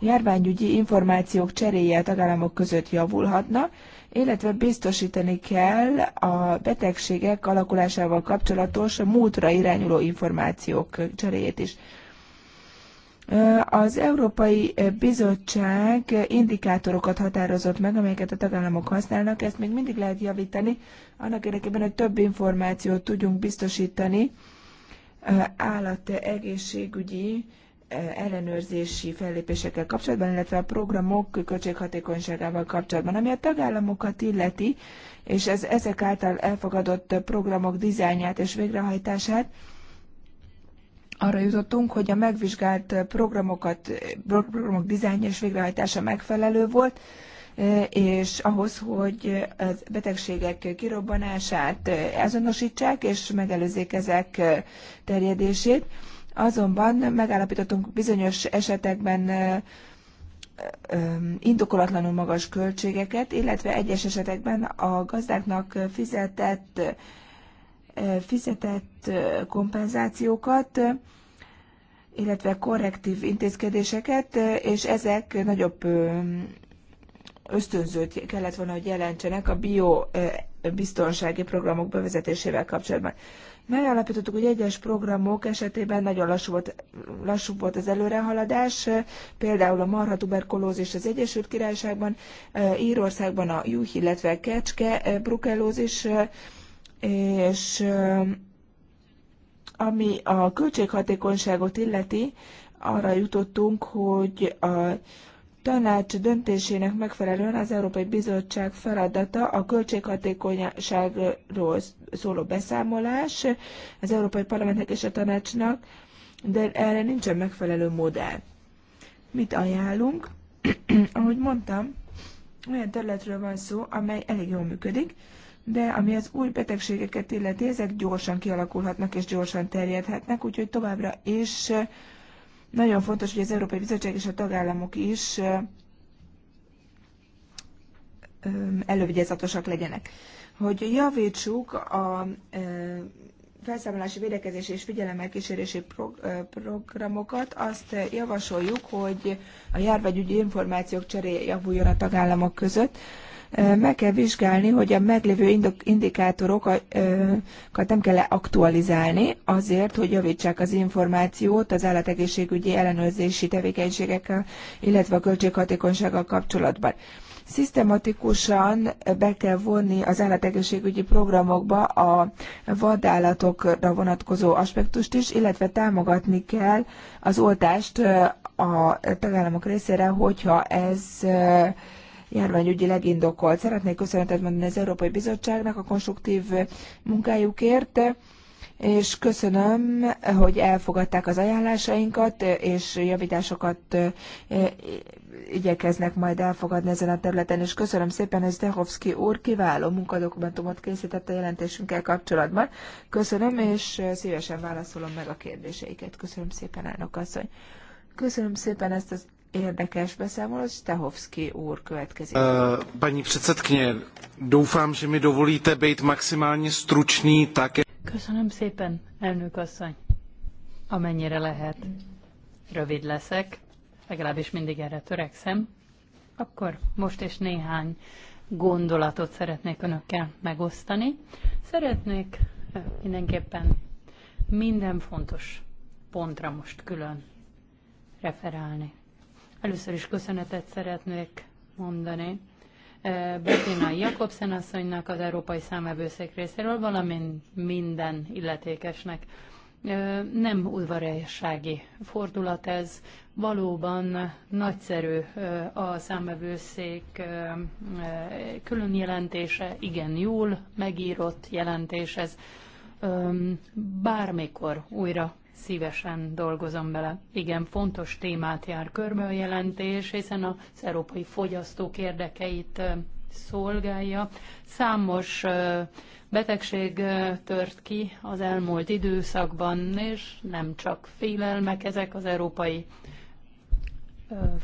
járványügyi információk cseréje a tagállamok között javulhatna, illetve biztosítani kell a betegségek alakulásával kapcsolatos múltra irányuló információk cseréjét is. Az Európai Bizottság indikátorokat határozott meg, amelyeket a tagállamok használnak, ezt még mindig lehet javítani, annak érdekében, hogy több információt tudjunk biztosítani állategészségügyi egészségügyi ellenőrzési fellépésekkel kapcsolatban, illetve a programok költséghatékonyságával kapcsolatban, ami a tagállamokat illeti, és ez ezek által elfogadott programok dizájnját és végrehajtását, arra jutottunk, hogy a megvizsgált programokat, programok dizájnja és végrehajtása megfelelő volt, e, és ahhoz, hogy a betegségek kirobbanását azonosítsák és megelőzzék ezek terjedését. Azonban megállapítottunk bizonyos esetekben e, e, indokolatlanul magas költségeket, illetve egyes esetekben a gazdáknak fizetett fizetett kompenzációkat, illetve korrektív intézkedéseket, és ezek nagyobb ösztönzőt kellett volna, hogy jelentsenek a biobiztonsági programok bevezetésével kapcsolatban. Megállapítottuk, hogy egyes programok esetében nagyon lassú volt, lassú volt az előrehaladás, például a marha tuberkulózis az Egyesült Királyságban, Írországban a juh, illetve a kecske brukelózis és ami a költséghatékonyságot illeti, arra jutottunk, hogy a tanács döntésének megfelelően az Európai Bizottság feladata a költséghatékonyságról szóló beszámolás az Európai Parlamentnek és a tanácsnak, de erre nincsen megfelelő modell. Mit ajánlunk? Ahogy mondtam, olyan területről van szó, amely elég jól működik, de ami az új betegségeket illeti, ezek gyorsan kialakulhatnak és gyorsan terjedhetnek, úgyhogy továbbra is nagyon fontos, hogy az Európai Bizottság és a tagállamok is elővigyázatosak legyenek. Hogy javítsuk a felszámolási védekezés és figyelemmel kísérési programokat, azt javasoljuk, hogy a járványügyi információk cseréje javuljon a tagállamok között. Meg kell vizsgálni, hogy a meglévő indikátorokat nem kell -e aktualizálni azért, hogy javítsák az információt az állategészségügyi ellenőrzési tevékenységekkel, illetve a költséghatékonysággal kapcsolatban szisztematikusan be kell vonni az állategészségügyi programokba a vadállatokra vonatkozó aspektust is, illetve támogatni kell az oltást a tagállamok részére, hogyha ez járványügyileg indokolt. Szeretnék köszönetet mondani az Európai Bizottságnak a konstruktív munkájukért, és köszönöm, hogy elfogadták az ajánlásainkat, és javításokat e, e, igyekeznek majd elfogadni ezen a területen, és köszönöm szépen, hogy Zdehovszki úr kiváló munkadokumentumot készített a jelentésünkkel kapcsolatban. Köszönöm, és szívesen válaszolom meg a kérdéseiket. Köszönöm szépen, elnök asszony. Köszönöm szépen ezt az érdekes beszámoló, Stehovski úr következik. Uh, paní předsedkyně, doufám, že mi dovolíte být maximálně stručný, tak... Köszönöm szépen, elnök asszony. Amennyire lehet. Rövid leszek, legalábbis mindig erre törekszem. Akkor most is néhány gondolatot szeretnék önökkel megosztani. Szeretnék eh, mindenképpen minden fontos pontra most külön referálni. Először is köszönetet szeretnék mondani eh, Bettina Jakobsen asszonynak az Európai Számvevőszék részéről, valamint minden illetékesnek. Eh, nem udvariassági fordulat ez, valóban nagyszerű eh, a számvevőszék külön jelentése, igen jól megírott jelentés ez. Bármikor újra szívesen dolgozom bele. Igen, fontos témát jár körbe a jelentés, hiszen az európai fogyasztók érdekeit szolgálja. Számos betegség tört ki az elmúlt időszakban, és nem csak félelmek ezek az európai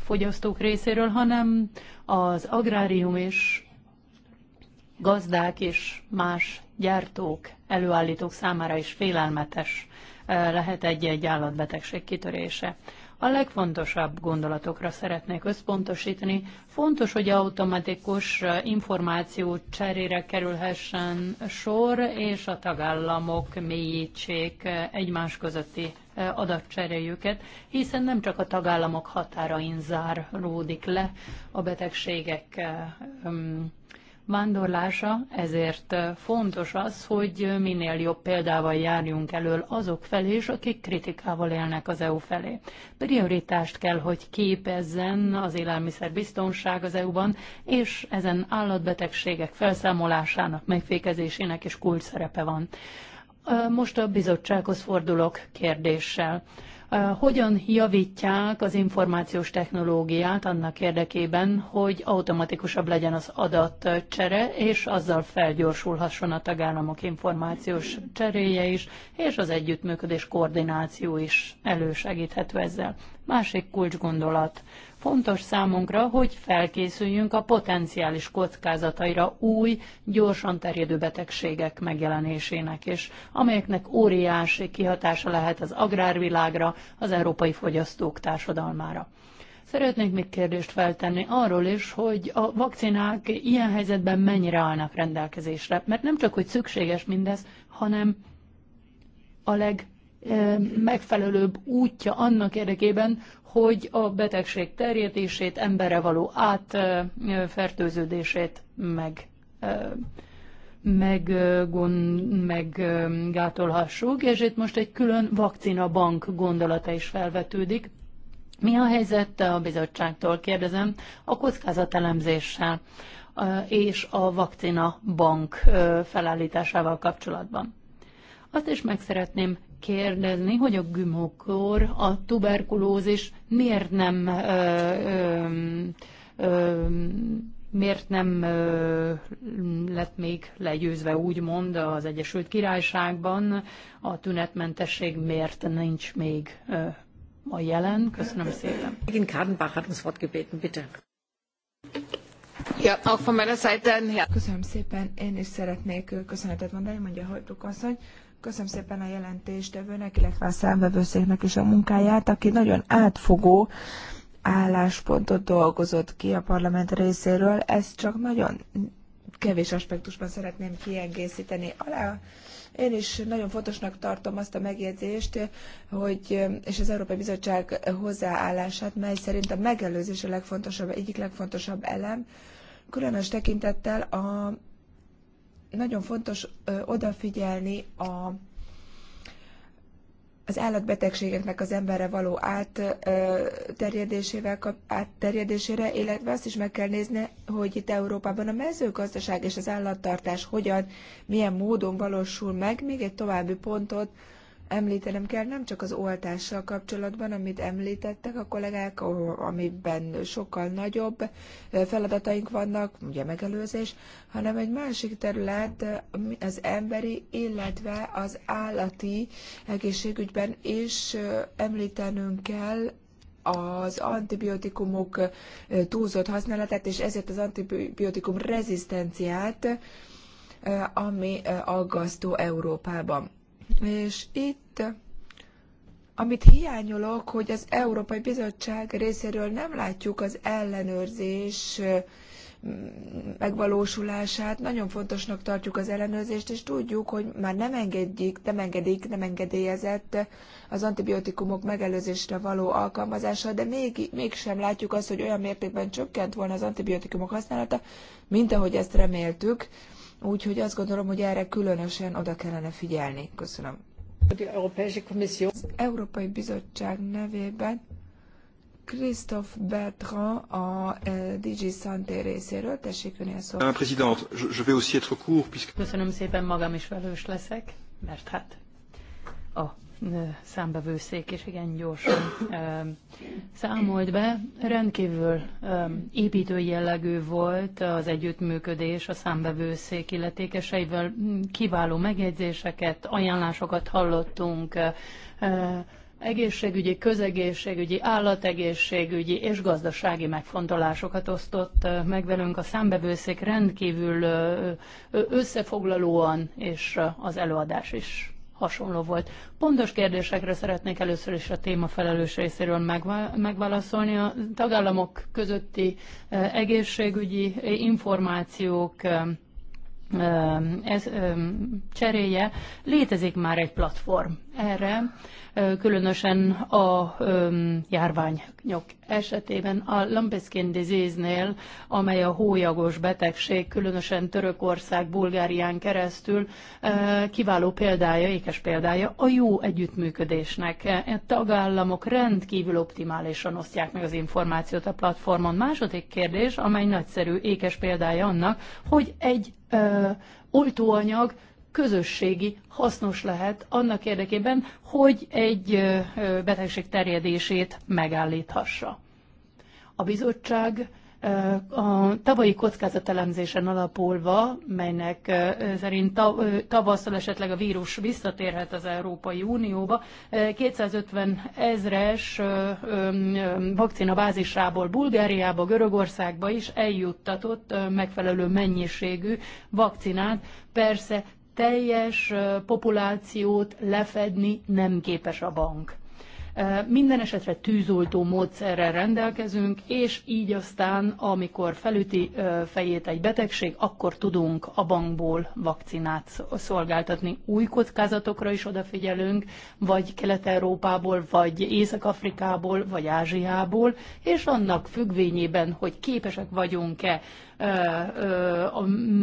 fogyasztók részéről, hanem az agrárium és gazdák és más gyártók, előállítók számára is félelmetes lehet egy-egy állatbetegség kitörése. A legfontosabb gondolatokra szeretnék összpontosítani. Fontos, hogy automatikus információ cserére kerülhessen sor, és a tagállamok mélyítsék egymás közötti adatcseréjüket, hiszen nem csak a tagállamok határain záródik le a betegségek vándorlása, ezért fontos az, hogy minél jobb példával járjunk elől azok felé is, akik kritikával élnek az EU felé. Prioritást kell, hogy képezzen az élelmiszerbiztonság az EU-ban, és ezen állatbetegségek felszámolásának, megfékezésének is kulcs szerepe van. Most a bizottsághoz fordulok kérdéssel hogyan javítják az információs technológiát annak érdekében, hogy automatikusabb legyen az adatcsere, és azzal felgyorsulhasson a tagállamok információs cseréje is, és az együttműködés koordináció is elősegíthető ezzel. Másik kulcsgondolat Fontos számunkra, hogy felkészüljünk a potenciális kockázataira új, gyorsan terjedő betegségek megjelenésének is, amelyeknek óriási kihatása lehet az agrárvilágra, az európai fogyasztók társadalmára. Szeretnék még kérdést feltenni arról is, hogy a vakcinák ilyen helyzetben mennyire állnak rendelkezésre, mert nem csak, hogy szükséges mindez, hanem a legmegfelelőbb eh, útja annak érdekében, hogy a betegség terjedését, emberre való átfertőződését meg meg, meg gátolhassuk, és itt most egy külön vakcinabank gondolata is felvetődik. Mi a helyzet a bizottságtól, kérdezem, a kockázatelemzéssel és a vakcina bank felállításával kapcsolatban? Azt is meg szeretném kérdezni, hogy a gümokor, a tuberkulózis miért nem ö, ö, ö, miért nem ö, lett még legyőzve úgymond az Egyesült Királyságban, a tünetmentesség miért nincs még ö, a jelen. Köszönöm szépen. Igen, Kadenbach hat uns Wort gebeten, bitte. Ja, auch von meiner Seite. Köszönöm szépen, én is szeretnék köszönetet mondani, mondja Hajbruk Köszönöm szépen a jelentéstevőnek, illetve a számvevőszéknek is a munkáját, aki nagyon átfogó álláspontot dolgozott ki a parlament részéről. Ezt csak nagyon kevés aspektusban szeretném kiegészíteni. Alá én is nagyon fontosnak tartom azt a megjegyzést, hogy, és az Európai Bizottság hozzáállását, mely szerint a megelőzés a legfontosabb, egyik legfontosabb elem, különös tekintettel a nagyon fontos odafigyelni a, az állatbetegségeknek az emberre való átterjedésével, átterjedésére, illetve azt is meg kell nézni, hogy itt Európában a mezőgazdaság és az állattartás hogyan, milyen módon valósul meg. Még egy további pontot említenem kell, nem csak az oltással kapcsolatban, amit említettek a kollégák, amiben sokkal nagyobb feladataink vannak, ugye megelőzés, hanem egy másik terület az emberi, illetve az állati egészségügyben is említenünk kell az antibiotikumok túlzott használatát, és ezért az antibiotikum rezisztenciát, ami aggasztó Európában. És itt, amit hiányolok, hogy az Európai Bizottság részéről nem látjuk az ellenőrzés mm, megvalósulását. Nagyon fontosnak tartjuk az ellenőrzést, és tudjuk, hogy már nem engedik, nem engedik, nem engedélyezett az antibiotikumok megelőzésre való alkalmazása, de még, mégsem látjuk azt, hogy olyan mértékben csökkent volna az antibiotikumok használata, mint ahogy ezt reméltük Úgyhogy azt gondolom, hogy erre különösen oda kellene figyelni. Köszönöm. Az Európai Bizottság nevében Christophe Bertrand a eh, DG Santé részéről. Tessék önél szó. Köszönöm szépen, magam is velős leszek, mert hát a számbevőszék is igen gyorsan számolt be. Rendkívül építő jellegű volt az együttműködés a számbevőszék illetékeseivel. Kiváló megjegyzéseket, ajánlásokat hallottunk, egészségügyi, közegészségügyi, állategészségügyi és gazdasági megfontolásokat osztott meg velünk. A számbevőszék rendkívül összefoglalóan, és az előadás is hasonló volt. Pontos kérdésekre szeretnék először is a téma felelős részéről megválaszolni. A tagállamok közötti e, egészségügyi információk e, e, ez, cseréje, létezik már egy platform erre, különösen a járványok esetében a Lumpeskin disease-nél, amely a hólyagos betegség, különösen Törökország, Bulgárián keresztül kiváló példája, ékes példája a jó együttműködésnek. A e tagállamok rendkívül optimálisan osztják meg az információt a platformon. Második kérdés, amely nagyszerű ékes példája annak, hogy egy uh, oltóanyag közösségi hasznos lehet annak érdekében, hogy egy betegség terjedését megállíthassa. A bizottság a tavalyi kockázatelemzésen alapulva, melynek szerint tavasszal esetleg a vírus visszatérhet az Európai Unióba, 250 ezres vakcina bázisából Bulgáriába, Görögországba is eljuttatott megfelelő mennyiségű vakcinát, persze teljes populációt lefedni nem képes a bank. Minden esetre tűzoltó módszerrel rendelkezünk, és így aztán, amikor felüti fejét egy betegség, akkor tudunk a bankból vakcinát szolgáltatni. Új kockázatokra is odafigyelünk, vagy Kelet-Európából, vagy Észak-Afrikából, vagy Ázsiából, és annak függvényében, hogy képesek vagyunk-e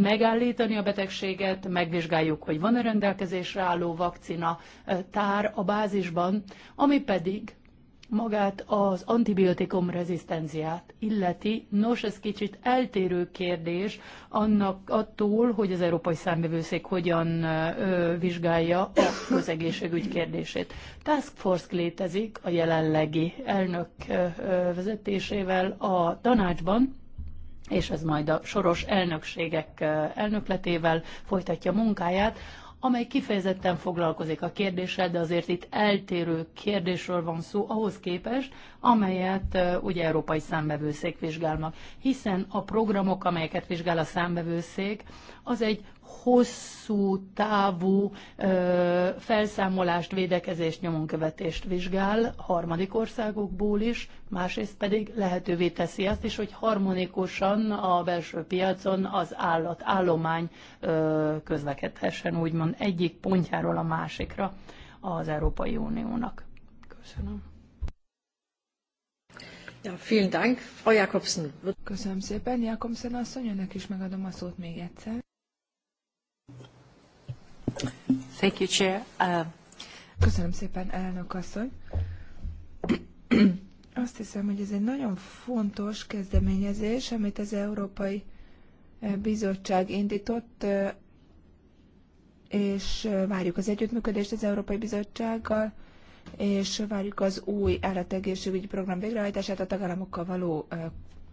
megállítani a betegséget, megvizsgáljuk, hogy van-e rendelkezésre álló vakcina tár a bázisban, ami pedig magát az antibiotikum rezisztenciát illeti. Nos, ez kicsit eltérő kérdés annak attól, hogy az Európai Számbevőszék hogyan ö, vizsgálja a közegészségügy kérdését. Task Force létezik a jelenlegi elnök ö, vezetésével a tanácsban, és ez majd a soros elnökségek elnökletével folytatja munkáját, amely kifejezetten foglalkozik a kérdéssel, de azért itt eltérő kérdésről van szó ahhoz képest, amelyet ugye európai számbevőszék vizsgálnak, Hiszen a programok, amelyeket vizsgál a számbevőszék, az egy hosszú távú ö, felszámolást, védekezést, nyomonkövetést vizsgál harmadik országokból is, másrészt pedig lehetővé teszi azt is, hogy harmonikusan a belső piacon az állat, állomány ö, közlekedhessen úgymond egyik pontjáról a másikra az Európai Uniónak. Köszönöm. Ja, vielen Dank, Frau Jakobsen. Köszönöm szépen, Jakobsen asszony, önnek is megadom a szót még egyszer. Thank you, Chair. Uh... Köszönöm szépen, elnök asszony. Azt hiszem, hogy ez egy nagyon fontos kezdeményezés, amit az Európai eh, Bizottság indított, eh, és eh, várjuk az együttműködést az Európai Bizottsággal, és várjuk az új állategészségügyi program végrehajtását a tagállamokkal való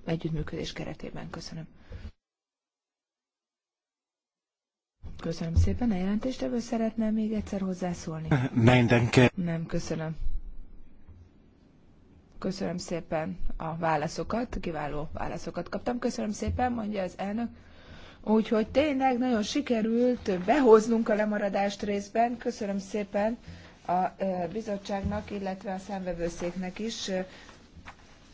együttműködés keretében. Köszönöm. Köszönöm szépen a jelentést, ebből szeretném még egyszer hozzászólni. Mindenki. Nem, köszönöm. Köszönöm szépen a válaszokat, kiváló válaszokat kaptam. Köszönöm szépen, mondja az elnök. Úgyhogy tényleg nagyon sikerült behoznunk a lemaradást részben. Köszönöm szépen a bizottságnak, illetve a szemvevőszéknek is.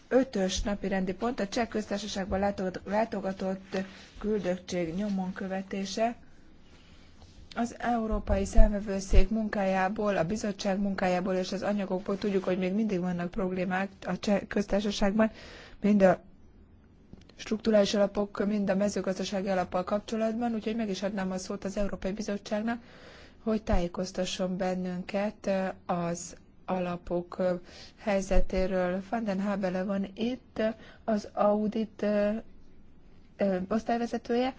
Ötös napi rendi pont a Cseh köztársaságban látogatott küldöttség nyomon követése az Európai Számvevőszék munkájából, a bizottság munkájából és az anyagokból tudjuk, hogy még mindig vannak problémák a cseh köztársaságban, mind a strukturális alapok, mind a mezőgazdasági alappal kapcsolatban, úgyhogy meg is adnám a szót az Európai Bizottságnak, hogy tájékoztasson bennünket az alapok helyzetéről. Van den Habele van itt, az Audit osztályvezetője,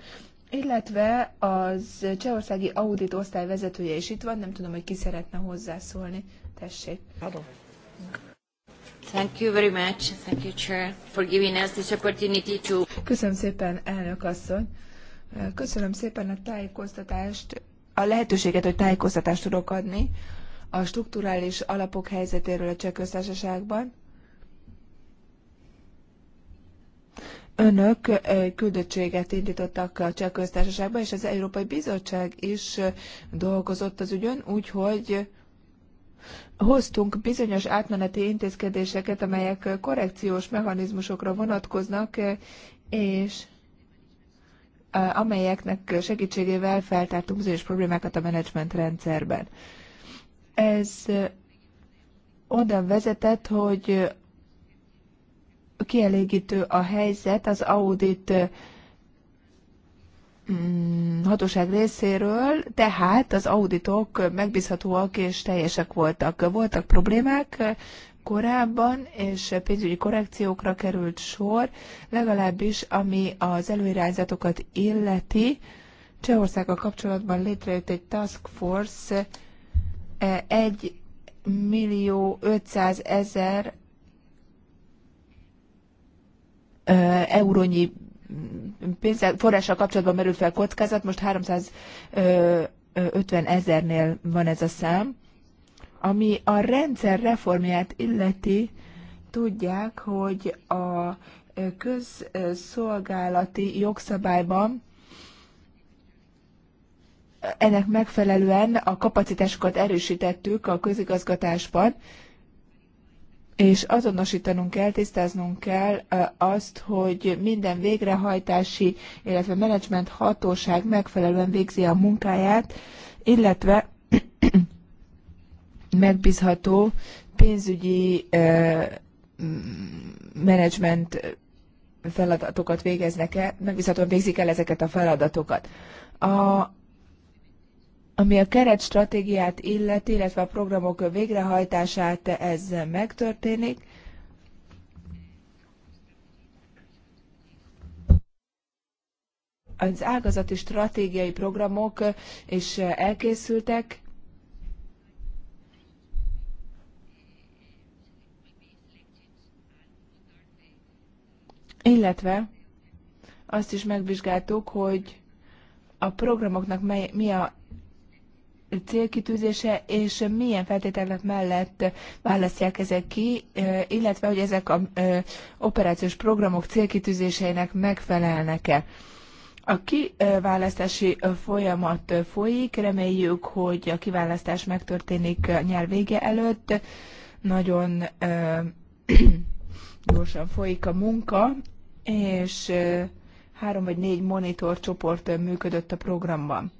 illetve az csehországi audit osztály vezetője is itt van, nem tudom, hogy ki szeretne hozzászólni. Tessék. Adom. Thank you very much. Thank you, Chair, for giving us this opportunity to... Köszönöm szépen, elnök asszony. Köszönöm szépen a tájékoztatást, a lehetőséget, hogy tájékoztatást tudok adni a strukturális alapok helyzetéről a cseh köztársaságban. önök küldöttséget indítottak a Cseh köztársaságba, és az Európai Bizottság is dolgozott az ügyön, úgyhogy hoztunk bizonyos átmeneti intézkedéseket, amelyek korrekciós mechanizmusokra vonatkoznak, és amelyeknek segítségével feltártunk bizonyos problémákat a menedzsment rendszerben. Ez oda vezetett, hogy kielégítő a helyzet az audit mm, hatóság részéről, tehát az auditok megbízhatóak és teljesek voltak. Voltak problémák korábban, és pénzügyi korrekciókra került sor, legalábbis ami az előirányzatokat illeti. Csehországgal kapcsolatban létrejött egy task force, eh, egy millió 500 ezer eurónyi pénzzel, forrással kapcsolatban merül fel kockázat, most 350 ezernél van ez a szám. Ami a rendszer reformját illeti, tudják, hogy a közszolgálati jogszabályban ennek megfelelően a kapacitásokat erősítettük a közigazgatásban, és azonosítanunk kell, tisztáznunk kell azt, hogy minden végrehajtási, illetve menedzsment hatóság megfelelően végzi a munkáját, illetve megbízható pénzügyi menedzsment feladatokat végeznek el, megbízhatóan végzik el ezeket a feladatokat. A ami a keretstratégiát illeti, illetve a programok végrehajtását, ez megtörténik. Az ágazati stratégiai programok is elkészültek. Illetve azt is megvizsgáltuk, hogy a programoknak mely, mi a célkitűzése, és milyen feltételek mellett választják ezek ki, illetve hogy ezek a operációs programok célkitűzéseinek megfelelnek-e. A kiválasztási folyamat folyik, reméljük, hogy a kiválasztás megtörténik nyár vége előtt. Nagyon gyorsan folyik a munka, és három vagy négy monitorcsoport működött a programban.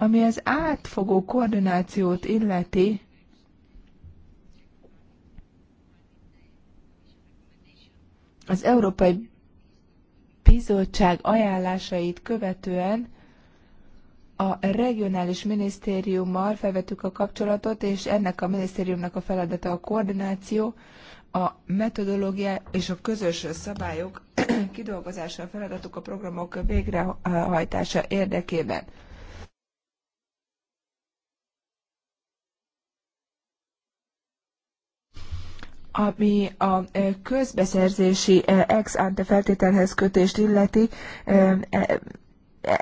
Ami az átfogó koordinációt illeti, az Európai Bizottság ajánlásait követően a regionális minisztériummal felvettük a kapcsolatot, és ennek a minisztériumnak a feladata a koordináció, a metodológia és a közös szabályok kidolgozása a feladatuk a programok végrehajtása érdekében. ami a közbeszerzési ex ante feltételhez kötést illeti, e, e,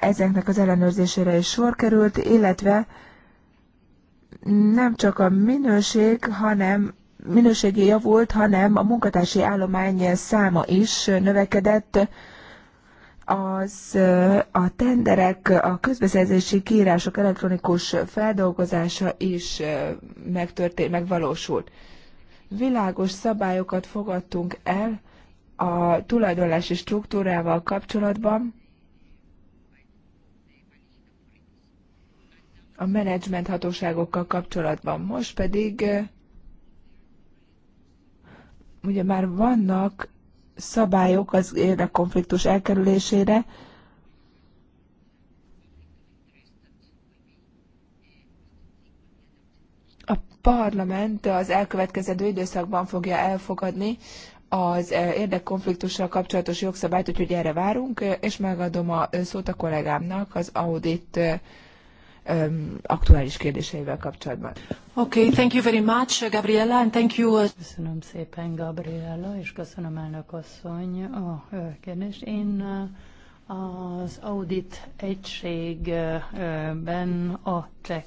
ezeknek az ellenőrzésére is sor került, illetve nem csak a minőség, hanem minőségi javult, hanem a munkatársi állomány száma is növekedett. Az a tenderek, a közbeszerzési kiírások elektronikus feldolgozása is megtörtént, megvalósult. Világos szabályokat fogadtunk el a tulajdonlási struktúrával kapcsolatban, a menedzsment hatóságokkal kapcsolatban. Most pedig eh, ugye már vannak szabályok az érdekkonfliktus elkerülésére, parlament az elkövetkezendő időszakban fogja elfogadni az eh, érdekkonfliktussal kapcsolatos jogszabályt, úgyhogy erre várunk, eh, és megadom a eh, szót a kollégámnak az audit aktuális kérdéseivel kapcsolatban. Okay, thank you very much, Gabriella, and thank you. Köszönöm szépen, Gabriella, és köszönöm elnök asszony a kérdést. Én az audit egységben a csek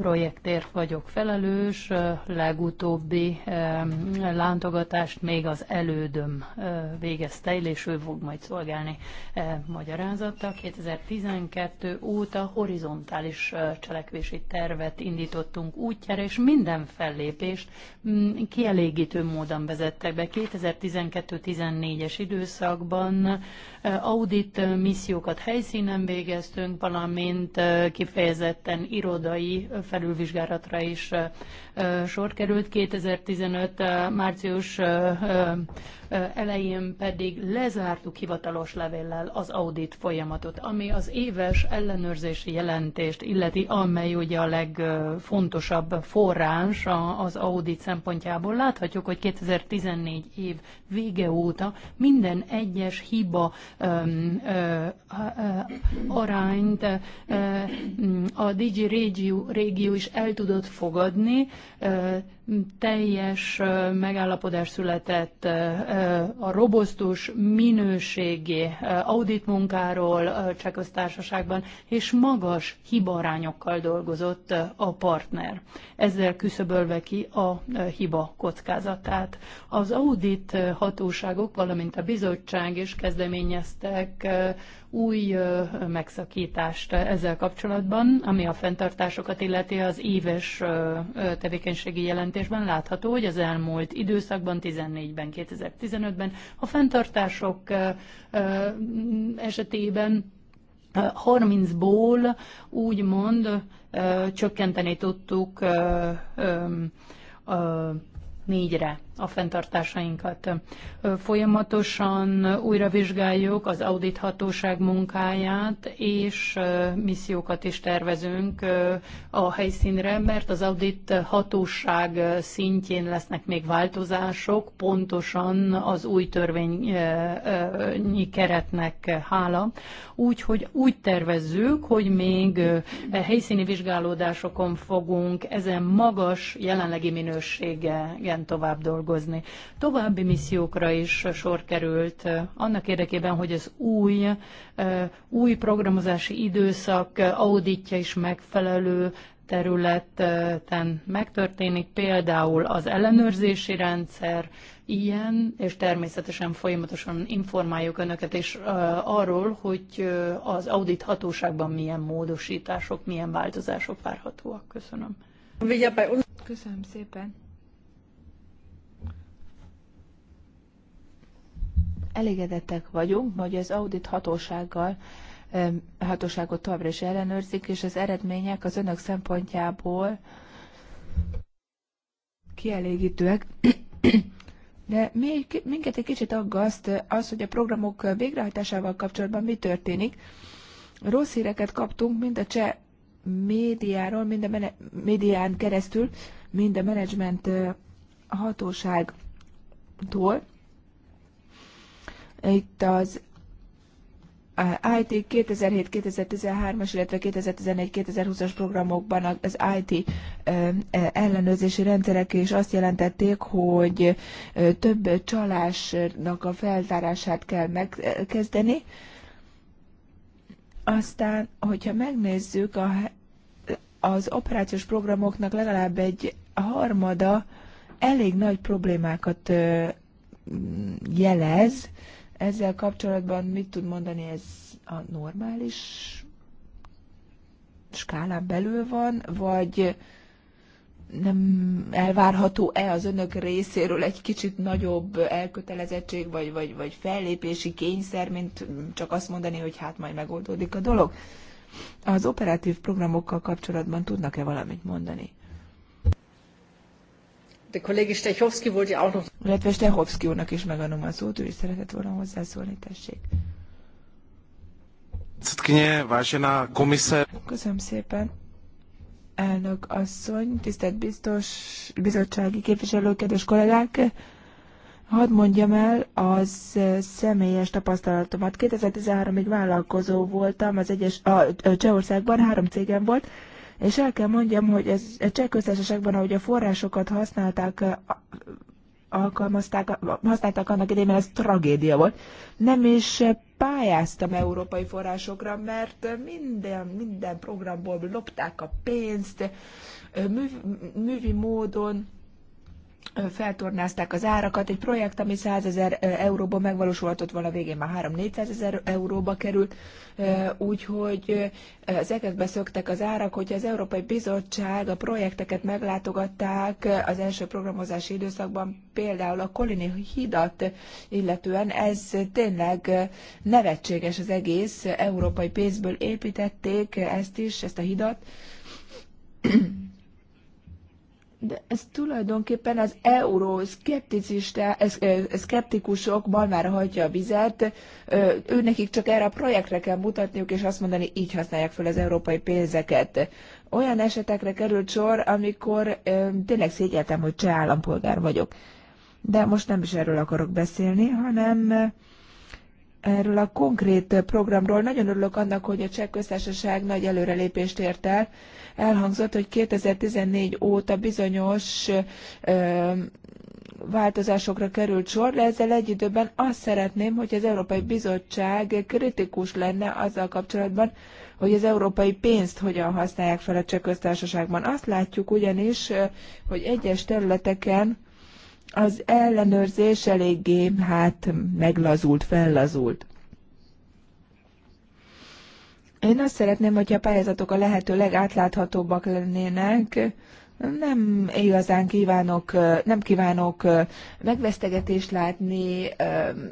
projektért vagyok felelős, legutóbbi lántogatást még az elődöm végezte és ő fog majd szolgálni magyarázattal. 2012 óta horizontális cselekvési tervet indítottunk útjára, és minden fellépést mm, kielégítő módon vezettek be. 2012-14-es időszakban audit missziókat helyszínen végeztünk, valamint kifejezetten irodai felülvizsgálatra is sor került. 2015. március elején pedig lezártuk hivatalos levéllel az audit folyamatot, ami az éves ellenőrzési jelentést illeti, amely ugye a legfontosabb forrás az audit szempontjából. Láthatjuk, hogy 2014 év vége óta minden egyes hiba öm, ö, arányt a Digi Régió, régió is el tudott fogadni, teljes megállapodás született a robosztus minőségi audit auditmunkáról Csehköztársaságban, és magas hibarányokkal dolgozott a partner, ezzel küszöbölve ki a hiba kockázatát. Az audit hatóságok, valamint a bizottság is kezdeményeztek új megszakítást ezzel kapcsolatban, ami a fenntartásokat illeti az éves tevékenységi jelentésben látható, hogy az elmúlt időszakban, 14-ben, 2015-ben a fenntartások esetében 30-ból úgymond csökkenteni tudtuk négyre a fenntartásainkat. Folyamatosan újra vizsgáljuk az audithatóság munkáját, és missziókat is tervezünk a helyszínre, mert az audit hatóság szintjén lesznek még változások, pontosan az új törvényi keretnek hála. Úgyhogy úgy tervezzük, hogy még helyszíni vizsgálódásokon fogunk ezen magas jelenlegi minőségen tovább dolgozni dolgozni. További missziókra is sor került eh, annak érdekében, hogy az új, eh, új programozási időszak eh, auditja is megfelelő területen megtörténik, például az ellenőrzési rendszer ilyen, és természetesen folyamatosan informáljuk Önöket is arról, hogy az audit hatóságban milyen módosítások, milyen változások várhatóak. Köszönöm. Köszönöm szépen. elégedettek vagyunk, hogy az audit hatósággal hatóságot továbbra is ellenőrzik, és az eredmények az önök szempontjából kielégítőek. De mi, minket egy kicsit aggaszt az, hogy a programok végrehajtásával kapcsolatban mi történik. Rossz híreket kaptunk mind a cseh médiáról, mind a mene, médián keresztül, mind a menedzsment hatóságtól. Itt az eh, IT 2007-2013-as, illetve 2011 2020 as programokban az IT eh, ellenőrzési rendszerek is azt jelentették, hogy eh, több csalásnak a feltárását kell megkezdeni. Aztán, hogyha megnézzük, a, az operációs programoknak legalább egy harmada elég nagy problémákat jelez, ezzel kapcsolatban mit tud mondani, ez a normális skálán belül van, vagy nem elvárható-e az önök részéről egy kicsit nagyobb elkötelezettség, vagy, vagy, vagy fellépési kényszer, mint csak azt mondani, hogy hát majd megoldódik a dolog? Az operatív programokkal kapcsolatban tudnak-e valamit mondani? de kollégi Stechowski volt ja auch Illetve Stechowski úrnak is megadom a szót, ő is szeretett volna hozzászólni, tessék. Předsedkyně, vážená komise. Köszönöm szépen. Elnök asszony, tisztelt biztos, bizottsági képviselő, kedves kollégák! Hadd mondjam el az személyes tapasztalatomat. 2013-ig vállalkozó voltam, az egyes, a, a Csehországban három cégem volt, és el kell mondjam, hogy ez, a cseh ahogy a forrásokat használták, alkalmazták, használtak annak idején, mert ez tragédia volt. Nem is pályáztam európai forrásokra, mert minden, minden programból lopták a pénzt, mű, művi módon, feltornázták az árakat. Egy projekt, ami 100 ezer euróba megvalósulhatott volna végén már 3-400 ezer euróba került, úgyhogy ezeket szöktek az árak, hogyha az Európai Bizottság a projekteket meglátogatták az első programozási időszakban, például a Kolini hidat illetően, ez tényleg nevetséges az egész, európai pénzből építették ezt is, ezt a hidat, de ez tulajdonképpen az euró szkeptikusok már hagyja a vizet, ő nekik csak erre a projektre kell mutatniuk, és azt mondani, így használják fel az európai pénzeket. Olyan esetekre került sor, amikor tényleg szégyeltem, hogy cseh állampolgár vagyok. De most nem is erről akarok beszélni, hanem erről a konkrét programról. Nagyon örülök annak, hogy a Cseh Köztársaság nagy előrelépést ért el. Elhangzott, hogy 2014 óta bizonyos ö, változásokra került sor, de ezzel egy időben azt szeretném, hogy az Európai Bizottság kritikus lenne azzal kapcsolatban, hogy az európai pénzt hogyan használják fel a Cseh Köztársaságban. Azt látjuk ugyanis, hogy egyes területeken az ellenőrzés eléggé hát meglazult, fellazult. Én azt szeretném, hogyha a pályázatok a lehető legátláthatóbbak lennének, nem igazán kívánok, nem kívánok megvesztegetést látni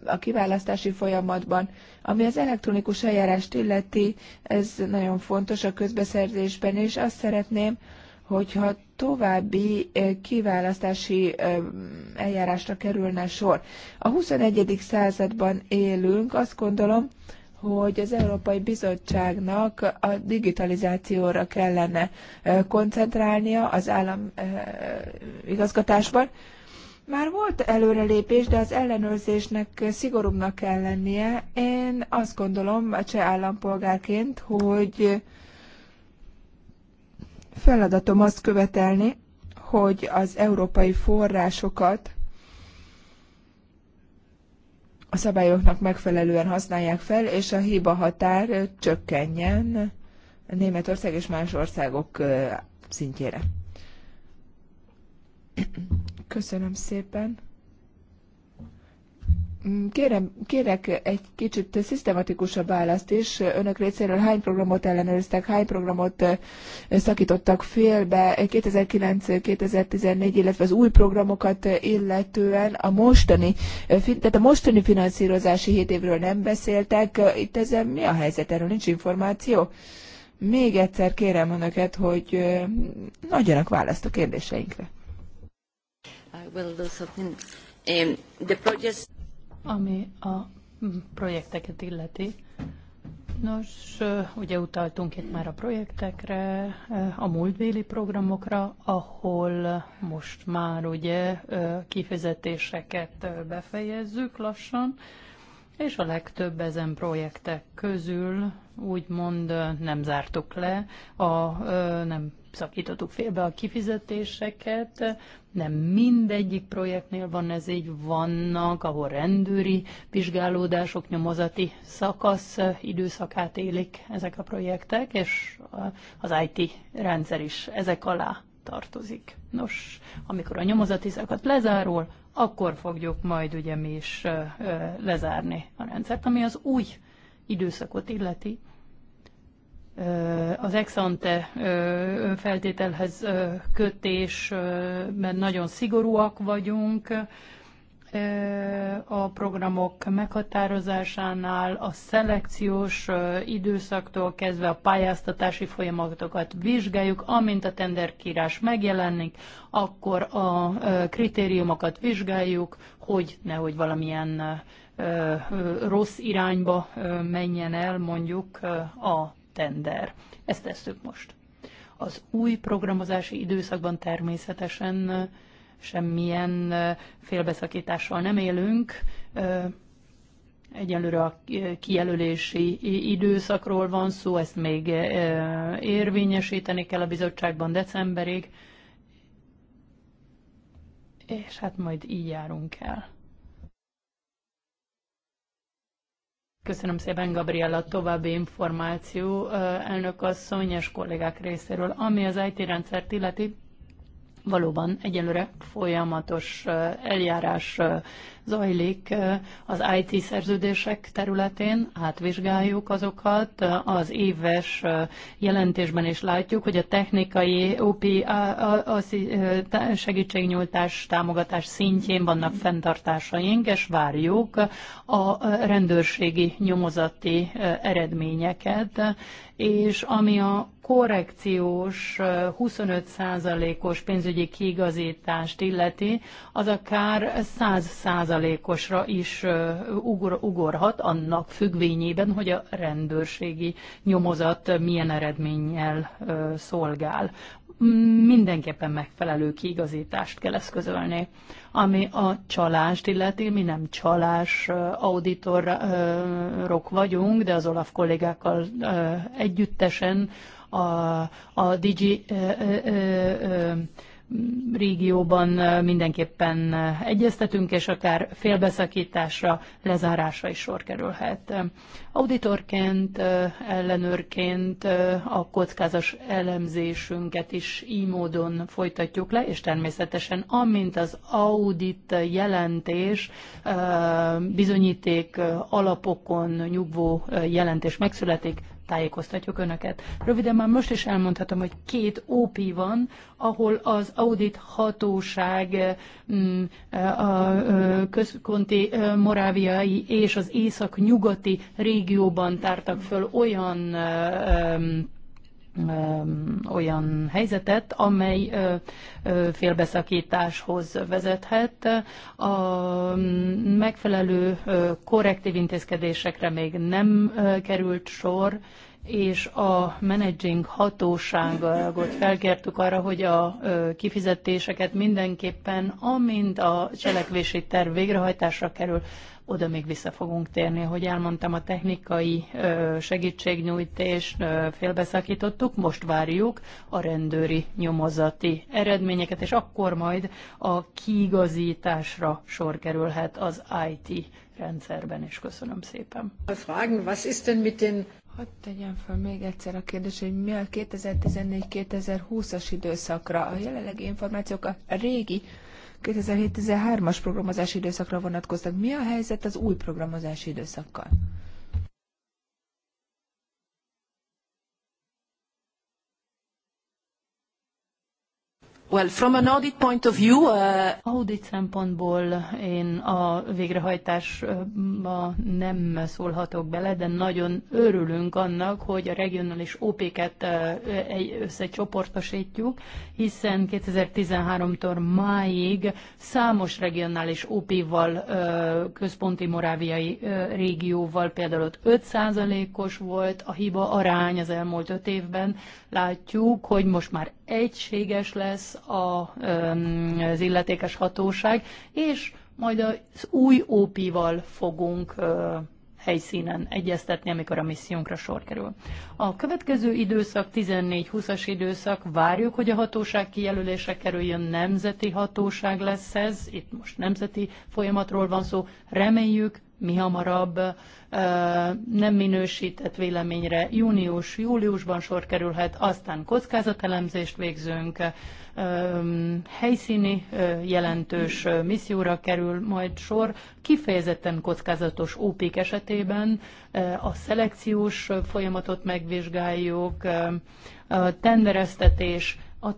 a kiválasztási folyamatban. Ami az elektronikus eljárást illeti, ez nagyon fontos a közbeszerzésben, és azt szeretném, hogyha további kiválasztási eljárásra kerülne sor. A 21. században élünk, azt gondolom, hogy az Európai Bizottságnak a digitalizációra kellene koncentrálnia az állam igazgatásban. Már volt előrelépés, de az ellenőrzésnek szigorúbbnak kell lennie. Én azt gondolom, a cseh állampolgárként, hogy Feladatom azt követelni, hogy az európai forrásokat a szabályoknak megfelelően használják fel, és a hiba határ csökkenjen Németország és más országok szintjére. Köszönöm szépen. Mm, kérem, kérek egy kicsit szisztematikusabb választ is. Önök részéről hány programot ellenőriztek, hány programot szakítottak félbe 2009-2014, illetve az új programokat illetően a mostani, tehát a mostani finanszírozási hét évről nem beszéltek. Itt ezzel mi a helyzet? Erről nincs információ? Még egyszer kérem önöket, hogy adjanak választ a kérdéseinkre. I will do something. Um, the ami a projekteket illeti, Nos, ugye utaltunk itt már a projektekre, a múltvéli programokra, ahol most már ugye kifizetéseket befejezzük lassan, és a legtöbb ezen projektek közül úgymond nem zártuk le, a, nem szakítottuk félbe a kifizetéseket, nem mindegyik projektnél van ez így, vannak, ahol rendőri vizsgálódások, nyomozati szakasz eh, időszakát élik ezek a projektek, és az IT rendszer is ezek alá tartozik. Nos, amikor a nyomozati szakasz lezárul, akkor fogjuk majd ugye mi is eh, eh, lezárni a rendszert, ami az új időszakot illeti, az ex-ante kötés, kötésben nagyon szigorúak vagyunk, a programok meghatározásánál, a szelekciós időszaktól kezdve a pályáztatási folyamatokat vizsgáljuk, amint a tenderkírás megjelenik, akkor a kritériumokat vizsgáljuk, hogy nehogy valamilyen rossz irányba menjen el mondjuk a tender. Ezt tesszük most. Az új programozási időszakban természetesen semmilyen félbeszakítással nem élünk. Egyelőre a kijelölési időszakról van szó, ezt még érvényesíteni kell a bizottságban decemberig, és hát majd így járunk el. Köszönöm szépen, Gabriella. További információ elnök a és kollégák részéről. Ami az IT rendszert illeti, valóban egyelőre folyamatos eljárás zajlik az IT szerződések területén, átvizsgáljuk azokat, az éves jelentésben is látjuk, hogy a technikai OP segítségnyújtás támogatás szintjén vannak fenntartásaink, és várjuk a rendőrségi nyomozati eredményeket, és ami a korrekciós 25%-os pénzügyi kiigazítást illeti, az akár 100 százalékosra is ugor, ugorhat, annak függvényében, hogy a rendőrségi nyomozat milyen eredménnyel szolgál. Mindenképpen megfelelő kiigazítást kell eszközölni. Ami a csalást illeti, mi nem csalás auditorok vagyunk, de az Olaf kollégákkal együttesen a, a Digi ö, ö, ö, régióban mindenképpen egyeztetünk, és akár félbeszakításra, lezárásra is sor kerülhet. Auditorként, ellenőrként a kockázas elemzésünket is így módon folytatjuk le, és természetesen amint az audit jelentés bizonyíték alapokon nyugvó jelentés megszületik, tájékoztatjuk Önöket. Röviden már most is elmondhatom, hogy két OP van, ahol az audit hatóság mm, a központi moráviai és az észak-nyugati régióban tártak föl olyan olyan helyzetet, amely félbeszakításhoz vezethet. A megfelelő korrektív intézkedésekre még nem került sor, és a managing hatóságot felkértük arra, hogy a kifizetéseket mindenképpen, amint a cselekvési terv végrehajtásra kerül, oda még vissza fogunk térni, hogy elmondtam, a technikai segítségnyújtést félbeszakítottuk, most várjuk a rendőri nyomozati eredményeket, és akkor majd a kiigazításra sor kerülhet az IT rendszerben, és köszönöm szépen. Fragen, was ist denn mit den Hadd tegyem fel még egyszer a kérdés, hogy mi a 2014-2020-as időszakra a jelenlegi információk a régi 2007-13-as programozási időszakra vonatkoznak. Mi a helyzet az új programozási időszakkal? Well, from an audit point of view, uh... audit szempontból én a végrehajtásba nem szólhatok bele, de nagyon örülünk annak, hogy a regionális OP-ket uh, összecsoportosítjuk, hiszen 2013-tól máig számos regionális OP-val, uh, központi moráviai uh, régióval, például ott 5%-os volt a hiba arány az elmúlt 5 évben. Látjuk, hogy most már egységes lesz a, az illetékes hatóság, és majd az új OP-val fogunk helyszínen egyeztetni, amikor a missziónkra sor kerül. A következő időszak, 14-20-as időszak, várjuk, hogy a hatóság kijelölése kerüljön, nemzeti hatóság lesz ez, itt most nemzeti folyamatról van szó, reméljük, mi hamarabb nem minősített véleményre június-júliusban sor kerülhet, aztán kockázatelemzést végzünk, helyszíni jelentős misszióra kerül majd sor, kifejezetten kockázatos ópik esetében a szelekciós folyamatot megvizsgáljuk, a tendereztetés, a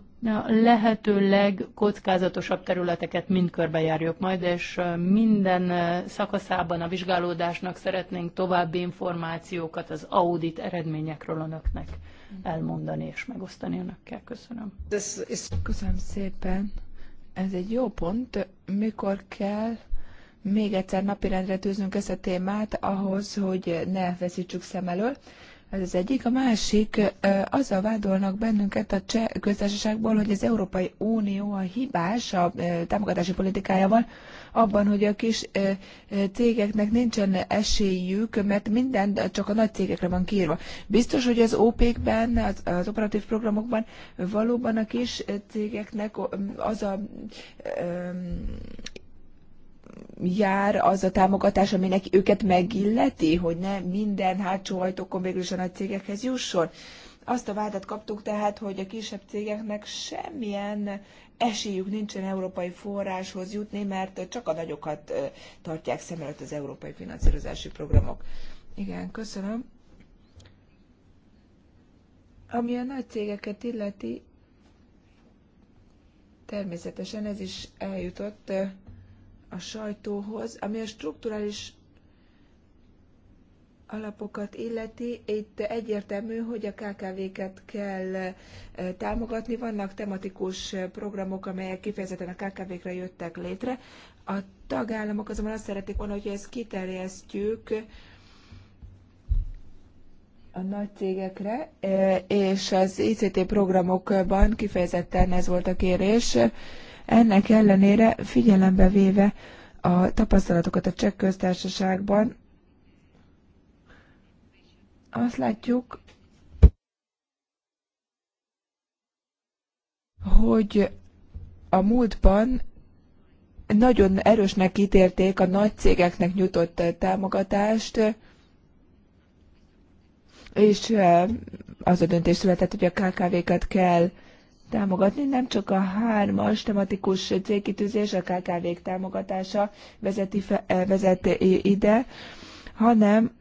lehető legkockázatosabb területeket mind körbejárjuk majd, és minden szakaszában a vizsgálódásnak szeretnénk további információkat az audit eredményekről önöknek elmondani és megosztani önökkel. Köszönöm. Köszönöm szépen. Ez egy jó pont. Mikor kell még egyszer napirendre tűznünk ezt a témát ahhoz, hogy ne veszítsük szem elől. Ez az egyik. A másik, azzal vádolnak bennünket a cseh köztársaságból, hogy az Európai Unió a hibás a támogatási politikájával abban, hogy a kis cégeknek nincsen esélyük, mert minden csak a nagy cégekre van kiírva. Biztos, hogy az OP-kben, e az, az operatív programokban valóban a kis cégeknek az a jár az a támogatás, aminek őket megilleti, hogy ne minden hátsó ajtókon végül is a nagy cégekhez jusson. Azt a vádat kaptuk tehát, hogy a kisebb cégeknek semmilyen esélyük nincsen európai forráshoz jutni, mert csak a nagyokat tartják szem előtt az európai finanszírozási programok. Igen, köszönöm. Ami a nagy cégeket illeti, természetesen ez is eljutott a sajtóhoz, ami a strukturális alapokat illeti, itt egyértelmű, hogy a KKV-ket kell támogatni. Vannak tematikus programok, amelyek kifejezetten a KKV-kre jöttek létre. A tagállamok azonban azt szeretik volna, hogy ezt kiterjesztjük a nagy cégekre, és az ICT programokban kifejezetten ez volt a kérés. Ennek ellenére figyelembe véve a tapasztalatokat a csekk köztársaságban, azt látjuk, hogy a múltban nagyon erősnek ítélték a nagy cégeknek nyújtott támogatást, és eh, az a döntés született, hogy a KKV-kat kell támogatni, nem csak a hármas tematikus célkitűzés, a kkv támogatása vezeti fe, eh, vezet ide, hanem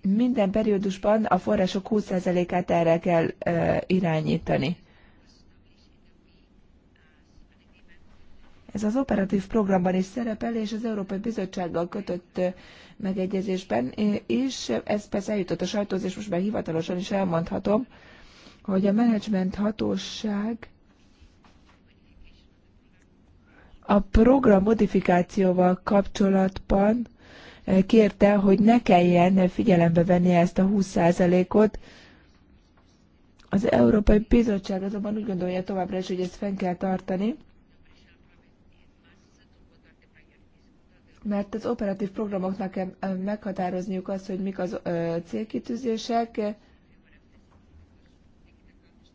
minden periódusban a források 20%-át erre kell e, irányítani. Ez az operatív programban is szerepel, és az Európai Bizottsággal kötött eh, megegyezésben is, ez persze eljutott a sajtóz, és most már hivatalosan is elmondhatom, hogy a menedzsment hatóság a program modifikációval kapcsolatban eh, kérte, hogy ne kelljen figyelembe venni ezt a 20%-ot. Az Európai Bizottság azonban úgy gondolja továbbra is, hogy ezt fenn kell tartani, mert az operatív programoknak kell eh, meghatározniuk azt, hogy mik az eh, célkitűzések,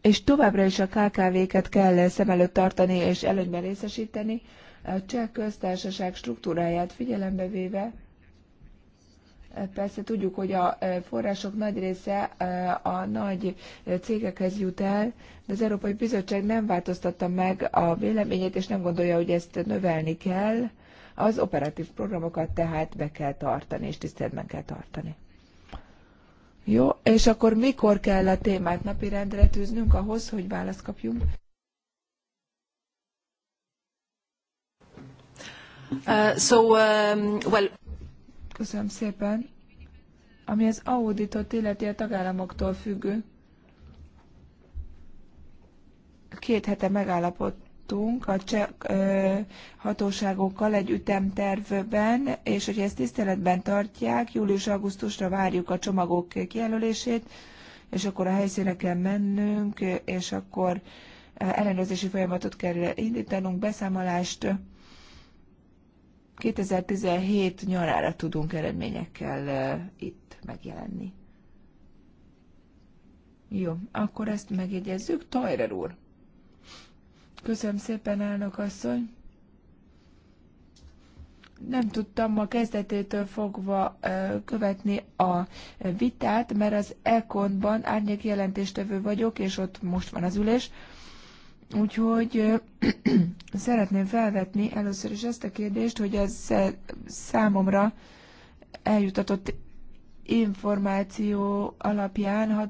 és továbbra is a KKV-ket kell szem előtt tartani és előnyben részesíteni, a cseh köztársaság struktúráját figyelembe véve, e, persze tudjuk, hogy a e, források nagy része e, a nagy cégekhez jut el, de az Európai Bizottság nem változtatta meg a véleményét, és nem gondolja, hogy ezt növelni kell. Az operatív programokat tehát be kell tartani, és tiszteletben kell tartani. Jó, és akkor mikor kell a témát napirendre tűznünk ahhoz, hogy választ kapjunk? Uh, so, um, well... Köszönöm szépen. Ami az auditot illeti a tagállamoktól függő, két hete megállapod, tartunk a cseh hatóságokkal egy ütemtervben, és hogy ezt tiszteletben tartják, július-augusztusra várjuk a csomagok kijelölését, és akkor a helyszínre kell mennünk, és akkor ellenőrzési folyamatot kell indítanunk, beszámolást 2017 nyarára tudunk eredményekkel itt megjelenni. Jó, akkor ezt megjegyezzük. Tajrer úr! Köszönöm szépen, elnök asszony. Nem tudtam ma kezdetétől fogva követni a vitát, mert az Econban árnyék jelentéstevő vagyok, és ott most van az ülés. Úgyhogy szeretném felvetni először is ezt a kérdést, hogy ez számomra eljutatott információ alapján hat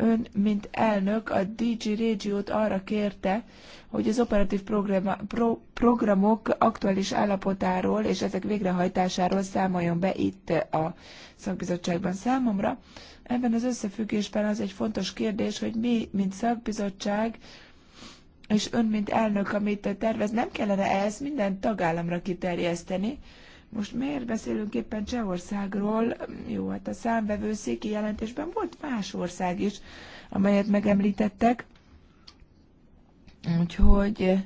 ön, mint elnök, a DG Régiót arra kérte, hogy az operatív programa, pro, programok aktuális állapotáról és ezek végrehajtásáról számoljon be itt a szakbizottságban számomra. Ebben az összefüggésben az egy fontos kérdés, hogy mi, mint szakbizottság, és ön, mint elnök, amit tervez, nem kellene ehhez minden tagállamra kiterjeszteni, most miért beszélünk éppen Csehországról? Jó, hát a számvevőszéki jelentésben volt más ország is, amelyet megemlítettek. Úgyhogy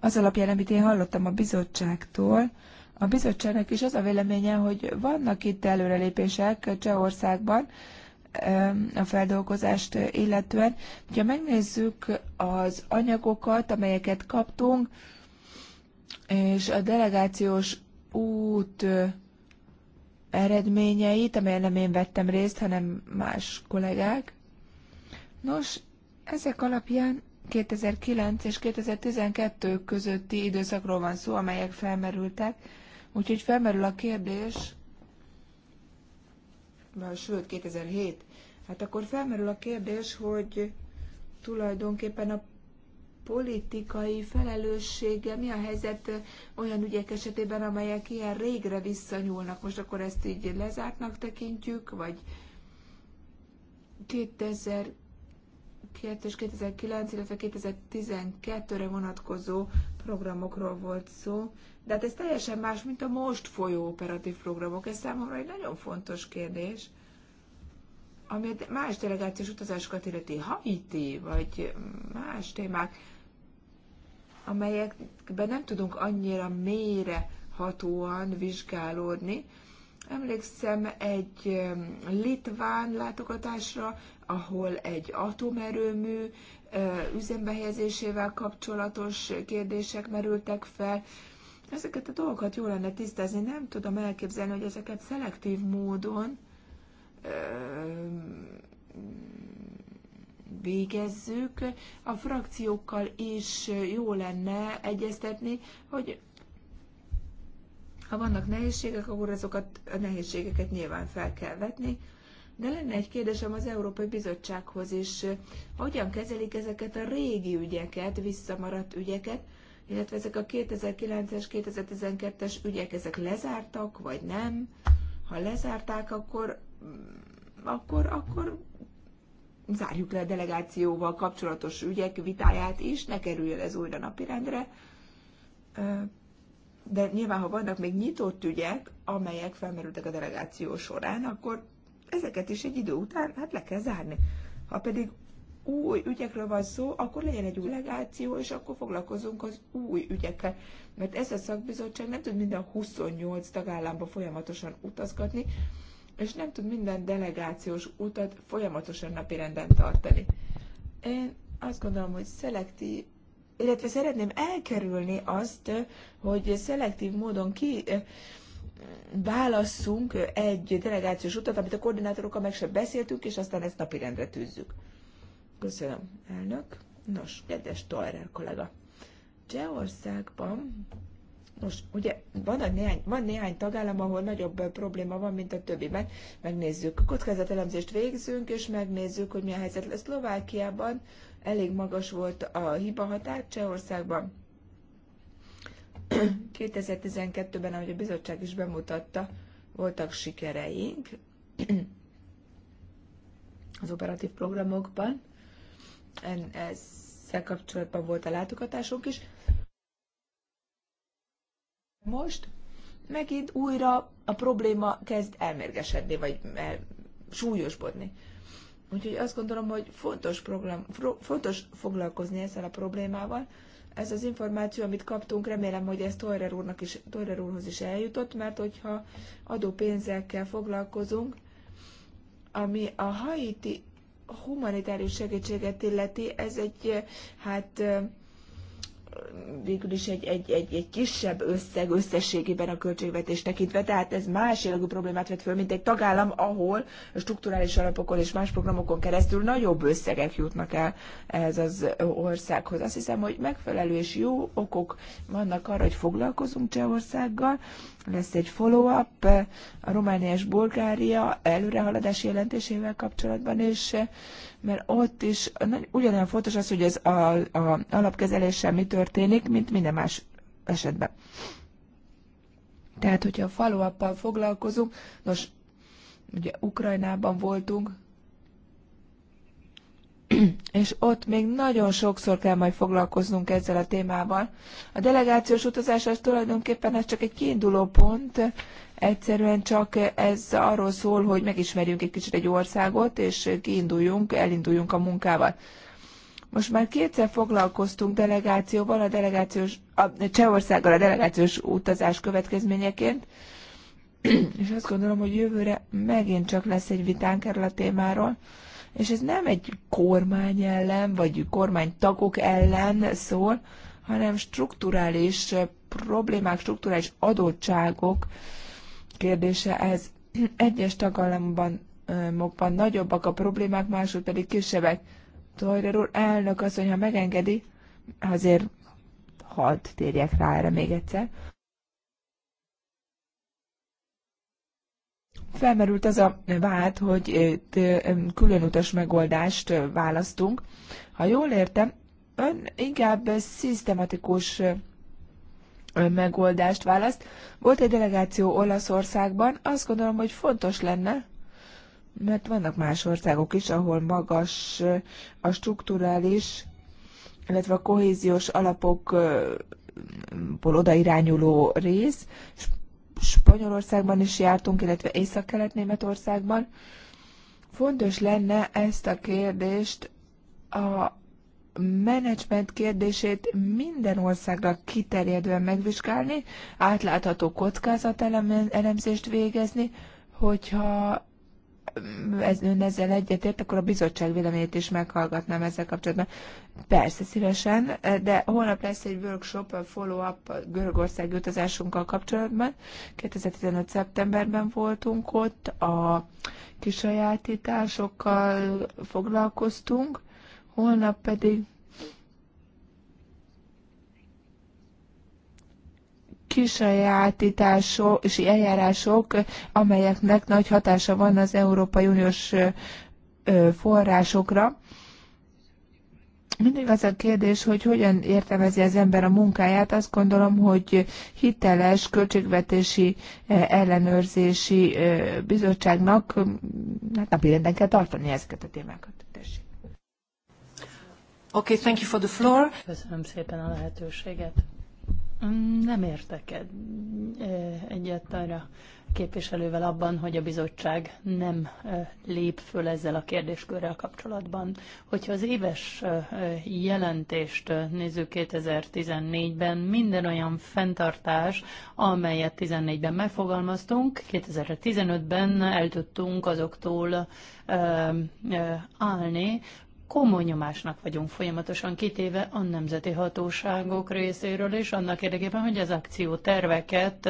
az alapján, amit én hallottam a bizottságtól, a bizottságnak is az a véleménye, hogy vannak itt előrelépések Csehországban a feldolgozást illetően. Ha megnézzük az anyagokat, amelyeket kaptunk, és a delegációs út eredményeit, amelyen nem én vettem részt, hanem más kollégák. Nos, ezek alapján 2009 és 2012 közötti időszakról van szó, amelyek felmerültek, úgyhogy felmerül a kérdés, sőt 2007, hát akkor felmerül a kérdés, hogy tulajdonképpen a politikai felelőssége, mi a helyzet olyan ügyek esetében, amelyek ilyen régre visszanyúlnak? Most akkor ezt így lezártnak tekintjük, vagy 2002 és 2009, illetve 2012-re vonatkozó programokról volt szó, de hát ez teljesen más, mint a most folyó operatív programok. Ez számomra egy nagyon fontos kérdés ami más delegációs utazásokat illeti Haiti, vagy más témák, amelyekben nem tudunk annyira mélyre hatóan vizsgálódni. Emlékszem egy litván látogatásra, ahol egy atomerőmű üzembehelyezésével kapcsolatos kérdések merültek fel. Ezeket a dolgokat jól lenne tisztázni, nem tudom elképzelni, hogy ezeket szelektív módon végezzük, a frakciókkal is jó lenne egyeztetni, hogy ha vannak nehézségek, akkor azokat a nehézségeket nyilván fel kell vetni. De lenne egy kérdésem az Európai Bizottsághoz is. Hogyan kezelik ezeket a régi ügyeket, visszamaradt ügyeket, illetve ezek a 2009-es, 2012-es ügyek, ezek lezártak, vagy nem? Ha lezárták, akkor, mm, akkor, akkor zárjuk le a delegációval kapcsolatos ügyek vitáját is, ne kerüljön ez újra napirendre. De nyilván, ha vannak még nyitott ügyek, amelyek felmerültek a delegáció során, akkor ezeket is egy idő után hát le kell zárni. Ha pedig új ügyekről van szó, akkor legyen egy új delegáció, és akkor foglalkozunk az új ügyekkel. Mert ez a szakbizottság nem tud minden 28 tagállamba folyamatosan utazgatni, és nem tud minden delegációs utat folyamatosan napirenden tartani. Én azt gondolom, hogy szelektív, illetve szeretném elkerülni azt, hogy szelektív módon ki válasszunk egy delegációs utat, amit a koordinátorokkal meg sem beszéltünk, és aztán ezt napirendre tűzzük. Köszönöm, elnök. Nos, kedves Toller kollega. Csehországban most ugye van, a néhány, van néhány tagállam, ahol nagyobb probléma van, mint a többiben. Megnézzük. A kockázatelemzést végzünk, és megnézzük, hogy milyen helyzet lesz. Szlovákiában elég magas volt a hiba határ, Csehországban 2012-ben, ahogy a bizottság is bemutatta, voltak sikereink az operatív programokban. Ezzel kapcsolatban volt a látogatásunk is. Most megint újra a probléma kezd elmérgesedni, vagy súlyosbodni. Úgyhogy azt gondolom, hogy fontos, program, fontos foglalkozni ezzel a problémával. Ez az információ, amit kaptunk, remélem, hogy ez Toyer, úrnak is, Toyer úrhoz is eljutott, mert hogyha pénzekkel foglalkozunk, ami a haiti humanitárius segítséget illeti, ez egy hát végül is egy, egy, egy, egy kisebb összeg összességében a költségvetés tekintve, tehát ez más jellegű problémát vet föl, mint egy tagállam, ahol a strukturális alapokon és más programokon keresztül nagyobb összegek jutnak el ez az országhoz. Azt hiszem, hogy megfelelő és jó okok vannak arra, hogy foglalkozunk Csehországgal. Lesz egy follow-up a Románia és Bulgária előrehaladási jelentésével kapcsolatban, és mert ott is ugyanolyan fontos az, hogy az a, a alapkezeléssel mi történik, mint minden más esetben. Tehát, hogyha a faluappal foglalkozunk, nos, ugye Ukrajnában voltunk, és ott még nagyon sokszor kell majd foglalkoznunk ezzel a témával. A delegációs utazás az tulajdonképpen ez csak egy kiinduló pont, Egyszerűen csak ez arról szól, hogy megismerjünk egy kicsit egy országot, és kiinduljunk, elinduljunk a munkával. Most már kétszer foglalkoztunk delegációval, a delegációs, a Csehországgal a delegációs utazás következményeként, és azt gondolom, hogy jövőre megint csak lesz egy vitánk erről a témáról, és ez nem egy kormány ellen, vagy kormánytagok ellen szól, hanem strukturális problémák, strukturális adottságok kérdése ez. Egyes tagállamokban magban nagyobbak a problémák, mások pedig kisebbek. Toyer úr, elnök asszony, ha megengedi, azért hadd térjek rá erre még egyszer. Felmerült az a vád, hogy különutas megoldást választunk. Ha jól értem, ön inkább szisztematikus megoldást választ. Volt egy delegáció Olaszországban, azt gondolom, hogy fontos lenne, mert vannak más országok is, ahol magas a strukturális, illetve a kohéziós alapokból odairányuló rész. Spanyolországban is jártunk, illetve Észak-Kelet-Németországban. Fontos lenne ezt a kérdést a menedzsment kérdését minden országra kiterjedően megvizsgálni, átlátható kockázat elemzést végezni, hogyha ez, ön ezzel egyetért, akkor a bizottság véleményét is meghallgatnám ezzel kapcsolatban. Persze, szívesen, de holnap lesz egy workshop, a follow-up Görögország utazásunkkal kapcsolatban. 2015. szeptemberben voltunk ott, a kisajátításokkal foglalkoztunk, holnap pedig kisajátítások és eljárások, amelyeknek nagy hatása van az Európai Uniós forrásokra. Mindig az a kérdés, hogy hogyan értelmezi az ember a munkáját. Azt gondolom, hogy hiteles költségvetési ellenőrzési bizottságnak hát napirenden kell tartani ezeket a témákat. Okay, thank you for the floor. Köszönöm szépen a lehetőséget. Mm, nem értek -e egyet arra képviselővel abban, hogy a bizottság nem e, lép föl ezzel a kérdéskörrel kapcsolatban. Hogyha az éves e, e, jelentést nézzük 2014-ben, minden olyan fenntartás, amelyet 2014-ben megfogalmaztunk, 2015-ben el tudtunk azoktól állni, komoly nyomásnak vagyunk folyamatosan kitéve a nemzeti hatóságok részéről, és annak érdekében, hogy az akció terveket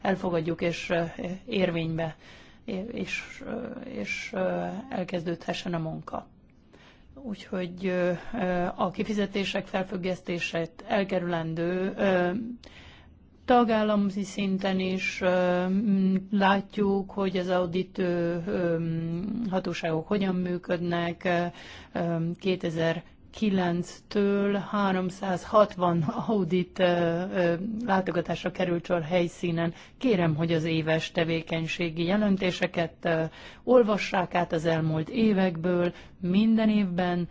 elfogadjuk és érvénybe, és, és elkezdődhessen a munka. Úgyhogy a kifizetések felfüggesztését elkerülendő Tagállami szinten is látjuk, hogy az audit hatóságok hogyan működnek. 2009-től 360 audit látogatásra került sor helyszínen. Kérem, hogy az éves tevékenységi jelentéseket olvassák át az elmúlt évekből. Minden évben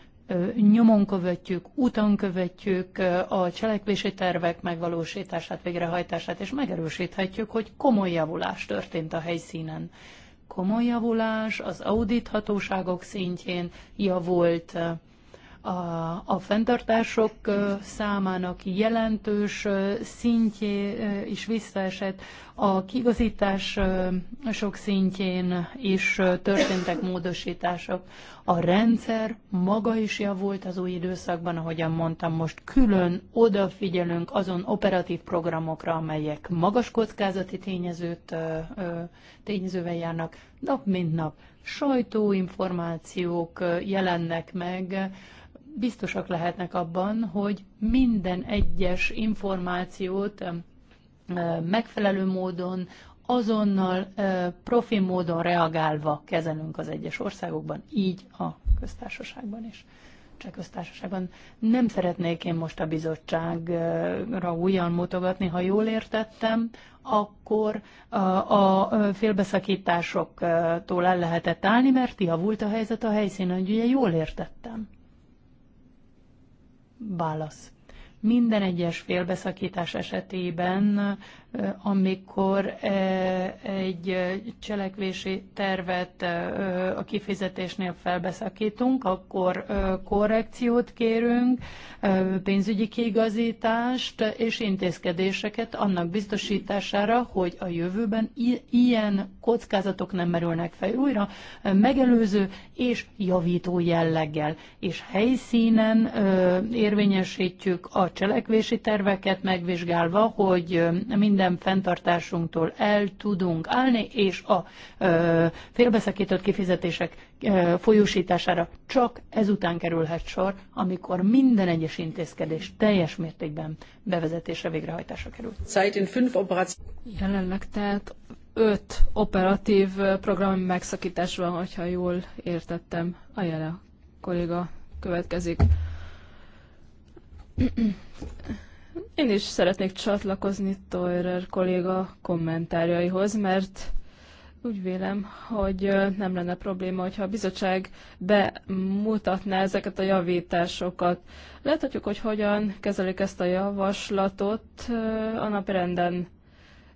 nyomon követjük, után követjük a cselekvési tervek megvalósítását, végrehajtását, és megerősíthetjük, hogy komoly javulás történt a helyszínen. Komoly javulás az audíthatóságok szintjén javult a, a fenntartások számának jelentős szintje is visszaesett, a kigazítások szintjén is történtek módosítások. A rendszer maga is javult az új időszakban, ahogyan mondtam, most külön odafigyelünk azon operatív programokra, amelyek magas kockázati tényezőt, tényezővel járnak, nap mint nap sajtóinformációk jelennek meg, biztosak lehetnek abban, hogy minden egyes információt megfelelő módon, azonnal profi módon reagálva kezelünk az egyes országokban, így a köztársaságban is. Cseh köztársaságban. Nem szeretnék én most a bizottságra újan mutogatni, ha jól értettem, akkor a félbeszakításoktól el lehetett állni, mert javult a helyzet a helyszínen, hogy ugye jól értettem. Válasz minden egyes félbeszakítás esetében, eh, amikor eh, egy eh, cselekvési tervet a kifizetésnél felbeszakítunk, akkor korrekciót kérünk, pénzügyi kiigazítást és intézkedéseket annak biztosítására, hogy a jövőben ilyen kockázatok nem merülnek fel újra, megelőző és javító jelleggel. És helyszínen érvényesítjük a a cselekvési terveket megvizsgálva, hogy minden fenntartásunktól el tudunk állni, és a félbeszakított kifizetések folyósítására csak ezután kerülhet sor, amikor minden egyes intézkedés teljes mértékben bevezetése végrehajtása kerül. Jelenleg tehát öt operatív program megszakítás van, hogyha jól értettem. Ajánlom, kolléga következik. Én is szeretnék csatlakozni Toyer kolléga kommentárjaihoz, mert úgy vélem, hogy nem lenne probléma, hogyha a bizottság bemutatná ezeket a javításokat. Láthatjuk, hogy hogyan kezelik ezt a javaslatot a napirenden.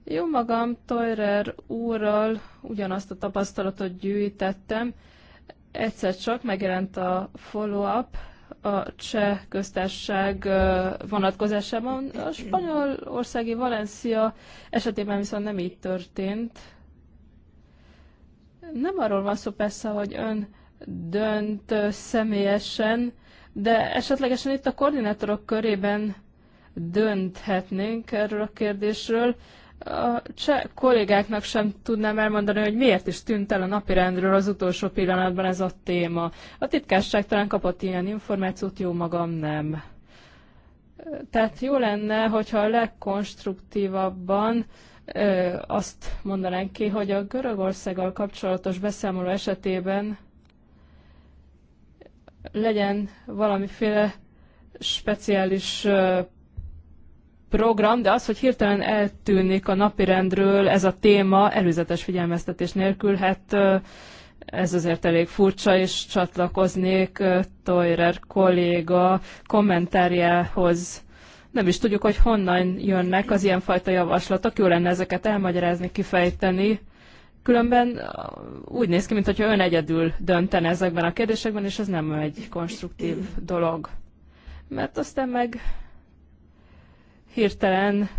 Jó magam, Toyer úrral ugyanazt a tapasztalatot gyűjtettem. Egyszer csak megjelent a follow-up, a cseh köztársaság vonatkozásában. A spanyol országi Valencia esetében viszont nem így történt. Nem arról van szó persze, hogy ön dönt személyesen, de esetlegesen itt a koordinátorok körében dönthetnénk erről a kérdésről, a cseh kollégáknak sem tudnám elmondani, hogy miért is tűnt el a napirendről az utolsó pillanatban ez a téma. A titkásság talán kapott ilyen információt, jó magam nem. Tehát jó lenne, hogyha a legkonstruktívabban ö, azt mondanánk ki, hogy a Görögországgal kapcsolatos beszámoló esetében legyen valamiféle speciális program, de az, hogy hirtelen eltűnik a napirendről ez a téma előzetes figyelmeztetés nélkül, hát ez azért elég furcsa, és csatlakoznék Toyer kolléga kommentárjához. Nem is tudjuk, hogy honnan jönnek az ilyenfajta javaslatok, jó lenne ezeket elmagyarázni, kifejteni. Különben úgy néz ki, mintha ön egyedül döntene ezekben a kérdésekben, és ez nem egy konstruktív dolog. Mert aztán meg hirtelen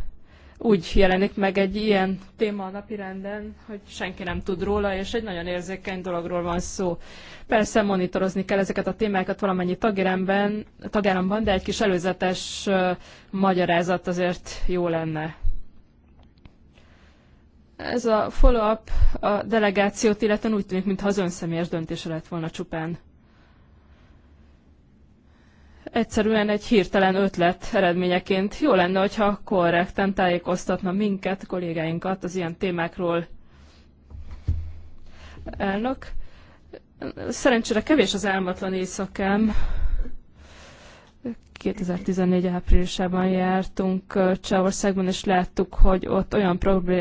úgy jelenik meg egy ilyen téma a napirenden, hogy senki nem tud róla, és egy nagyon érzékeny dologról van szó. Persze monitorozni kell ezeket a témákat valamennyi tagéremben, tagállamban, de egy kis előzetes uh, magyarázat azért jó lenne. Ez a follow-up a delegációt illetően úgy tűnik, mintha az önszemélyes döntése lett volna csupán egyszerűen egy hirtelen ötlet eredményeként. Jó lenne, hogyha korrekten tájékoztatna minket, kollégáinkat az ilyen témákról. Elnök, szerencsére kevés az álmatlan éjszakám, 2014 áprilisában jártunk Csehországban, és láttuk, hogy ott olyan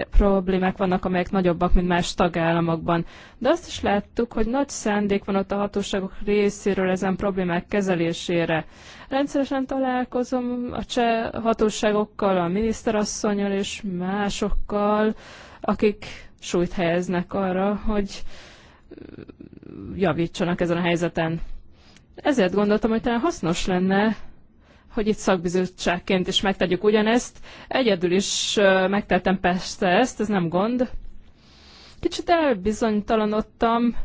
problémák vannak, amelyek nagyobbak, mint más tagállamokban. De azt is láttuk, hogy nagy szándék van ott a hatóságok részéről ezen problémák kezelésére. Rendszeresen találkozom a cseh hatóságokkal, a miniszterasszonyjal és másokkal, akik súlyt helyeznek arra, hogy javítsanak ezen a helyzeten. Ezért gondoltam, hogy talán hasznos lenne hogy itt szakbizottságként is megtegyük ugyanezt. Egyedül is megteltem persze ezt, ez nem gond. Kicsit elbizonytalanodtam,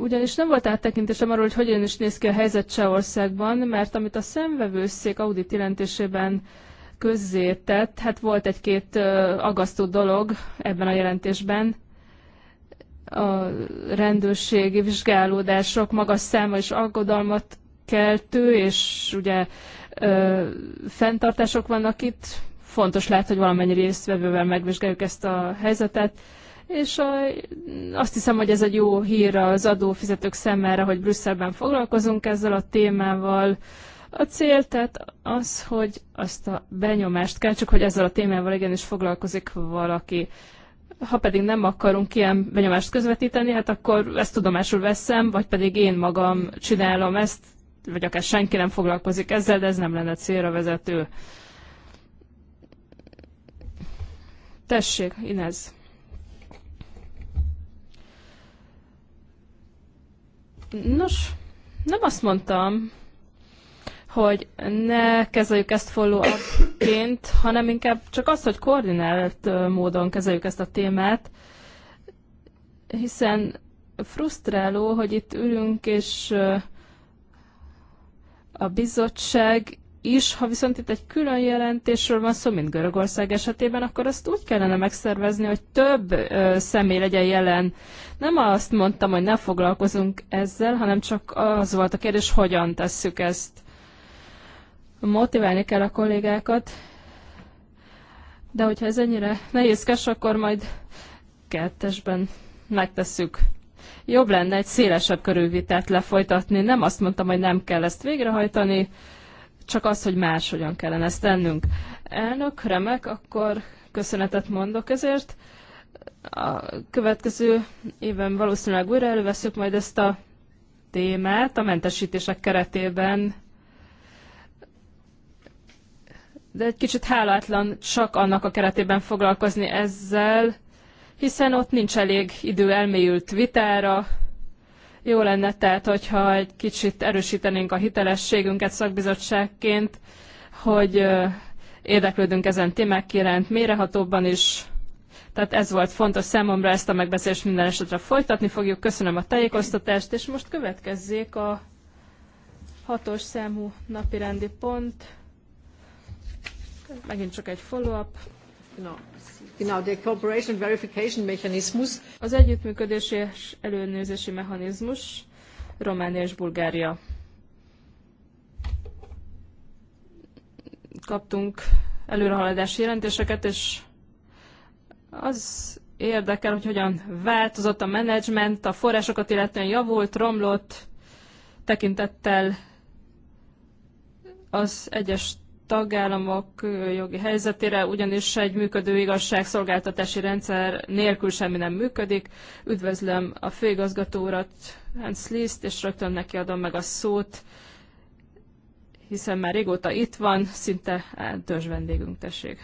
ugyanis nem volt áttekintésem arról, hogy hogyan is néz ki a helyzet Csehországban, mert amit a szemvevőszék audit jelentésében közzétett, hát volt egy-két agasztó dolog ebben a jelentésben, a rendőrségi vizsgálódások magas száma is aggodalmat keltő, és ugye ö, fenntartások vannak itt. Fontos lehet, hogy valamennyi résztvevővel megvizsgáljuk ezt a helyzetet. És a, azt hiszem, hogy ez egy jó hír az adófizetők szemére, hogy Brüsszelben foglalkozunk ezzel a témával. A cél tehát az, hogy azt a benyomást kell, csak hogy ezzel a témával igenis foglalkozik valaki ha pedig nem akarunk ilyen benyomást közvetíteni, hát akkor ezt tudomásul veszem, vagy pedig én magam csinálom ezt, vagy akár senki nem foglalkozik ezzel, de ez nem lenne célra vezető. Tessék, Inez. Nos, nem azt mondtam, hogy ne kezeljük ezt follow upként, hanem inkább csak azt, hogy koordinált módon kezeljük ezt a témát, hiszen frusztráló, hogy itt ülünk és a bizottság is, ha viszont itt egy külön jelentésről van szó, mint Görögország esetében, akkor azt úgy kellene megszervezni, hogy több ö, személy legyen jelen. Nem azt mondtam, hogy ne foglalkozunk ezzel, hanem csak az volt a kérdés, hogyan tesszük ezt. Motiválni kell a kollégákat, de hogyha ez ennyire nehézkes, akkor majd kettesben megtesszük jobb lenne egy szélesebb körülvitát lefolytatni. Nem azt mondtam, hogy nem kell ezt végrehajtani, csak az, hogy máshogyan kellene ezt tennünk. Elnök, remek, akkor köszönetet mondok ezért. A következő évben valószínűleg újra előveszük majd ezt a témát a mentesítések keretében, de egy kicsit hálátlan csak annak a keretében foglalkozni ezzel, hiszen ott nincs elég idő elmélyült vitára. Jó lenne tehát, hogyha egy kicsit erősítenénk a hitelességünket szakbizottságként, hogy érdeklődünk ezen témák iránt mérehatóbban is. Tehát ez volt fontos számomra, ezt a megbeszélést minden esetre folytatni fogjuk. Köszönöm a tájékoztatást, és most következzék a hatos számú napirendi pont. Megint csak egy follow-up. No. Az együttműködési és előnőzési mechanizmus Románia és Bulgária. Kaptunk előrehaladási jelentéseket, és az érdekel, hogy hogyan változott a menedzsment, a forrásokat illetően javult, romlott, tekintettel az egyes tagállamok jogi helyzetére, ugyanis egy működő igazságszolgáltatási rendszer nélkül semmi nem működik. Üdvözlöm a főigazgató urat, Hans Liszt, és rögtön neki adom meg a szót, hiszen már régóta itt van, szinte törzs vendégünk, tessék.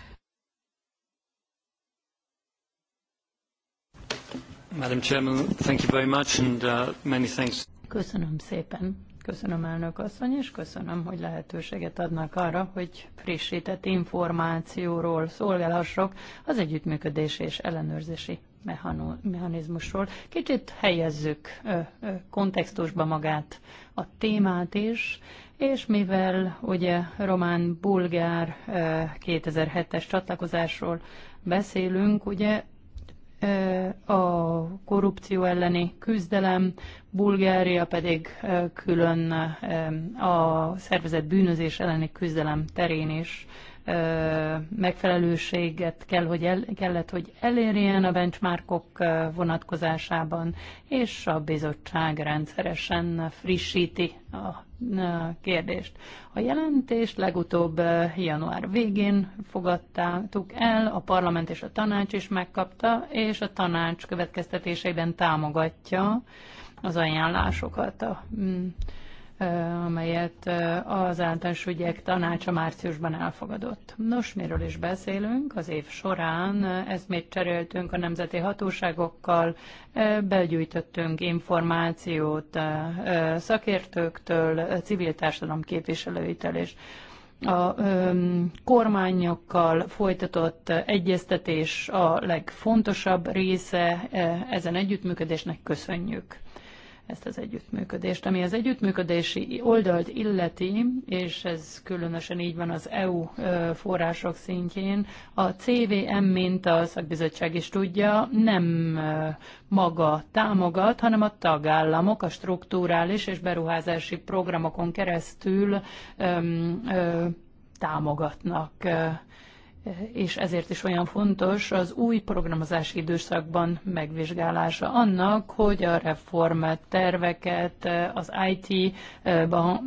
Madam Chairman, thank you very much and uh, many thanks. Köszönöm szépen. Köszönöm, elnök asszony, és köszönöm, hogy lehetőséget adnak arra, hogy frissített információról szolgálhassok az együttműködés és ellenőrzési mechanizmusról. Kicsit helyezzük kontextusba magát a témát is, és mivel ugye román-bulgár 2007-es csatlakozásról beszélünk, ugye a korrupció elleni küzdelem, Bulgária pedig külön a szervezett bűnözés elleni küzdelem terén is megfelelőséget kell, hogy el, kellett, hogy elérjen a benchmarkok vonatkozásában, és a bizottság rendszeresen frissíti a kérdést. A jelentést legutóbb január végén fogadtátuk el, a parlament és a tanács is megkapta, és a tanács következtetéseiben támogatja az ajánlásokat. A, amelyet az általános ügyek tanácsa márciusban elfogadott. Nos, miről is beszélünk? Az év során ezt még cseréltünk a nemzeti hatóságokkal, begyűjtöttünk információt szakértőktől, civil társadalom képviselőitől és a kormányokkal folytatott egyeztetés a legfontosabb része ezen együttműködésnek. Köszönjük! ezt az együttműködést. Ami az együttműködési oldalt illeti, és ez különösen így van az EU források szintjén, a CVM, mint a szakbizottság is tudja, nem maga támogat, hanem a tagállamok a struktúrális és beruházási programokon keresztül öm, ö, támogatnak és ezért is olyan fontos az új programozási időszakban megvizsgálása annak, hogy a reform terveket, az IT-ba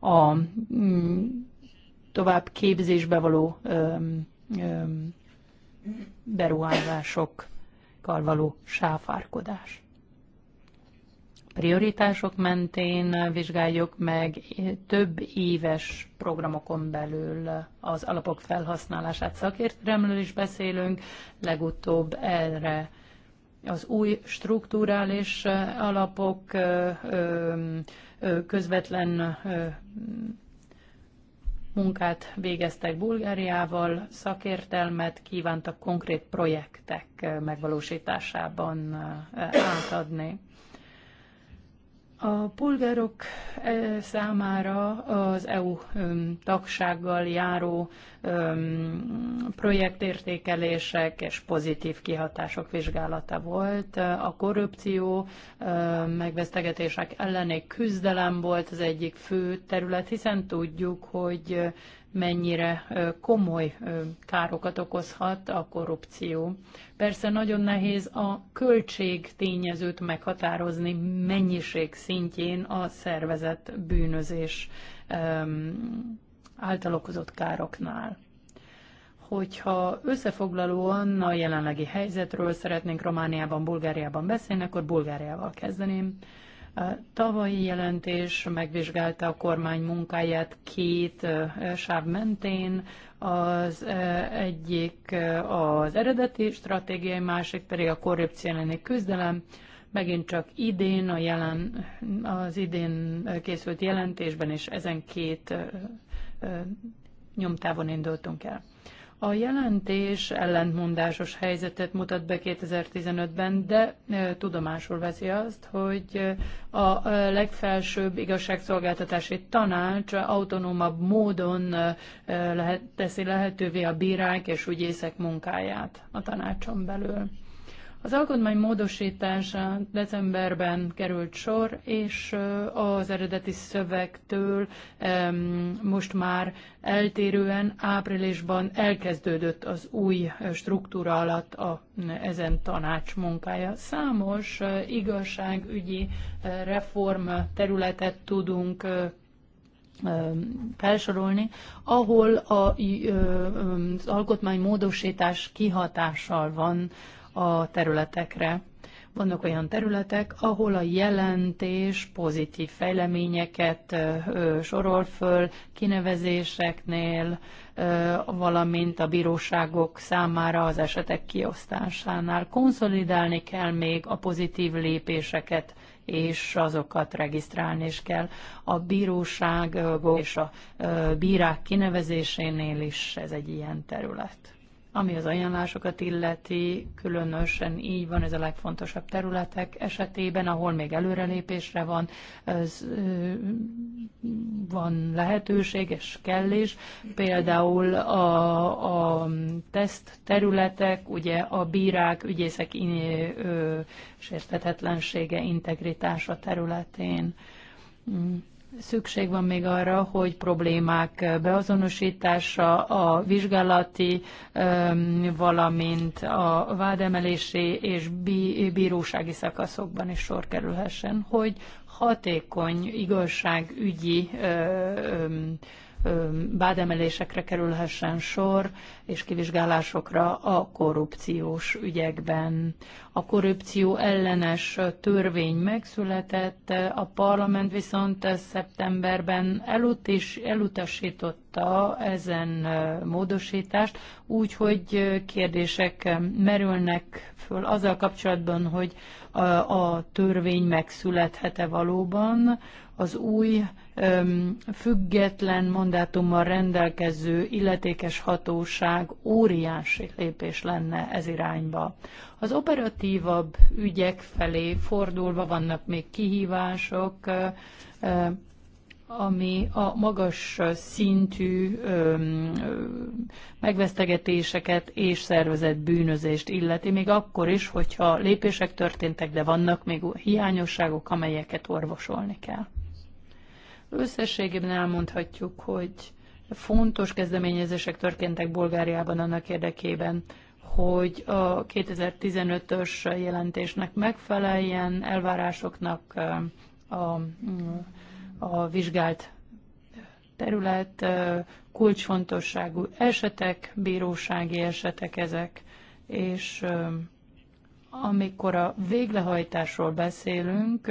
a mm, tovább képzésbe való mm, mm, beruházásokkal való sáfárkodás prioritások mentén vizsgáljuk meg több éves programokon belül az alapok felhasználását. Szakértelemről is beszélünk, legutóbb erre az új struktúrális alapok közvetlen munkát végeztek Bulgáriával, szakértelmet kívántak konkrét projektek megvalósításában átadni. A polgárok eh, számára az EU tagsággal járó projektértékelések és pozitív kihatások vizsgálata volt. A korrupció megvesztegetések elleni küzdelem volt az egyik fő terület, hiszen tudjuk, hogy mennyire komoly károkat okozhat a korrupció. Persze nagyon nehéz a költség tényezőt meghatározni mennyiség szintjén a szervezett bűnözés által okozott károknál hogyha összefoglalóan a jelenlegi helyzetről szeretnénk Romániában, Bulgáriában beszélni, akkor Bulgáriával kezdeném. A tavalyi jelentés megvizsgálta a kormány munkáját két sáv mentén, az egyik az eredeti stratégiai, másik pedig a korrupció elleni küzdelem. Megint csak idén, a jelen, az idén készült jelentésben, és ezen két nyomtávon indultunk el. A jelentés ellentmondásos helyzetet mutat be 2015-ben, de tudomásul veszi azt, hogy a legfelsőbb igazságszolgáltatási tanács autonómabb módon lehet, teszi lehetővé a bírák és ügyészek munkáját a tanácson belül. Az alkotmány módosítása decemberben került sor, és az eredeti szövegtől most már eltérően áprilisban elkezdődött az új struktúra alatt a ezen tanács munkája. Számos igazságügyi reform területet tudunk felsorolni, ahol az alkotmány-módosítás kihatással van a területekre. Vannak olyan területek, ahol a jelentés pozitív fejleményeket sorol föl kinevezéseknél, valamint a bíróságok számára az esetek kiosztásánál. Konszolidálni kell még a pozitív lépéseket, és azokat regisztrálni is kell. A bíróság és a bírák kinevezésénél is ez egy ilyen terület. Ami az ajánlásokat illeti, különösen így van ez a legfontosabb területek esetében, ahol még előrelépésre van, ez, van lehetőség és kell is. Például a, a teszt területek, ugye a bírák, ügyészek in, ö, sértetetlensége, integritása területén mm szükség van még arra, hogy problémák beazonosítása, a vizsgálati, valamint a vádemelési és bírósági szakaszokban is sor kerülhessen, hogy hatékony igazságügyi vádemelésekre kerülhessen sor és kivizsgálásokra a korrupciós ügyekben a korrupció ellenes törvény megszületett, a parlament viszont szeptemberben elutis, elutasította ezen módosítást, úgyhogy kérdések merülnek föl azzal kapcsolatban, hogy a, a törvény megszülethet-e valóban, az új független mandátummal rendelkező illetékes hatóság óriási lépés lenne ez irányba. Az operatívabb ügyek felé fordulva vannak még kihívások, ami a magas szintű megvesztegetéseket és szervezett bűnözést illeti, még akkor is, hogyha lépések történtek, de vannak még hiányosságok, amelyeket orvosolni kell. Összességében elmondhatjuk, hogy fontos kezdeményezések történtek Bulgáriában annak érdekében, hogy a 2015-ös jelentésnek megfeleljen elvárásoknak eh, a, a vizsgált terület, eh, kulcsfontosságú esetek, bírósági esetek ezek, és eh, amikor a véglehajtásról beszélünk,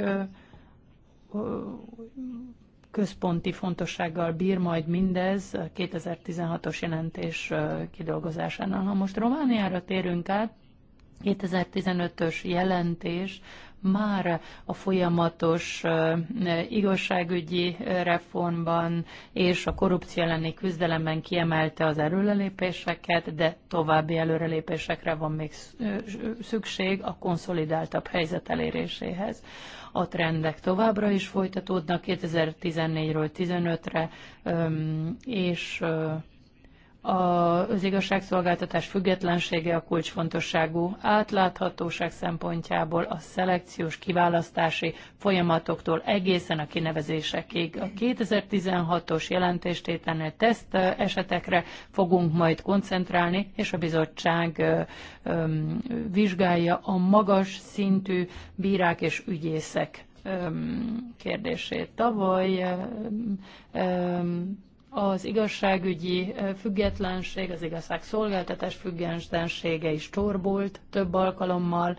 központi fontossággal bír majd mindez 2016-os jelentés kidolgozásánál. Ha most Romániára térünk át, 2015-ös jelentés már a folyamatos igazságügyi reformban és a korrupció elleni küzdelemben kiemelte az előrelépéseket, de további előrelépésekre van még szükség a konszolidáltabb helyzet eléréséhez. A trendek továbbra is folytatódnak 2014-ről 15-re, és az igazságszolgáltatás függetlensége a kulcsfontosságú átláthatóság szempontjából a szelekciós kiválasztási folyamatoktól egészen a kinevezésekig. A 2016-os jelentéstételnél teszt esetekre fogunk majd koncentrálni, és a bizottság vizsgálja a magas szintű bírák és ügyészek kérdését. Tavaly az igazságügyi függetlenség, az igazságszolgáltatás függetlensége is torbult több alkalommal.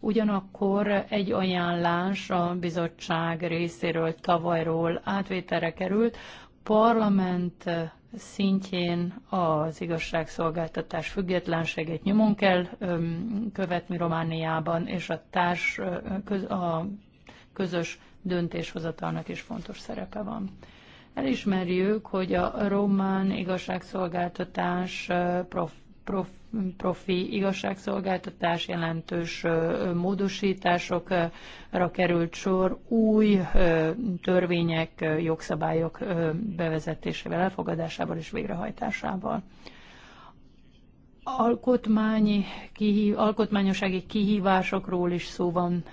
Ugyanakkor egy ajánlás a bizottság részéről tavalyról átvételre került, parlament szintjén az igazságszolgáltatás függetlenségét nyomon kell követni Romániában, és a társ, a közös döntéshozatalnak is fontos szerepe van. Elismerjük, hogy a román igazságszolgáltatás prof, prof, profi igazságszolgáltatás jelentős módosításokra került sor új törvények, jogszabályok bevezetésével, elfogadásával és végrehajtásával alkotmányi, kihív, alkotmányosági kihívásokról is szó van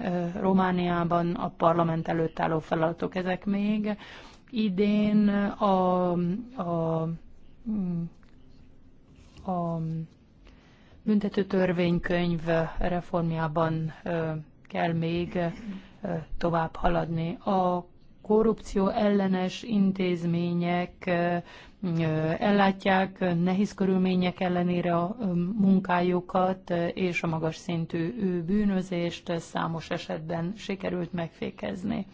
Romániában, a parlament előtt álló feladatok ezek még idén a, a, a büntetőtörvénykönyv reformjában kell még tovább haladni. A korrupció ellenes intézmények ellátják nehéz körülmények ellenére a munkájukat, és a magas szintű bűnözést számos esetben sikerült megfékezni.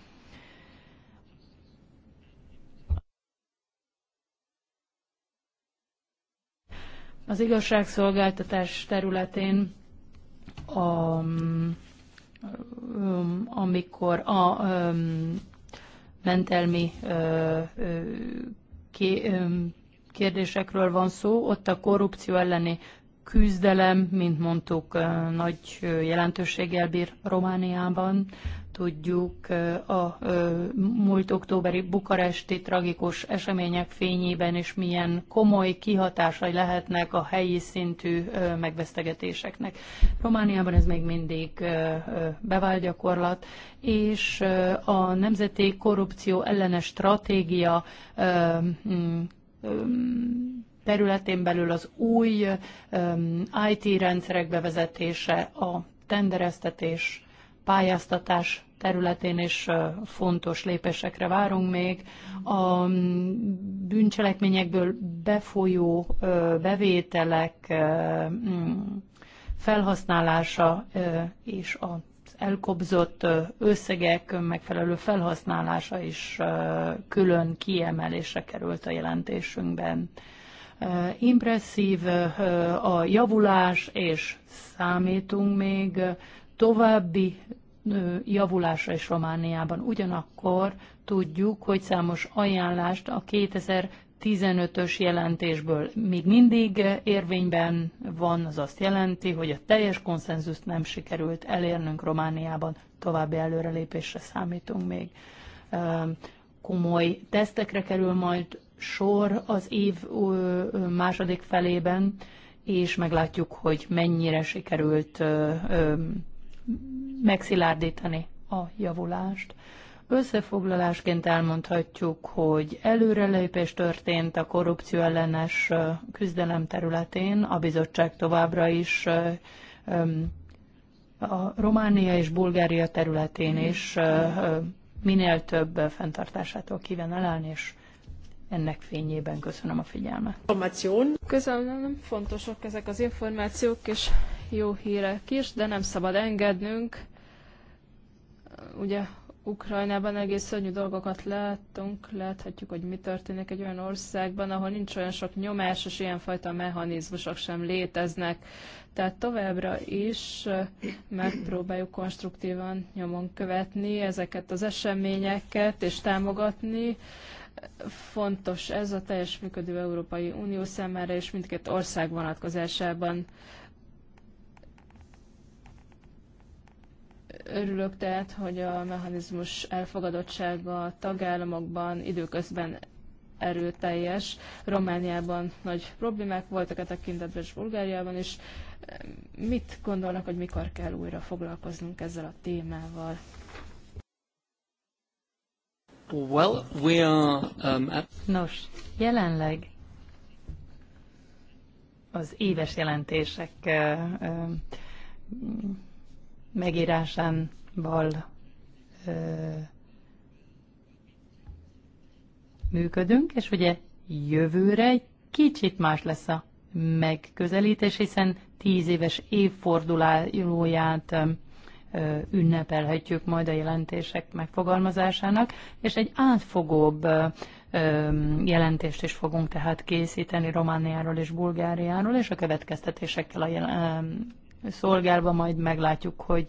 Az igazságszolgáltatás területén, a, amikor a mentelmi kérdésekről van szó, ott a korrupció elleni küzdelem, mint mondtuk, nagy jelentőséggel bír Romániában tudjuk a múlt októberi bukaresti tragikus események fényében, és milyen komoly kihatásai lehetnek a helyi szintű megvesztegetéseknek. Romániában ez még mindig bevált gyakorlat, és a Nemzeti Korrupció ellenes stratégia mm, területén belül az új IT rendszerek bevezetése, a tendereztetés, pályáztatás területén is fontos lépésekre várunk még. A bűncselekményekből befolyó bevételek mm, felhasználása és a elkobzott összegek megfelelő felhasználása is külön kiemelésre került a jelentésünkben. Impresszív a javulás, és számítunk még további javulásra is Romániában. Ugyanakkor tudjuk, hogy számos ajánlást a 2015-ös jelentésből még mindig érvényben van, az azt jelenti, hogy a teljes konszenzust nem sikerült elérnünk Romániában, további előrelépésre számítunk még. Komoly tesztekre kerül majd sor az év második felében, és meglátjuk, hogy mennyire sikerült megszilárdítani a javulást. Összefoglalásként elmondhatjuk, hogy előrelépés történt a korrupció ellenes küzdelem területén, a bizottság továbbra is a Románia és Bulgária területén is minél több fenntartásától kíván elállni, és ennek fényében köszönöm a figyelmet. Köszönöm, fontosak ezek az információk, és jó hírek is, de nem szabad engednünk. Ugye Ukrajnában egész szörnyű dolgokat láttunk, láthatjuk, hogy mi történik egy olyan országban, ahol nincs olyan sok nyomás, és ilyenfajta mechanizmusok sem léteznek. Tehát továbbra is megpróbáljuk konstruktívan nyomon követni ezeket az eseményeket, és támogatni. Fontos ez a teljes működő Európai Unió számára, és mindkét ország vonatkozásában. Örülök tehát, hogy a mechanizmus elfogadottsága a tagállamokban időközben erőteljes. Romániában nagy problémák voltak a tekintetben, és Bulgáriában is. Mit gondolnak, hogy mikor kell újra foglalkoznunk ezzel a témával? Well, we are, um, at... Nos, jelenleg az éves jelentések uh, uh, megírásával működünk, és ugye jövőre egy kicsit más lesz a megközelítés, hiszen tíz éves évfordulóját ünnepelhetjük majd a jelentések megfogalmazásának, és egy átfogóbb jelentést is fogunk tehát készíteni Romániáról és Bulgáriáról, és a következtetésekkel a szolgálva, majd meglátjuk, hogy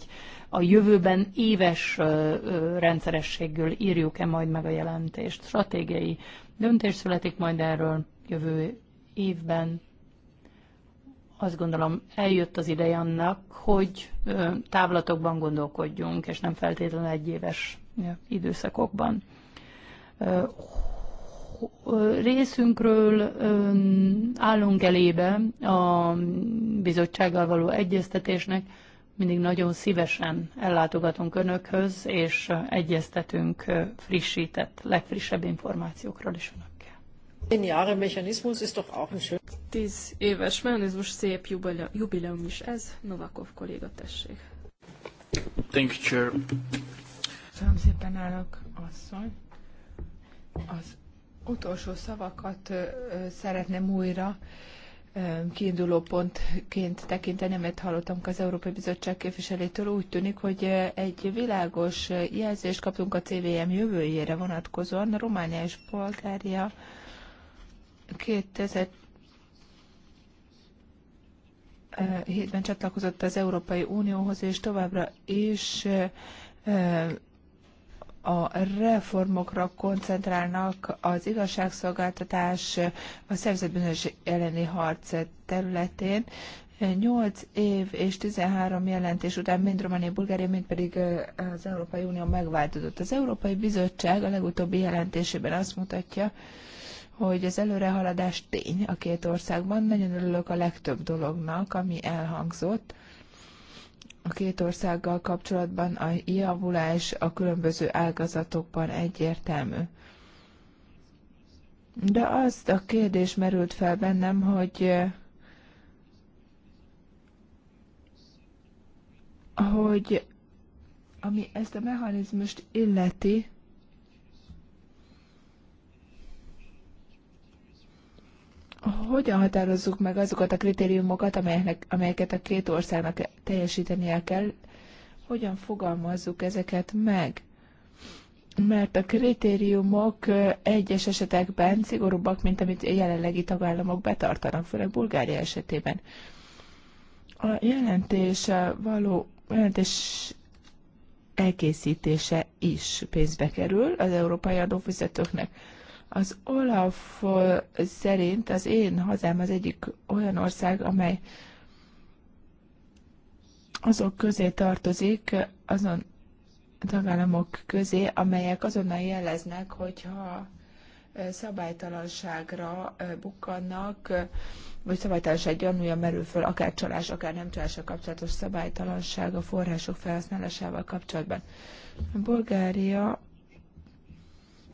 a jövőben éves rendszerességgel írjuk-e majd meg a jelentést. Stratégiai döntés születik majd erről jövő évben. Azt gondolom, eljött az ideje annak, hogy távlatokban gondolkodjunk, és nem feltétlenül egyéves időszakokban részünkről állunk elébe a bizottsággal való egyeztetésnek, mindig nagyon szívesen ellátogatunk önökhöz, és egyeztetünk frissített, legfrissebb információkról is önökkel. Tíz Tíz éves mechanizmus szép jubileum is ez. Novakov kolléga, tessék. Thank you, Chair. Köszönöm szépen, elnök asszony. Az utolsó szavakat szeretném újra kiinduló pontként tekinteni, mert hallottam az Európai Bizottság képviselétől, úgy tűnik, hogy egy világos jelzést kaptunk a CVM jövőjére vonatkozóan. A Románia és Bulgária 2007-ben csatlakozott az Európai Unióhoz, és továbbra is a reformokra koncentrálnak az igazságszolgáltatás, a szervezetbűnös elleni harc területén. 8 év és 13 jelentés után mind Románia, Bulgária, mind pedig az Európai Unió megváltozott. Az Európai Bizottság a legutóbbi jelentésében azt mutatja, hogy az előrehaladás tény a két országban. Nagyon örülök a legtöbb dolognak, ami elhangzott a két országgal kapcsolatban a javulás a különböző ágazatokban egyértelmű. De azt a kérdés merült fel bennem, hogy hogy ami ezt a mechanizmust illeti, hogyan határozzuk meg azokat a kritériumokat, amelyeknek, amelyeket a két országnak teljesítenie kell, hogyan fogalmazzuk ezeket meg? Mert a kritériumok egyes esetekben szigorúbbak, mint amit a jelenlegi tagállamok betartanak, főleg Bulgária esetében. A jelentés való jelentés elkészítése is pénzbe kerül az európai adófizetőknek az Olaf szerint az én hazám az egyik olyan ország, amely azok közé tartozik, azon tagállamok közé, amelyek azonnal jeleznek, hogyha szabálytalanságra bukkannak, vagy szabálytalanság gyanúja merül föl, akár csalás, akár nem csalással kapcsolatos szabálytalanság a források felhasználásával kapcsolatban. Bulgária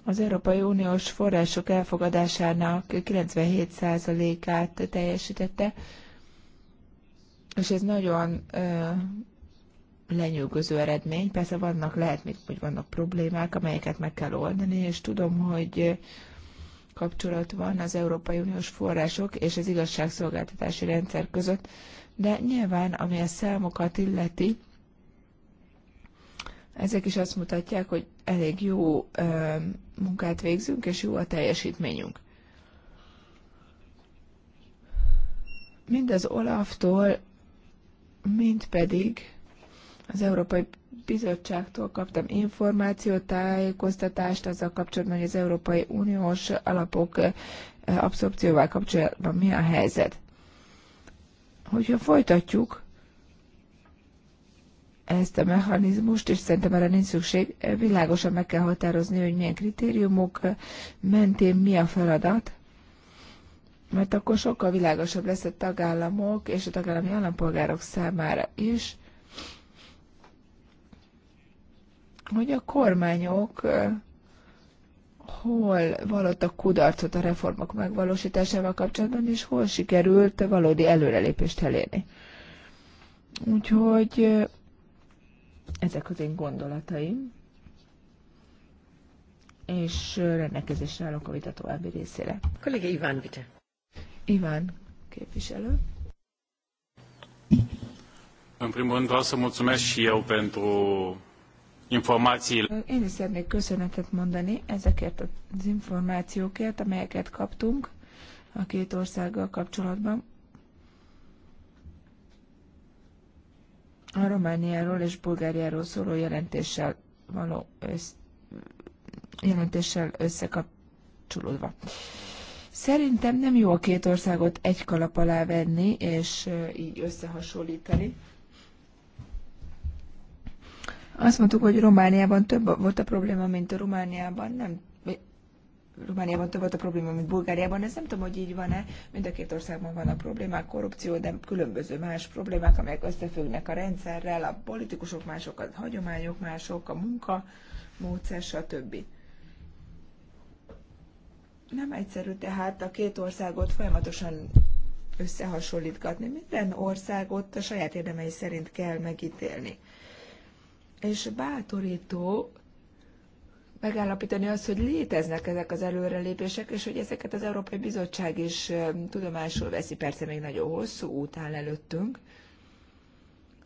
az Európai Uniós források elfogadásának 97%-át teljesítette, és ez nagyon ö, lenyűgöző eredmény. Persze vannak, lehet, hogy vannak problémák, amelyeket meg kell oldani, és tudom, hogy kapcsolat van az Európai Uniós források és az igazságszolgáltatási rendszer között, de nyilván, ami a számokat illeti, ezek is azt mutatják, hogy elég jó munkát végzünk, és jó a teljesítményünk. Mind az Olaftól, mind pedig az Európai Bizottságtól kaptam információt, tájékoztatást azzal kapcsolatban, hogy az Európai Uniós alapok abszorpcióval kapcsolatban mi a helyzet. Hogyha folytatjuk ezt a mechanizmust, és szerintem erre nincs szükség. Világosan meg kell határozni, hogy milyen kritériumok mentén mi a feladat, mert akkor sokkal világosabb lesz a tagállamok és a tagállami állampolgárok számára is, hogy a kormányok hol vallottak kudarcot a reformok megvalósításával kapcsolatban, és hol sikerült valódi előrelépést elérni. Úgyhogy ezek az én gondolataim, és rendelkezésre állok a vita további részére. Kolléga Iván Vite. Iván képviselő. În primul rând vreau să mulțumesc și eu pentru információt. Én is szeretnék köszönetet mondani ezekért az információkért, amelyeket kaptunk a két országgal kapcsolatban. a Romániáról és Bulgáriáról szóló jelentéssel való össz, jelentéssel összekapcsolódva. Szerintem nem jó a két országot egy kalap alá venni, és így összehasonlítani. Azt mondtuk, hogy Romániában több volt a probléma, mint a Romániában. Nem Romániában több volt a probléma, mint Bulgáriában. Ez nem tudom, hogy így van-e. Mind a két országban van a problémák, korrupció, de különböző más problémák, amelyek összefüggnek a rendszerrel, a politikusok mások, a hagyományok mások, a munka, módszer, stb. Nem egyszerű tehát a két országot folyamatosan összehasonlítgatni. Minden országot a saját érdemei szerint kell megítélni. És bátorító megállapítani azt, hogy léteznek ezek az előrelépések, és hogy ezeket az Európai Bizottság is tudomásul veszi. Persze még nagyon hosszú út áll előttünk.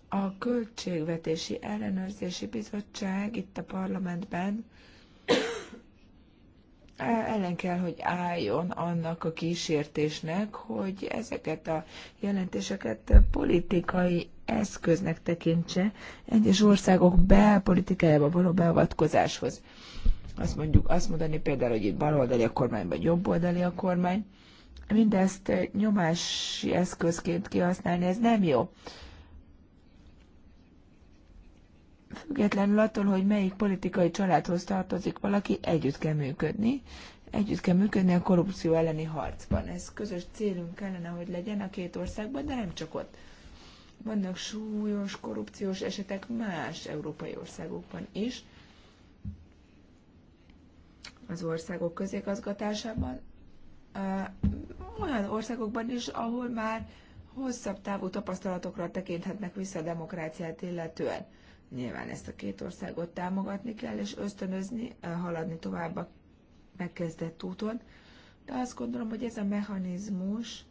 A Költségvetési Ellenőrzési Bizottság itt a parlamentben ellen kell, hogy álljon annak a kísértésnek, hogy ezeket a jelentéseket politikai eszköznek tekintse egyes országok belpolitikájába való beavatkozáshoz azt mondjuk azt mondani például, hogy itt baloldali a kormány, vagy jobboldali a kormány, mindezt eh, nyomási eszközként kihasználni, ez nem jó. Függetlenül attól, hogy melyik politikai családhoz tartozik valaki, együtt kell működni, együtt kell működni a korrupció elleni harcban. Ez közös célunk kellene, hogy legyen a két országban, de nem csak ott. Vannak súlyos korrupciós esetek más európai országokban is, az országok közigazgatásában, olyan országokban is, ahol már hosszabb távú tapasztalatokra tekinthetnek vissza a demokráciát illetően. Nyilván ezt a két országot támogatni kell, és ösztönözni, haladni tovább a megkezdett úton. De azt gondolom, hogy ez a mechanizmus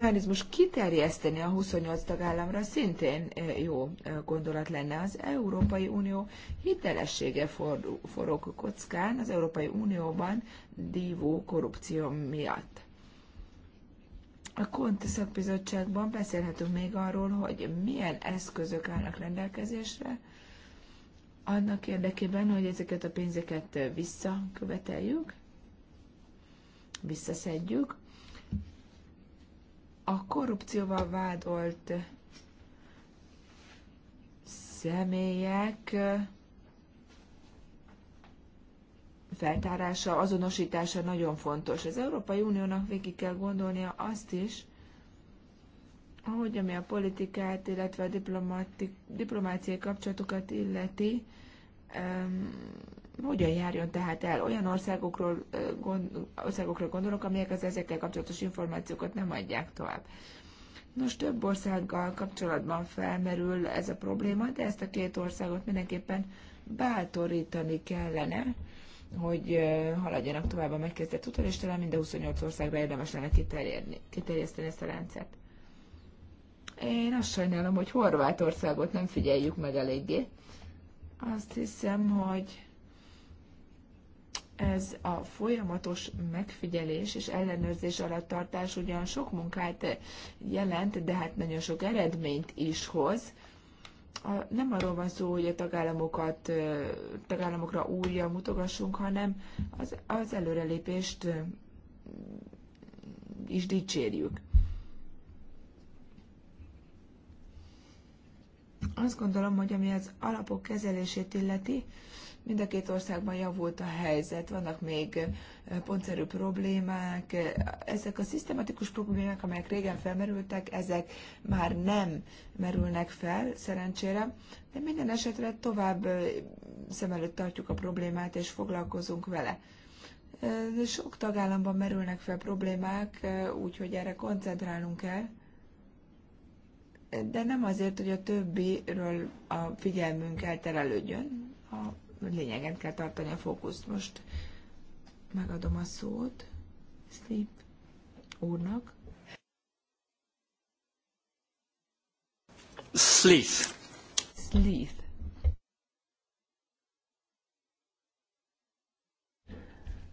mechanizmus kiterjeszteni a 28 tagállamra szintén eh, jó eh, gondolat lenne. Az Európai Unió hitelessége forog kockán az Európai Unióban dívó korrupció miatt. A KONT szakbizottságban beszélhetünk még arról, hogy milyen eszközök állnak rendelkezésre, annak érdekében, hogy ezeket a pénzeket eh, visszaköveteljük, visszaszedjük, a korrupcióval vádolt személyek feltárása, azonosítása nagyon fontos. Az Európai Uniónak végig kell gondolnia azt is, hogy ami a politikát, illetve a diplomáciai kapcsolatokat illeti, hogyan járjon tehát el. Olyan országokról, gond, országokról gondolok, amelyek az ezekkel kapcsolatos információkat nem adják tovább. Nos, több országgal kapcsolatban felmerül ez a probléma, de ezt a két országot mindenképpen bátorítani kellene, hogy haladjanak tovább a megkezdett úton, és talán mind a 28 országra érdemes lenne kiterjeszteni ezt a rendszert. Én azt sajnálom, hogy Horvátországot nem figyeljük meg eléggé. Azt hiszem, hogy ez a folyamatos megfigyelés és ellenőrzés alatt tartás ugyan sok munkát jelent, de hát nagyon sok eredményt is hoz. A, nem arról van szó, hogy a tagállamokat, tagállamokra újra mutogassunk, hanem az, az előrelépést is dicsérjük. Azt gondolom, hogy ami az alapok kezelését illeti, Mind a két országban javult a helyzet, vannak még pontszerű problémák. Ezek a szisztematikus problémák, amelyek régen felmerültek, ezek már nem merülnek fel, szerencsére, de minden esetre tovább szem előtt tartjuk a problémát és foglalkozunk vele. Sok tagállamban merülnek fel problémák, úgyhogy erre koncentrálnunk kell de nem azért, hogy a többiről a figyelmünk elterelődjön, a lényegen kell tartani a fókuszt. Most megadom a szót Sleep. úrnak. Sleeth. Sleeth.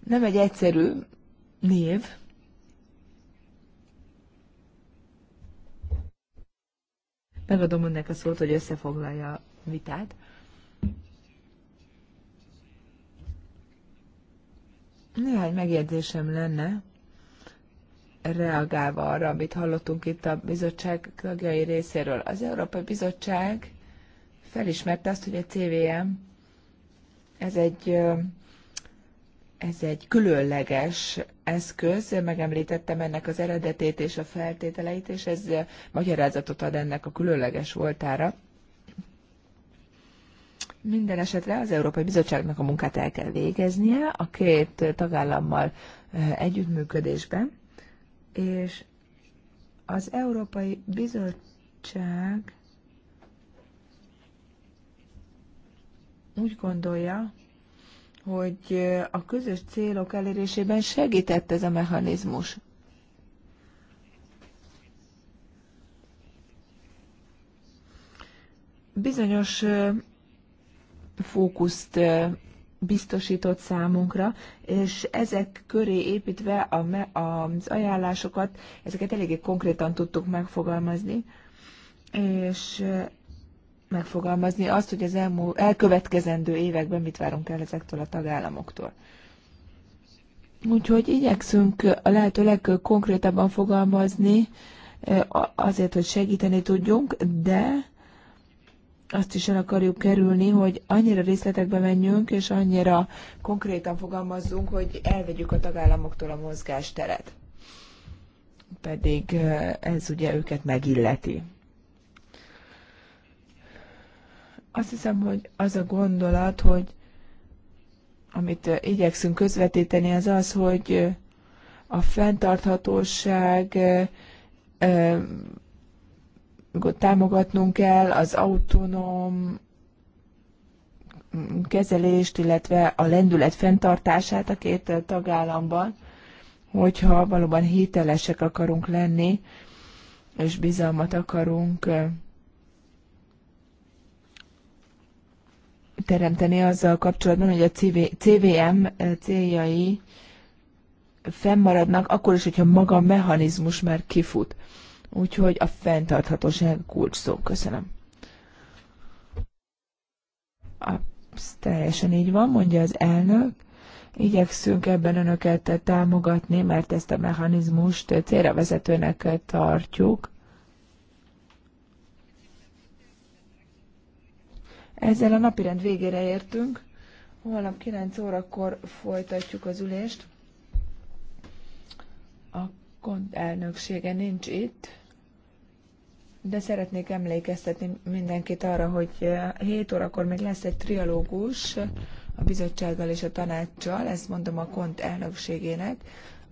Nem egy egyszerű név, Megadom önnek a szót, hogy összefoglalja a vitát. Néhány megjegyzésem lenne, reagálva arra, amit hallottunk itt a bizottság tagjai részéről. Az Európai Bizottság felismerte azt, hogy a CVM ez egy, ez egy különleges eszköz, megemlítettem ennek az eredetét és a feltételeit, és ez magyarázatot ad ennek a különleges voltára. Minden esetre az Európai Bizottságnak a munkát el kell végeznie a két tagállammal eh, együttműködésben, és az Európai Bizottság úgy gondolja, hogy eh, a közös célok elérésében segített ez a mechanizmus. Bizonyos eh, fókuszt biztosított számunkra, és ezek köré építve a, az ajánlásokat, ezeket eléggé konkrétan tudtuk megfogalmazni, és megfogalmazni azt, hogy az elmúl- elkövetkezendő években mit várunk el ezektől a tagállamoktól. Úgyhogy igyekszünk a lehető legkonkrétabban fogalmazni, azért, hogy segíteni tudjunk, de azt is el akarjuk kerülni, hogy annyira részletekbe menjünk, és annyira konkrétan fogalmazzunk, hogy elvegyük a tagállamoktól a mozgásteret. Pedig ez ugye őket megilleti. Azt hiszem, hogy az a gondolat, hogy amit igyekszünk közvetíteni, az az, hogy a fenntarthatóság támogatnunk kell, az autonóm kezelést, illetve a lendület fenntartását a két tagállamban, hogyha valóban hitelesek akarunk lenni, és bizalmat akarunk teremteni azzal kapcsolatban, hogy a CVM céljai fennmaradnak, akkor is, hogyha maga a mechanizmus már kifut. Úgyhogy a fenntarthatóság kulcs szó. Köszönöm. A, teljesen így van, mondja az elnök. Igyekszünk ebben önöket támogatni, mert ezt a mechanizmust célra vezetőnek tartjuk. Ezzel a napirend végére értünk. Holnap 9 órakor folytatjuk az ülést. A kont elnöksége nincs itt de szeretnék emlékeztetni mindenkit arra, hogy 7 eh, órakor még lesz egy trialógus a bizottsággal és a tanácssal, ezt mondom a KONT elnökségének,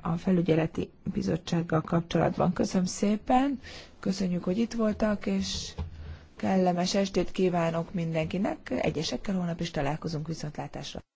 a felügyeleti bizottsággal kapcsolatban. Köszönöm szépen, köszönjük, hogy itt voltak, és kellemes estét kívánok mindenkinek. Egyesekkel holnap is találkozunk viszontlátásra.